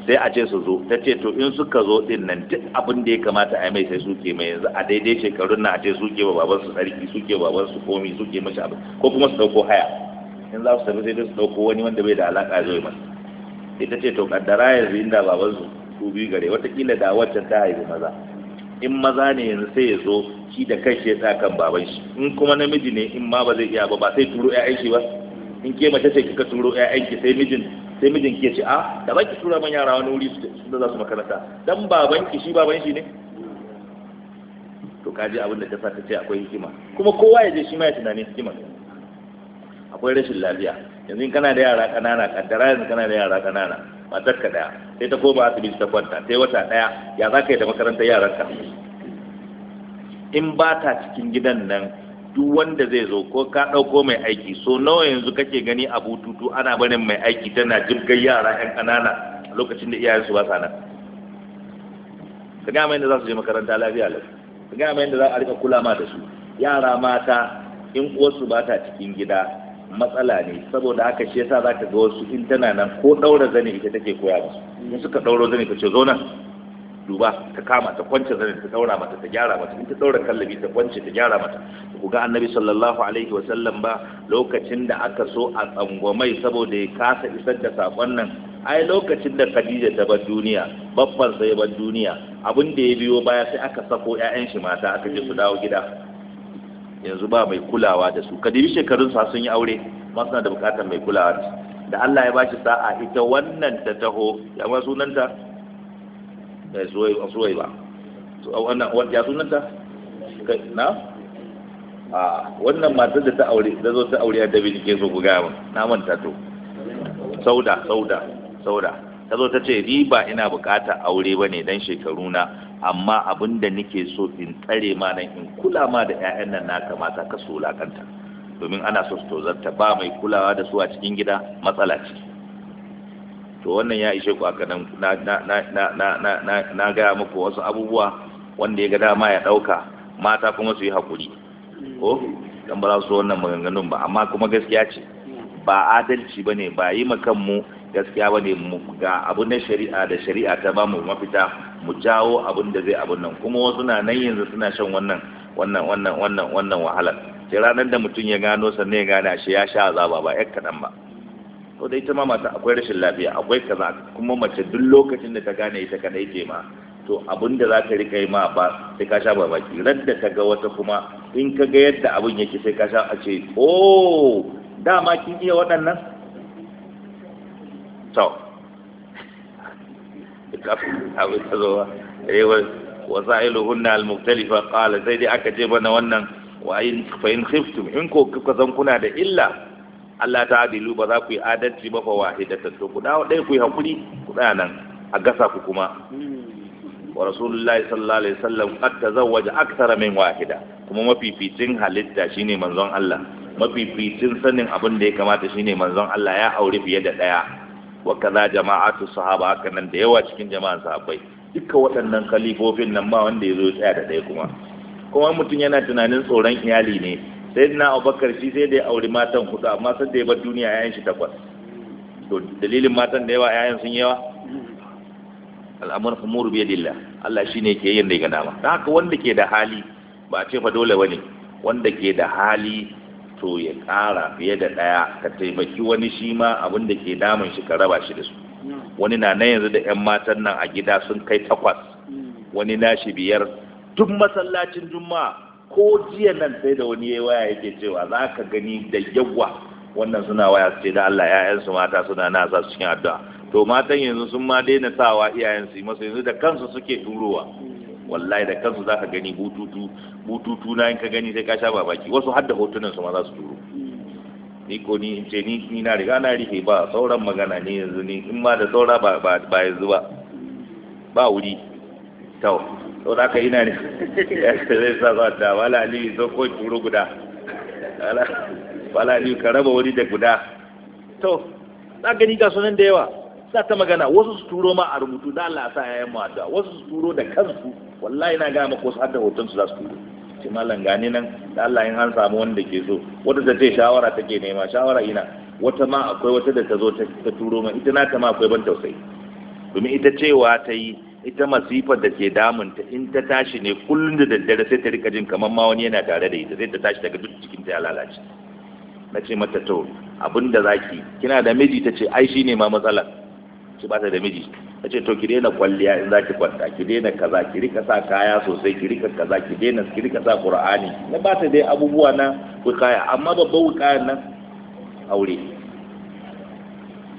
sai a ce su zo ta ce to in suka zo din nan duk abin da ya kamata a yi mai sai suke mai yanzu a daidai shekarun na a ce suke wa baban su sarki suke wa baban su komi suke mashi abin ko kuma su dauko haya in za su tafi sai su dauko wani wanda bai da alaka masu masa ita ce to kaddara yanzu inda baban su su biyu gare watakila da waccan ta haifi maza in maza ne yanzu sai ya zo shi da kai shi ya kan baban shi in kuma namiji ne in ma ba zai iya ba ba sai turo 'ya'yan shi ba in ke mace sai kika turo 'ya'yan ki sai mijin sai mijin ya ce a da baki tura man yara wani wuri su da za su makaranta dan baban ki shi baban shi ne to kaji abin da ta sa ta ce akwai hikima kuma kowa ya je shi ma ya tunanin hikima akwai rashin lafiya yanzu in kana da yara kanana kaddara yanzu kana da yara kanana matar ka daya sai ta koma asibiti ta kwanta sai wata daya ya za ka yi da makarantar yaranka in ba ta cikin gidan nan duk wanda zai zo ko ka ɗauko mai aiki so nawa yanzu kake gani a bututu ana barin mai aiki tana jirgin yara 'yan ƙanana a lokacin da iyayensu ba sa nan ka gama yadda za su je makaranta lafiya lafi ka gama yadda za a rika kula ma da su yara mata in wasu ba ta cikin gida matsala ne saboda haka shi yasa za ka ga wasu in tana nan ko ɗaura zane ita take koya musu in suka ɗauro zane ka ce zo nan duba ta kama ta kwance zanen ta daura mata ta gyara mata in ta daura kallabi ta kwance ta gyara mata ku ga annabi sallallahu alaihi wa sallam ba lokacin da aka so a tsangwamai saboda ya kasa isar da sakon nan ai lokacin da Khadija ta bar duniya babban sai bar duniya abin da ya biyo baya sai aka sako ƴaƴan shi mata aka je su dawo gida yanzu ba mai kulawa da su kadibi shekarun sa sun yi aure masu suna da bukatar mai kulawa da Allah ya bashi sa'a ita wannan ta taho ya ma sunanta suwai eh, ba wannan ya sunanta na a wannan matar da ta aure da zo ta aure a dabi ke so ku gaya na manta to sauda sauda sauda ta zo ta ce ni ba ina bukata aure ba ne dan shekaru na amma abin da nake so in tsare ma nan in kula ma da 'ya'yan nan na kamata ka so domin ana so su tozarta ba mai kulawa da su a cikin gida matsala ce to wannan ya ishe ku aka nan na gaya muku wasu abubuwa wanda ya ga dama ya dauka mata kuma su yi hakuri mm. ko dan ba za su wannan maganganun ba amma kuma gaskiya ce ba adalci ba ne ba yi kanmu gaskiya ba ne ga abun na shari'a da shari'a ta ba mu mafita mu jawo abun da zai abun nan kuma wasu na nan yanzu suna shan wannan wannan wannan wannan wannan wahalar sai ranar da mutum ya gano sannan ya gane shi ya sha azaba ba ƴan kaɗan ba ko da ita ma mata akwai rashin lafiya akwai kaza kuma mace duk lokacin da ta gane ita kadai ke ma to abin da za ka rika yi ma ba sai ka sha babaki ran da ka ga wata kuma in ka ga yadda abin yake sai ka sha a ce oh dama kin iya waɗannan to kafin abin ta zo wasailuhunna al-muktalifa qala sai dai aka ce bana wannan wa in fa in khiftum in ko kuka san kuna da illa Allah ta adilu ba za ku yi adalci ba fa wahidatan to ku dawo dai ku yi hakuri ku tsaya nan a gasa ku kuma wa rasulullahi sallallahu alaihi wasallam qad tazawwaja akthara min wahida kuma mafificin halitta shine manzon Allah mafificin sanin abin da ya kamata shine manzon Allah ya aure fiye da daya wa kaza jama'atu sahaba haka nan da yawa cikin jama'an sahabbai duka waɗannan kalifofin nan ba wanda ya zo tsaya da ɗaya kuma kuma mutum yana tunanin tsoron iyali ne sayyidina abubakar shi sai da ya auri matan hudu amma sai da ya bar duniya yayin shi takwas to dalilin matan da yawa yayan sun yawa al'amur famur bi yadillah Allah shine ke yin da ya dama dan haka wanda ke da hali ba a ce fa dole bane wanda ke da hali to ya kara fiye da ɗaya ka taimaki wani shi ma abin da ke damun shi ka raba shi da su wani na na yanzu da 'yan matan nan a gida sun kai takwas wani na shi biyar tun masallacin juma'a ko jiya nan sai da wani yayi waya yake cewa za ka gani da yawa wannan suna waya su ce da Allah 'ya'yansu mata suna nasa su cikin addu'a to matan yanzu sun ma daina sawa iyayensu yi masu yanzu da kansu suke turowa wallahi da kansu za ka gani bututu bututu na in ka gani sai ka sha babaki wasu hadda hotunan su ma za su turo ni ko ni in ce ni na riga na rike ba sauran magana ne yanzu ni in ma da saura ba ba yanzu ba ba wuri to to da ka ina ne zai sa ba da wala aliyu zo ko turo guda wala aliyu ka raba wani da guda to za gani ga sunan da yawa za ta magana wasu su turo ma a rubutu da Allah sa yayin mu wasu su turo da kansu wallahi na ga maka wasu hadda hoton su za su turo ce mallan gani nan da Allah in an samu wanda ke so wata da ce shawara take nema shawara ina wata ma akwai wata da ta zo ta turo ma ita na ta ma akwai ban tausayi domin ita cewa ta yi ita masifar da ke damunta in ta tashi ne kullum da daddare sai ta rika jin kamar ma wani yana tare da ita sai ta tashi daga duk cikin ta ya lalace na ce mata to abin da zaki kina da miji ta ce ai shine ma matsalar ce ba ta da miji ta ce to ki daina kwalliya in za ki kwanta ki daina kaza ki rika sa kaya sosai ki rika kaza ki daina ki rika sa qur'ani na ba ta dai abubuwa na wukaya amma babban wukayan nan aure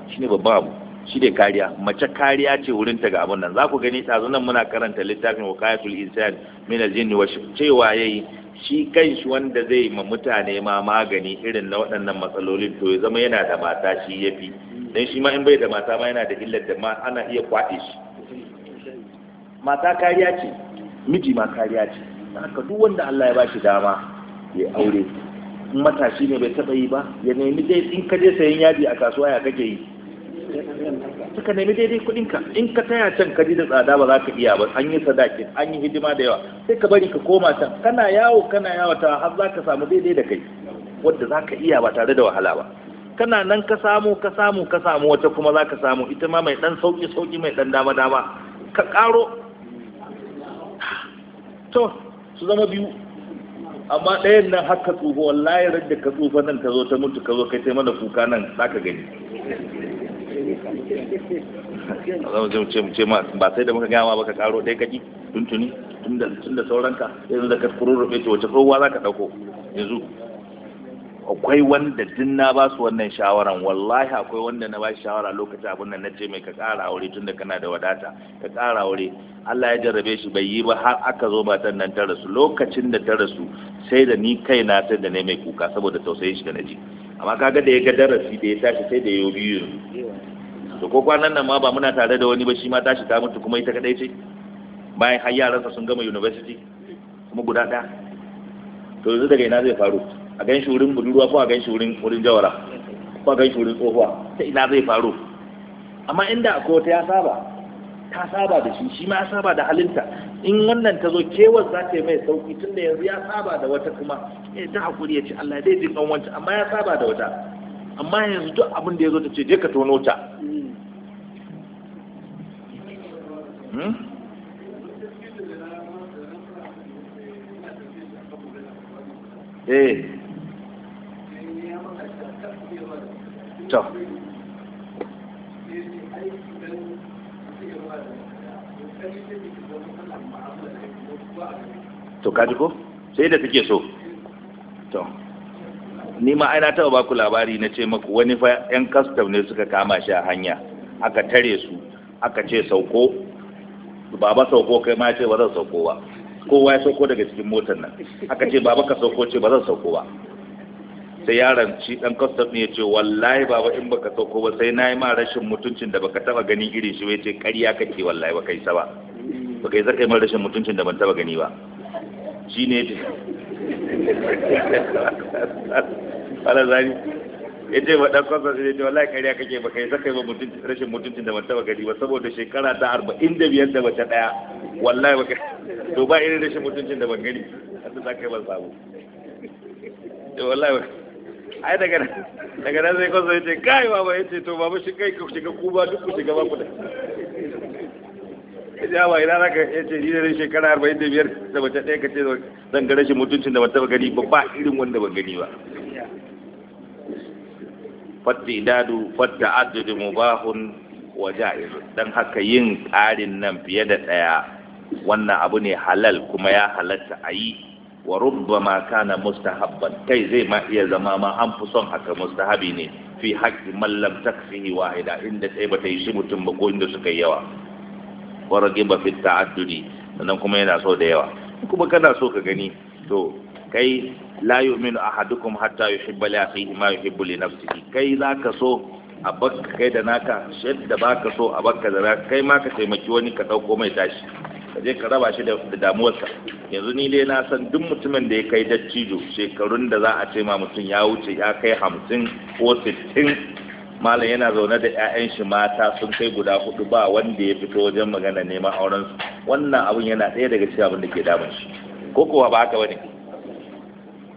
shine babban abu shi ne kariya mace kariya ce wurin ta ga abun nan za ku gani ɗazu nan muna karanta littafin wakayatul insan min aljinni wa cewa yayi shi kan shi wanda zai ma mutane ma magani irin na waɗannan matsalolin to ya zama yana da mata shi yafi dan shi ma in bai da mata ma yana da illar da ma ana iya kwaɗe shi mata kariya ce miji ma kariya ce haka duk wanda Allah ya bashi dama ya aure matashi ne bai taɓa yi ba ya nemi dai in ka je sayan yadi a kasuwa ya kake yi suka nemi daidai kuɗinka in ka taya can ka ji da tsada ba za ka iya ba an yi sadakin an yi hidima da yawa sai ka bari ka koma can kana yawo kana yawo ta har za ka samu daidai da kai wadda za ka iya ba tare da wahala ba kana nan ka samu ka samu ka samu wata kuma za ka samu ita ma mai dan sauki sauki mai dan dama dama ka karo to su zama biyu amma ɗayan nan haka tsufa wallahi da ka tsufa nan ka zo ta mutu ka zo kai sai mana kuka nan za ka gani za mu ce mu ce ba sai da muka gaya baka karo ɗaya tuntuni tun da sauranka yanzu da ka ce wace kowa za ka ɗauko yanzu akwai wanda din na ba su wannan shawaran wallahi akwai wanda na ba shi shawara lokacin abin nan ce mai ka ƙara aure tun da kana da wadata ka ƙara aure Allah ya jarrabe shi bai yi ba har aka zo tan nan ta rasu lokacin da ta rasu sai da ni kai na sai da ne mai kuka saboda tausayin shi da naji amma kaga da ya ga darasi da ya tashi sai da ya biyu to ko kwanan nan ma ba muna tare da wani ba shi ma tashi ta mutu kuma ita kadai ce bayan har yaransa sun gama university kuma guda ɗaya to yanzu daga ina zai faru a gan shi wurin budurwa ko a gan shi wurin wurin jawara ko a gan shi wurin tsohuwa ta ina zai faru amma inda akwai wata ya saba ta saba da shi shi ma ya saba da halinta in wannan ta zo kewar za ta yi mai sauki tun da yanzu ya saba da wata kuma ya eh, ta hakuri ya ce Allah dai jin wancan amma ya saba da wata amma yanzu duk abin da ya zo ta ce je ka tono ta Hmm? eh to to kaji ko sai da take so to ni ma aina taɓa baku labari na ce maku wani fa 'yan kastam ne suka kama shi a hanya aka tare su aka ce sauko baba sauko kai ma ya ce ba zan sauko ba kowa ya sauko daga cikin motar nan aka ce baba ka sauko ce ba zan sauko ba sai yaron ci dan custom ne ya ce wallahi baba in baka sauko ba sai na yi ma rashin mutuncin da baka taba gani irin shi bai ce ƙarya kake wallahi baka yi sa ba baka yi zaka yi ma rashin mutuncin da ban taba gani ba shine ya ce ala zani ya ce maɗan kwasa sai ce wallahi kariya kake ba kai sakai ba mutunci rashin mutuncin da mata gari ba saboda shekara ta arba'in da biyar da mace ɗaya wallahi ba to ba irin rashin mutuncin da ban gani a ta sakai ban samu to wallahi ba ai daga daga nan sai kwasa ya ce kai ba ba ya ce to babu shi kai ku shiga kuba duk ku shiga ba ku da ya wa ina raka ya ce ni da rashin shekara arba'in da biyar da mace ɗaya ka ce zan ga rashin mutuncin da ban gani ba ba irin wanda ba gani ba idadu, fatta adadi mubahun wa ja'iz dan haka yin ƙarin nan fiye da ɗaya wannan abu ne halal kuma ya halatta a yi wa rubbama kana mustahabban kai zai ma iya zama ma an fi son haka mustahabi ne fi haƙƙi mallam takfihi wahida inda sai ba ta yi shi mutum ba ko inda suka yi yawa wa ragiba fi ta'addudi nan kuma yana so da yawa kuma kana so ka gani to kai la yu'minu ahadukum hatta yuhibba li akhihi ma yuhibbu li nafsihi kai zaka so a bakka kai da naka shadda baka so a bakka da naka kai ma ka taimaki wani ka dauko mai tashi ka je ka raba shi da damuwarsa yanzu ni dai na san duk mutumin da ya kai dattijo shekarun da za a ce ma mutum ya wuce ya kai hamsin ko sittin malam yana zaune da 'ya'yan shi mata sun kai guda hudu ba wanda ya fito wajen magana neman aurensu wannan abun yana ɗaya daga cikin abin da ke damun shi ko kuwa ba haka bane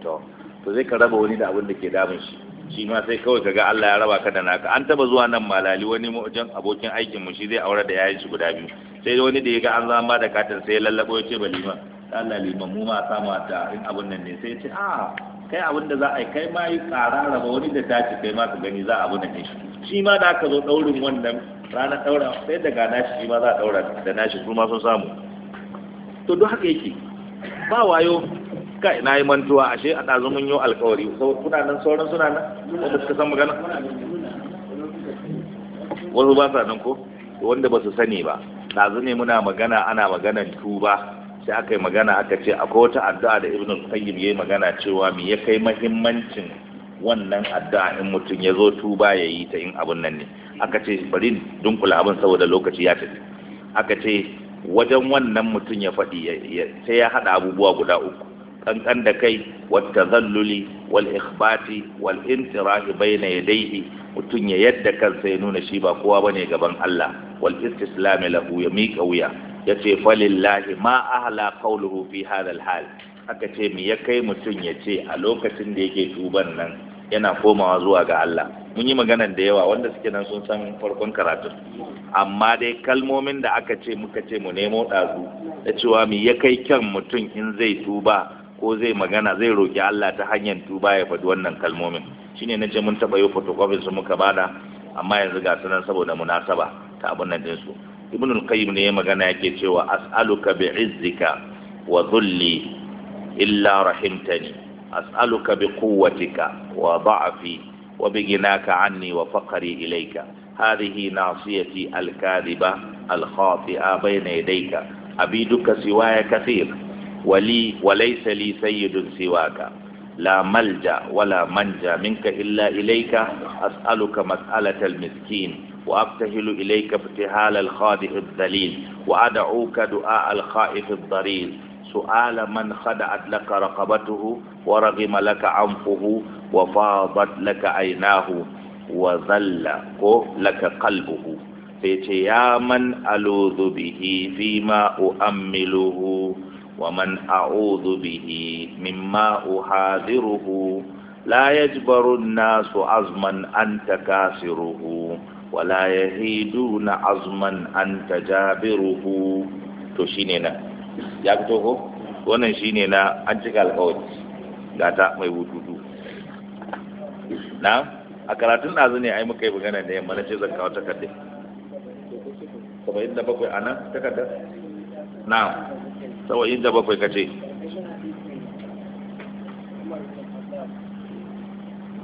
to to zai ka raba wani da abin da ke damun shi shi ma sai kawai kaga Allah ya raba ka da naka an taba zuwa nan malali wani wajen abokin aikin mu shi zai aure da yayin shi guda biyu sai wani da ya ga an zama da katin sai ya lallabo ya ce ba liman Allah liman mu ma samu ta in abun nan ne sai ya ce a kai abin da za a yi kai ma yi ƙara raba wani da ta ci kai ma ka gani za a abun nan ne shi ma da aka zo daurin wannan ranar daura sai daga nashi shi ma za a daura da nashi kuma sun samu to duk haka yake ba wayo ka na yi mantuwa ashe a ɗazu mun yi alkawari kuna nan sauran suna nan ba suka san magana wasu ba sa nan ko wanda ba su sani ba ɗazu ne muna magana ana maganan tuba sai aka yi magana aka ce akwai wata addu'a da ibnu qayyim yayi magana cewa me ya kai mahimmancin wannan addu'a in mutum ya zo tuba ya yi ta in abun nan ne aka ce bari dunkula abin saboda lokaci ya tafi aka ce wajen wannan mutum ya faɗi sai ya haɗa abubuwa guda uku kankan da kai wata zalluli wal ikhbati wal intirahi bayna yadayhi mutum ya yadda kansa ya nuna shi ba kowa bane gaban Allah wal istislam lahu ya miƙa wuya yace ce falillahi ma ahla qawluhu fi hadha al hal aka ce mi ya kai mutum ya ce a lokacin da yake tuban nan yana komawa zuwa ga Allah mun yi maganar da yawa wanda suke nan sun san farkon karatu amma dai kalmomin da aka ce muka ce mu nemo ɗazu da cewa mi ya kai kyan mutum in zai tuba ko zai magana zai roƙi Allah ta hanyar tuba ya faɗi wannan kalmomin shine ce mun taɓa yi photocopy su muka bada amma yanzu ga sunan saboda munasaba ta abin nan din ibnul qayyim ne ya magana yake cewa as'aluka bi izzika wa dhulli illa rahimtani as'aluka bi quwwatika wa da'fi wa bi ghinaka anni wa faqri ilayka hadhihi nasiyati al-kadhiba al-khati'a bayna yadayka abiduka siwaya kathir ولي وليس لي سيد سواك لا ملجا ولا منجا منك الا اليك اسالك مساله المسكين وابتهل اليك ابتهال الخادع الذليل وادعوك دعاء الخائف الضرير سؤال من خدعت لك رقبته ورغم لك عنفه وفاضت لك عيناه وذل لك قلبه فيتي يا من الوذ به فيما اؤمله ومن أعوذ به مما أحاذره لا يجبر الناس عظما أن تكاسره ولا يهيدون عظما أن تجابره تشيننا ko wannan shine na an cika gata mai wututu na a karatun ɗazu ai muka yi magana ne yamma na zan kawo takardar 77 a takardar na sawa da bakwai kace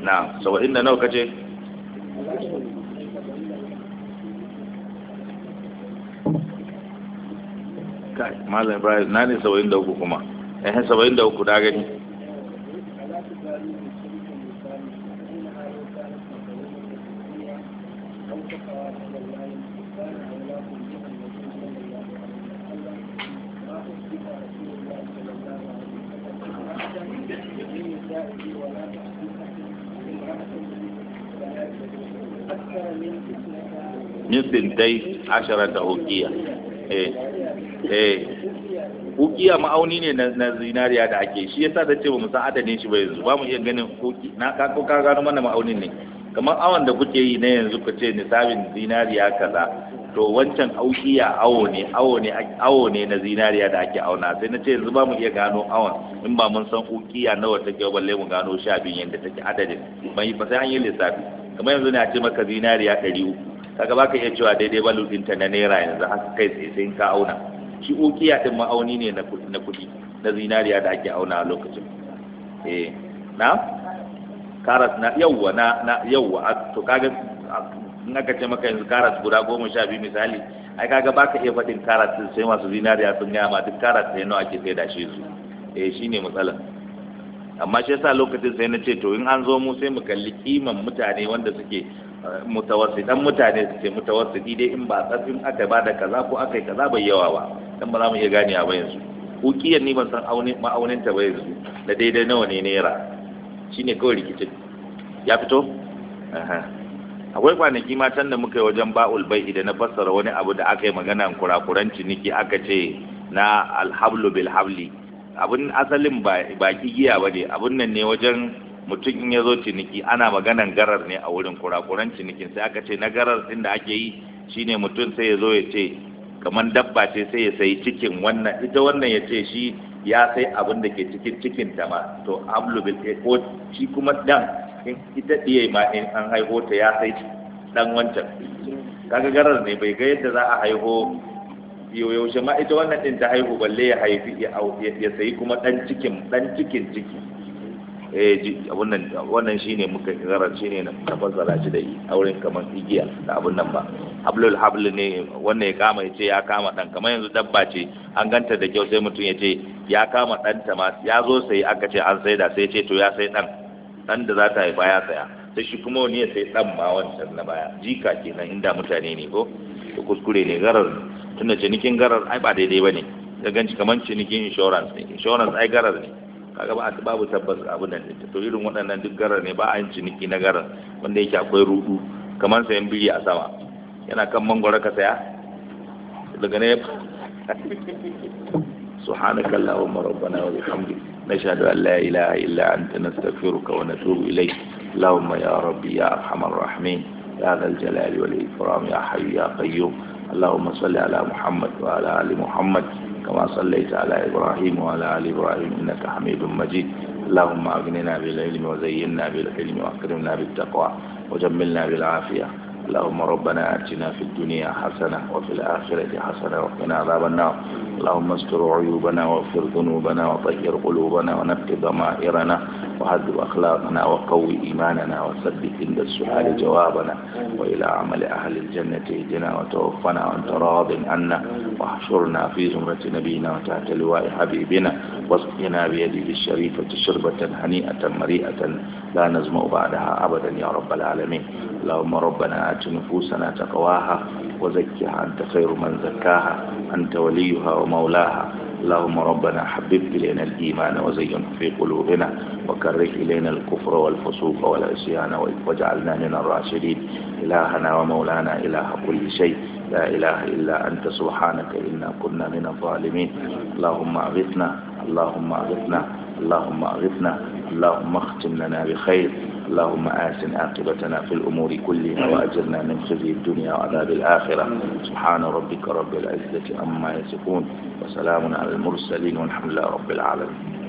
na saba'in inda nawa kace kai malam ibrahim na ne saba'in da uku kuma eh saba'in da uku da gani sintai ashara da hukiya eh eh hukiya ma'auni ne na zinariya da ake shi yasa ta ce ba mu san adadin shi ba yanzu ba mu iya ganin huki na ka ko ka gano mana ma'aunin ne kamar awon da kuke yi na yanzu ku ce nisabin zinariya kaza to wancan aukiya awo ne awo ne awo ne na zinariya da ake auna sai na ce yanzu ba mu iya gano awon in ba mun san hukiya nawa take balle mu gano sha biyu yadda take adadin ban yi ba sai an yi lissafi kamar yanzu ne a ce maka zinariya ɗari uku kaga baka iya cewa daidai value ta na naira yanzu haka kai tsaye sai ka auna shi ukiya din ma'auni ne na kuɗi na kudi na zinariya da ake auna a lokacin eh na karas na yawwa na na yawwa to kaga in aka ce maka yanzu karas guda goma sha biyu misali ai kaga baka iya faɗin karas sai masu zinariya sun gaya ma duk karas sai nawa ake sai da shi su eh shine matsalar amma shi yasa lokacin sai na ce to in an zo mu sai mu kalli kiman mutane wanda suke mutawassit dan mutane su ce mutawassiti dai in ba tsafin aka ba da kaza ko aka yi kaza bai yawa ba dan ba za mu iya gane a bayansu. hukiyar ni ban san ma'aunin ta ba su, da daidai nawa ne naira shine kawai rikicin ya fito akwai kwanaki matan da muka yi wajen ba'ul bai idan na fassara wani abu da aka yi magana kurakuran ciniki aka ce na alhablu bil habli abin asalin ba giya ba ne abin nan ne wajen mutum in ya zo ciniki ana maganan garar ne a wurin kurakuran cinikin sai aka ce na garar din da ake yi shine mutum sai ya zo ya ce kamar dabba ce sai ya sayi cikin wannan ita wannan ya ce shi ya sai abin da ke cikin cikin ta ma to amlu bil ko shi kuma dan in ita diye ma in an haiho ta ya sai dan wancan kaga garar ne bai ga yadda za a haiho yaushe ma ita wannan din ta haihu balle ya haifi ya sayi kuma dan cikin dan cikin ciki Eh, abun wannan wannan shine muka gara shine na fasara shi da auren kamar igiya da abun nan ba hablul habl ne wannan ya kama yace ya kama dan kamar yanzu dabba ce an ganta da kyau sai mutum yace ya kama dan ta ma ya zo sai aka ce an saida sai ce to ya sai dan dan da za ta yi ya saya sai shi kuma wani ya sai dan ma wancan na baya jika kenan inda mutane ne ko to kuskure ne garar tunda cinikin garar ai ba daidai bane ka ganci kamar cinikin insurance ne insurance ai garar ne kaga ba babu tabbas abu nan to irin waɗannan duk gara ne ba a yin ciniki na gara wanda yake akwai rudu kamar sayan biri a sama yana kan mangwara ka saya daga ne سبحانك اللهم ربنا وبحمدك نشهد أن لا إله إلا أنت نستغفرك ونتوب إليك اللهم يا ربي يا أرحم الراحمين يا ذا الجلال ya يا حي يا قيوم اللهم صل على محمد وعلى آل محمد كما صليت على إبراهيم وعلى آل إبراهيم إنك حميد مجيد اللهم أغننا بالعلم وزينا بالعلم وأكرمنا بالتقوى وجملنا بالعافية اللهم ربنا آتنا في الدنيا حسنة وفي الآخرة حسنة وقنا عذاب النار اللهم استر عيوبنا واغفر ذنوبنا وطهر قلوبنا ونقي ضمائرنا وهذب أخلاقنا وقوي إيماننا وثبت عند السؤال جوابنا وإلى عمل أهل الجنة اهدنا وتوفنا وأنت راض عنا واحشرنا في زمرة نبينا وتحت لواء حبيبنا واسقنا بيده الشريفة شربة هنيئة مريئة لا نزمو بعدها أبدا يا رب العالمين اللهم ربنا آت نفوسنا تقواها وزكها أنت خير من زكاها أنت وليها ومولاها اللهم ربنا حبب إلينا الإيمان وزين في قلوبنا وكره إلينا الكفر والفسوق والعصيان واجعلنا من الراشدين إلهنا ومولانا إله كل شيء لا إله إلا أنت سبحانك إنا كنا من الظالمين اللهم أغثنا اللهم أغثنا اللهم أغثنا اللهم اختم لنا بخير اللهم آسن عاقبتنا في الأمور كلها وأجرنا من خزي الدنيا وعذاب الآخرة سبحان ربك رب العزة أما يصفون وسلام على المرسلين والحمد لله رب العالمين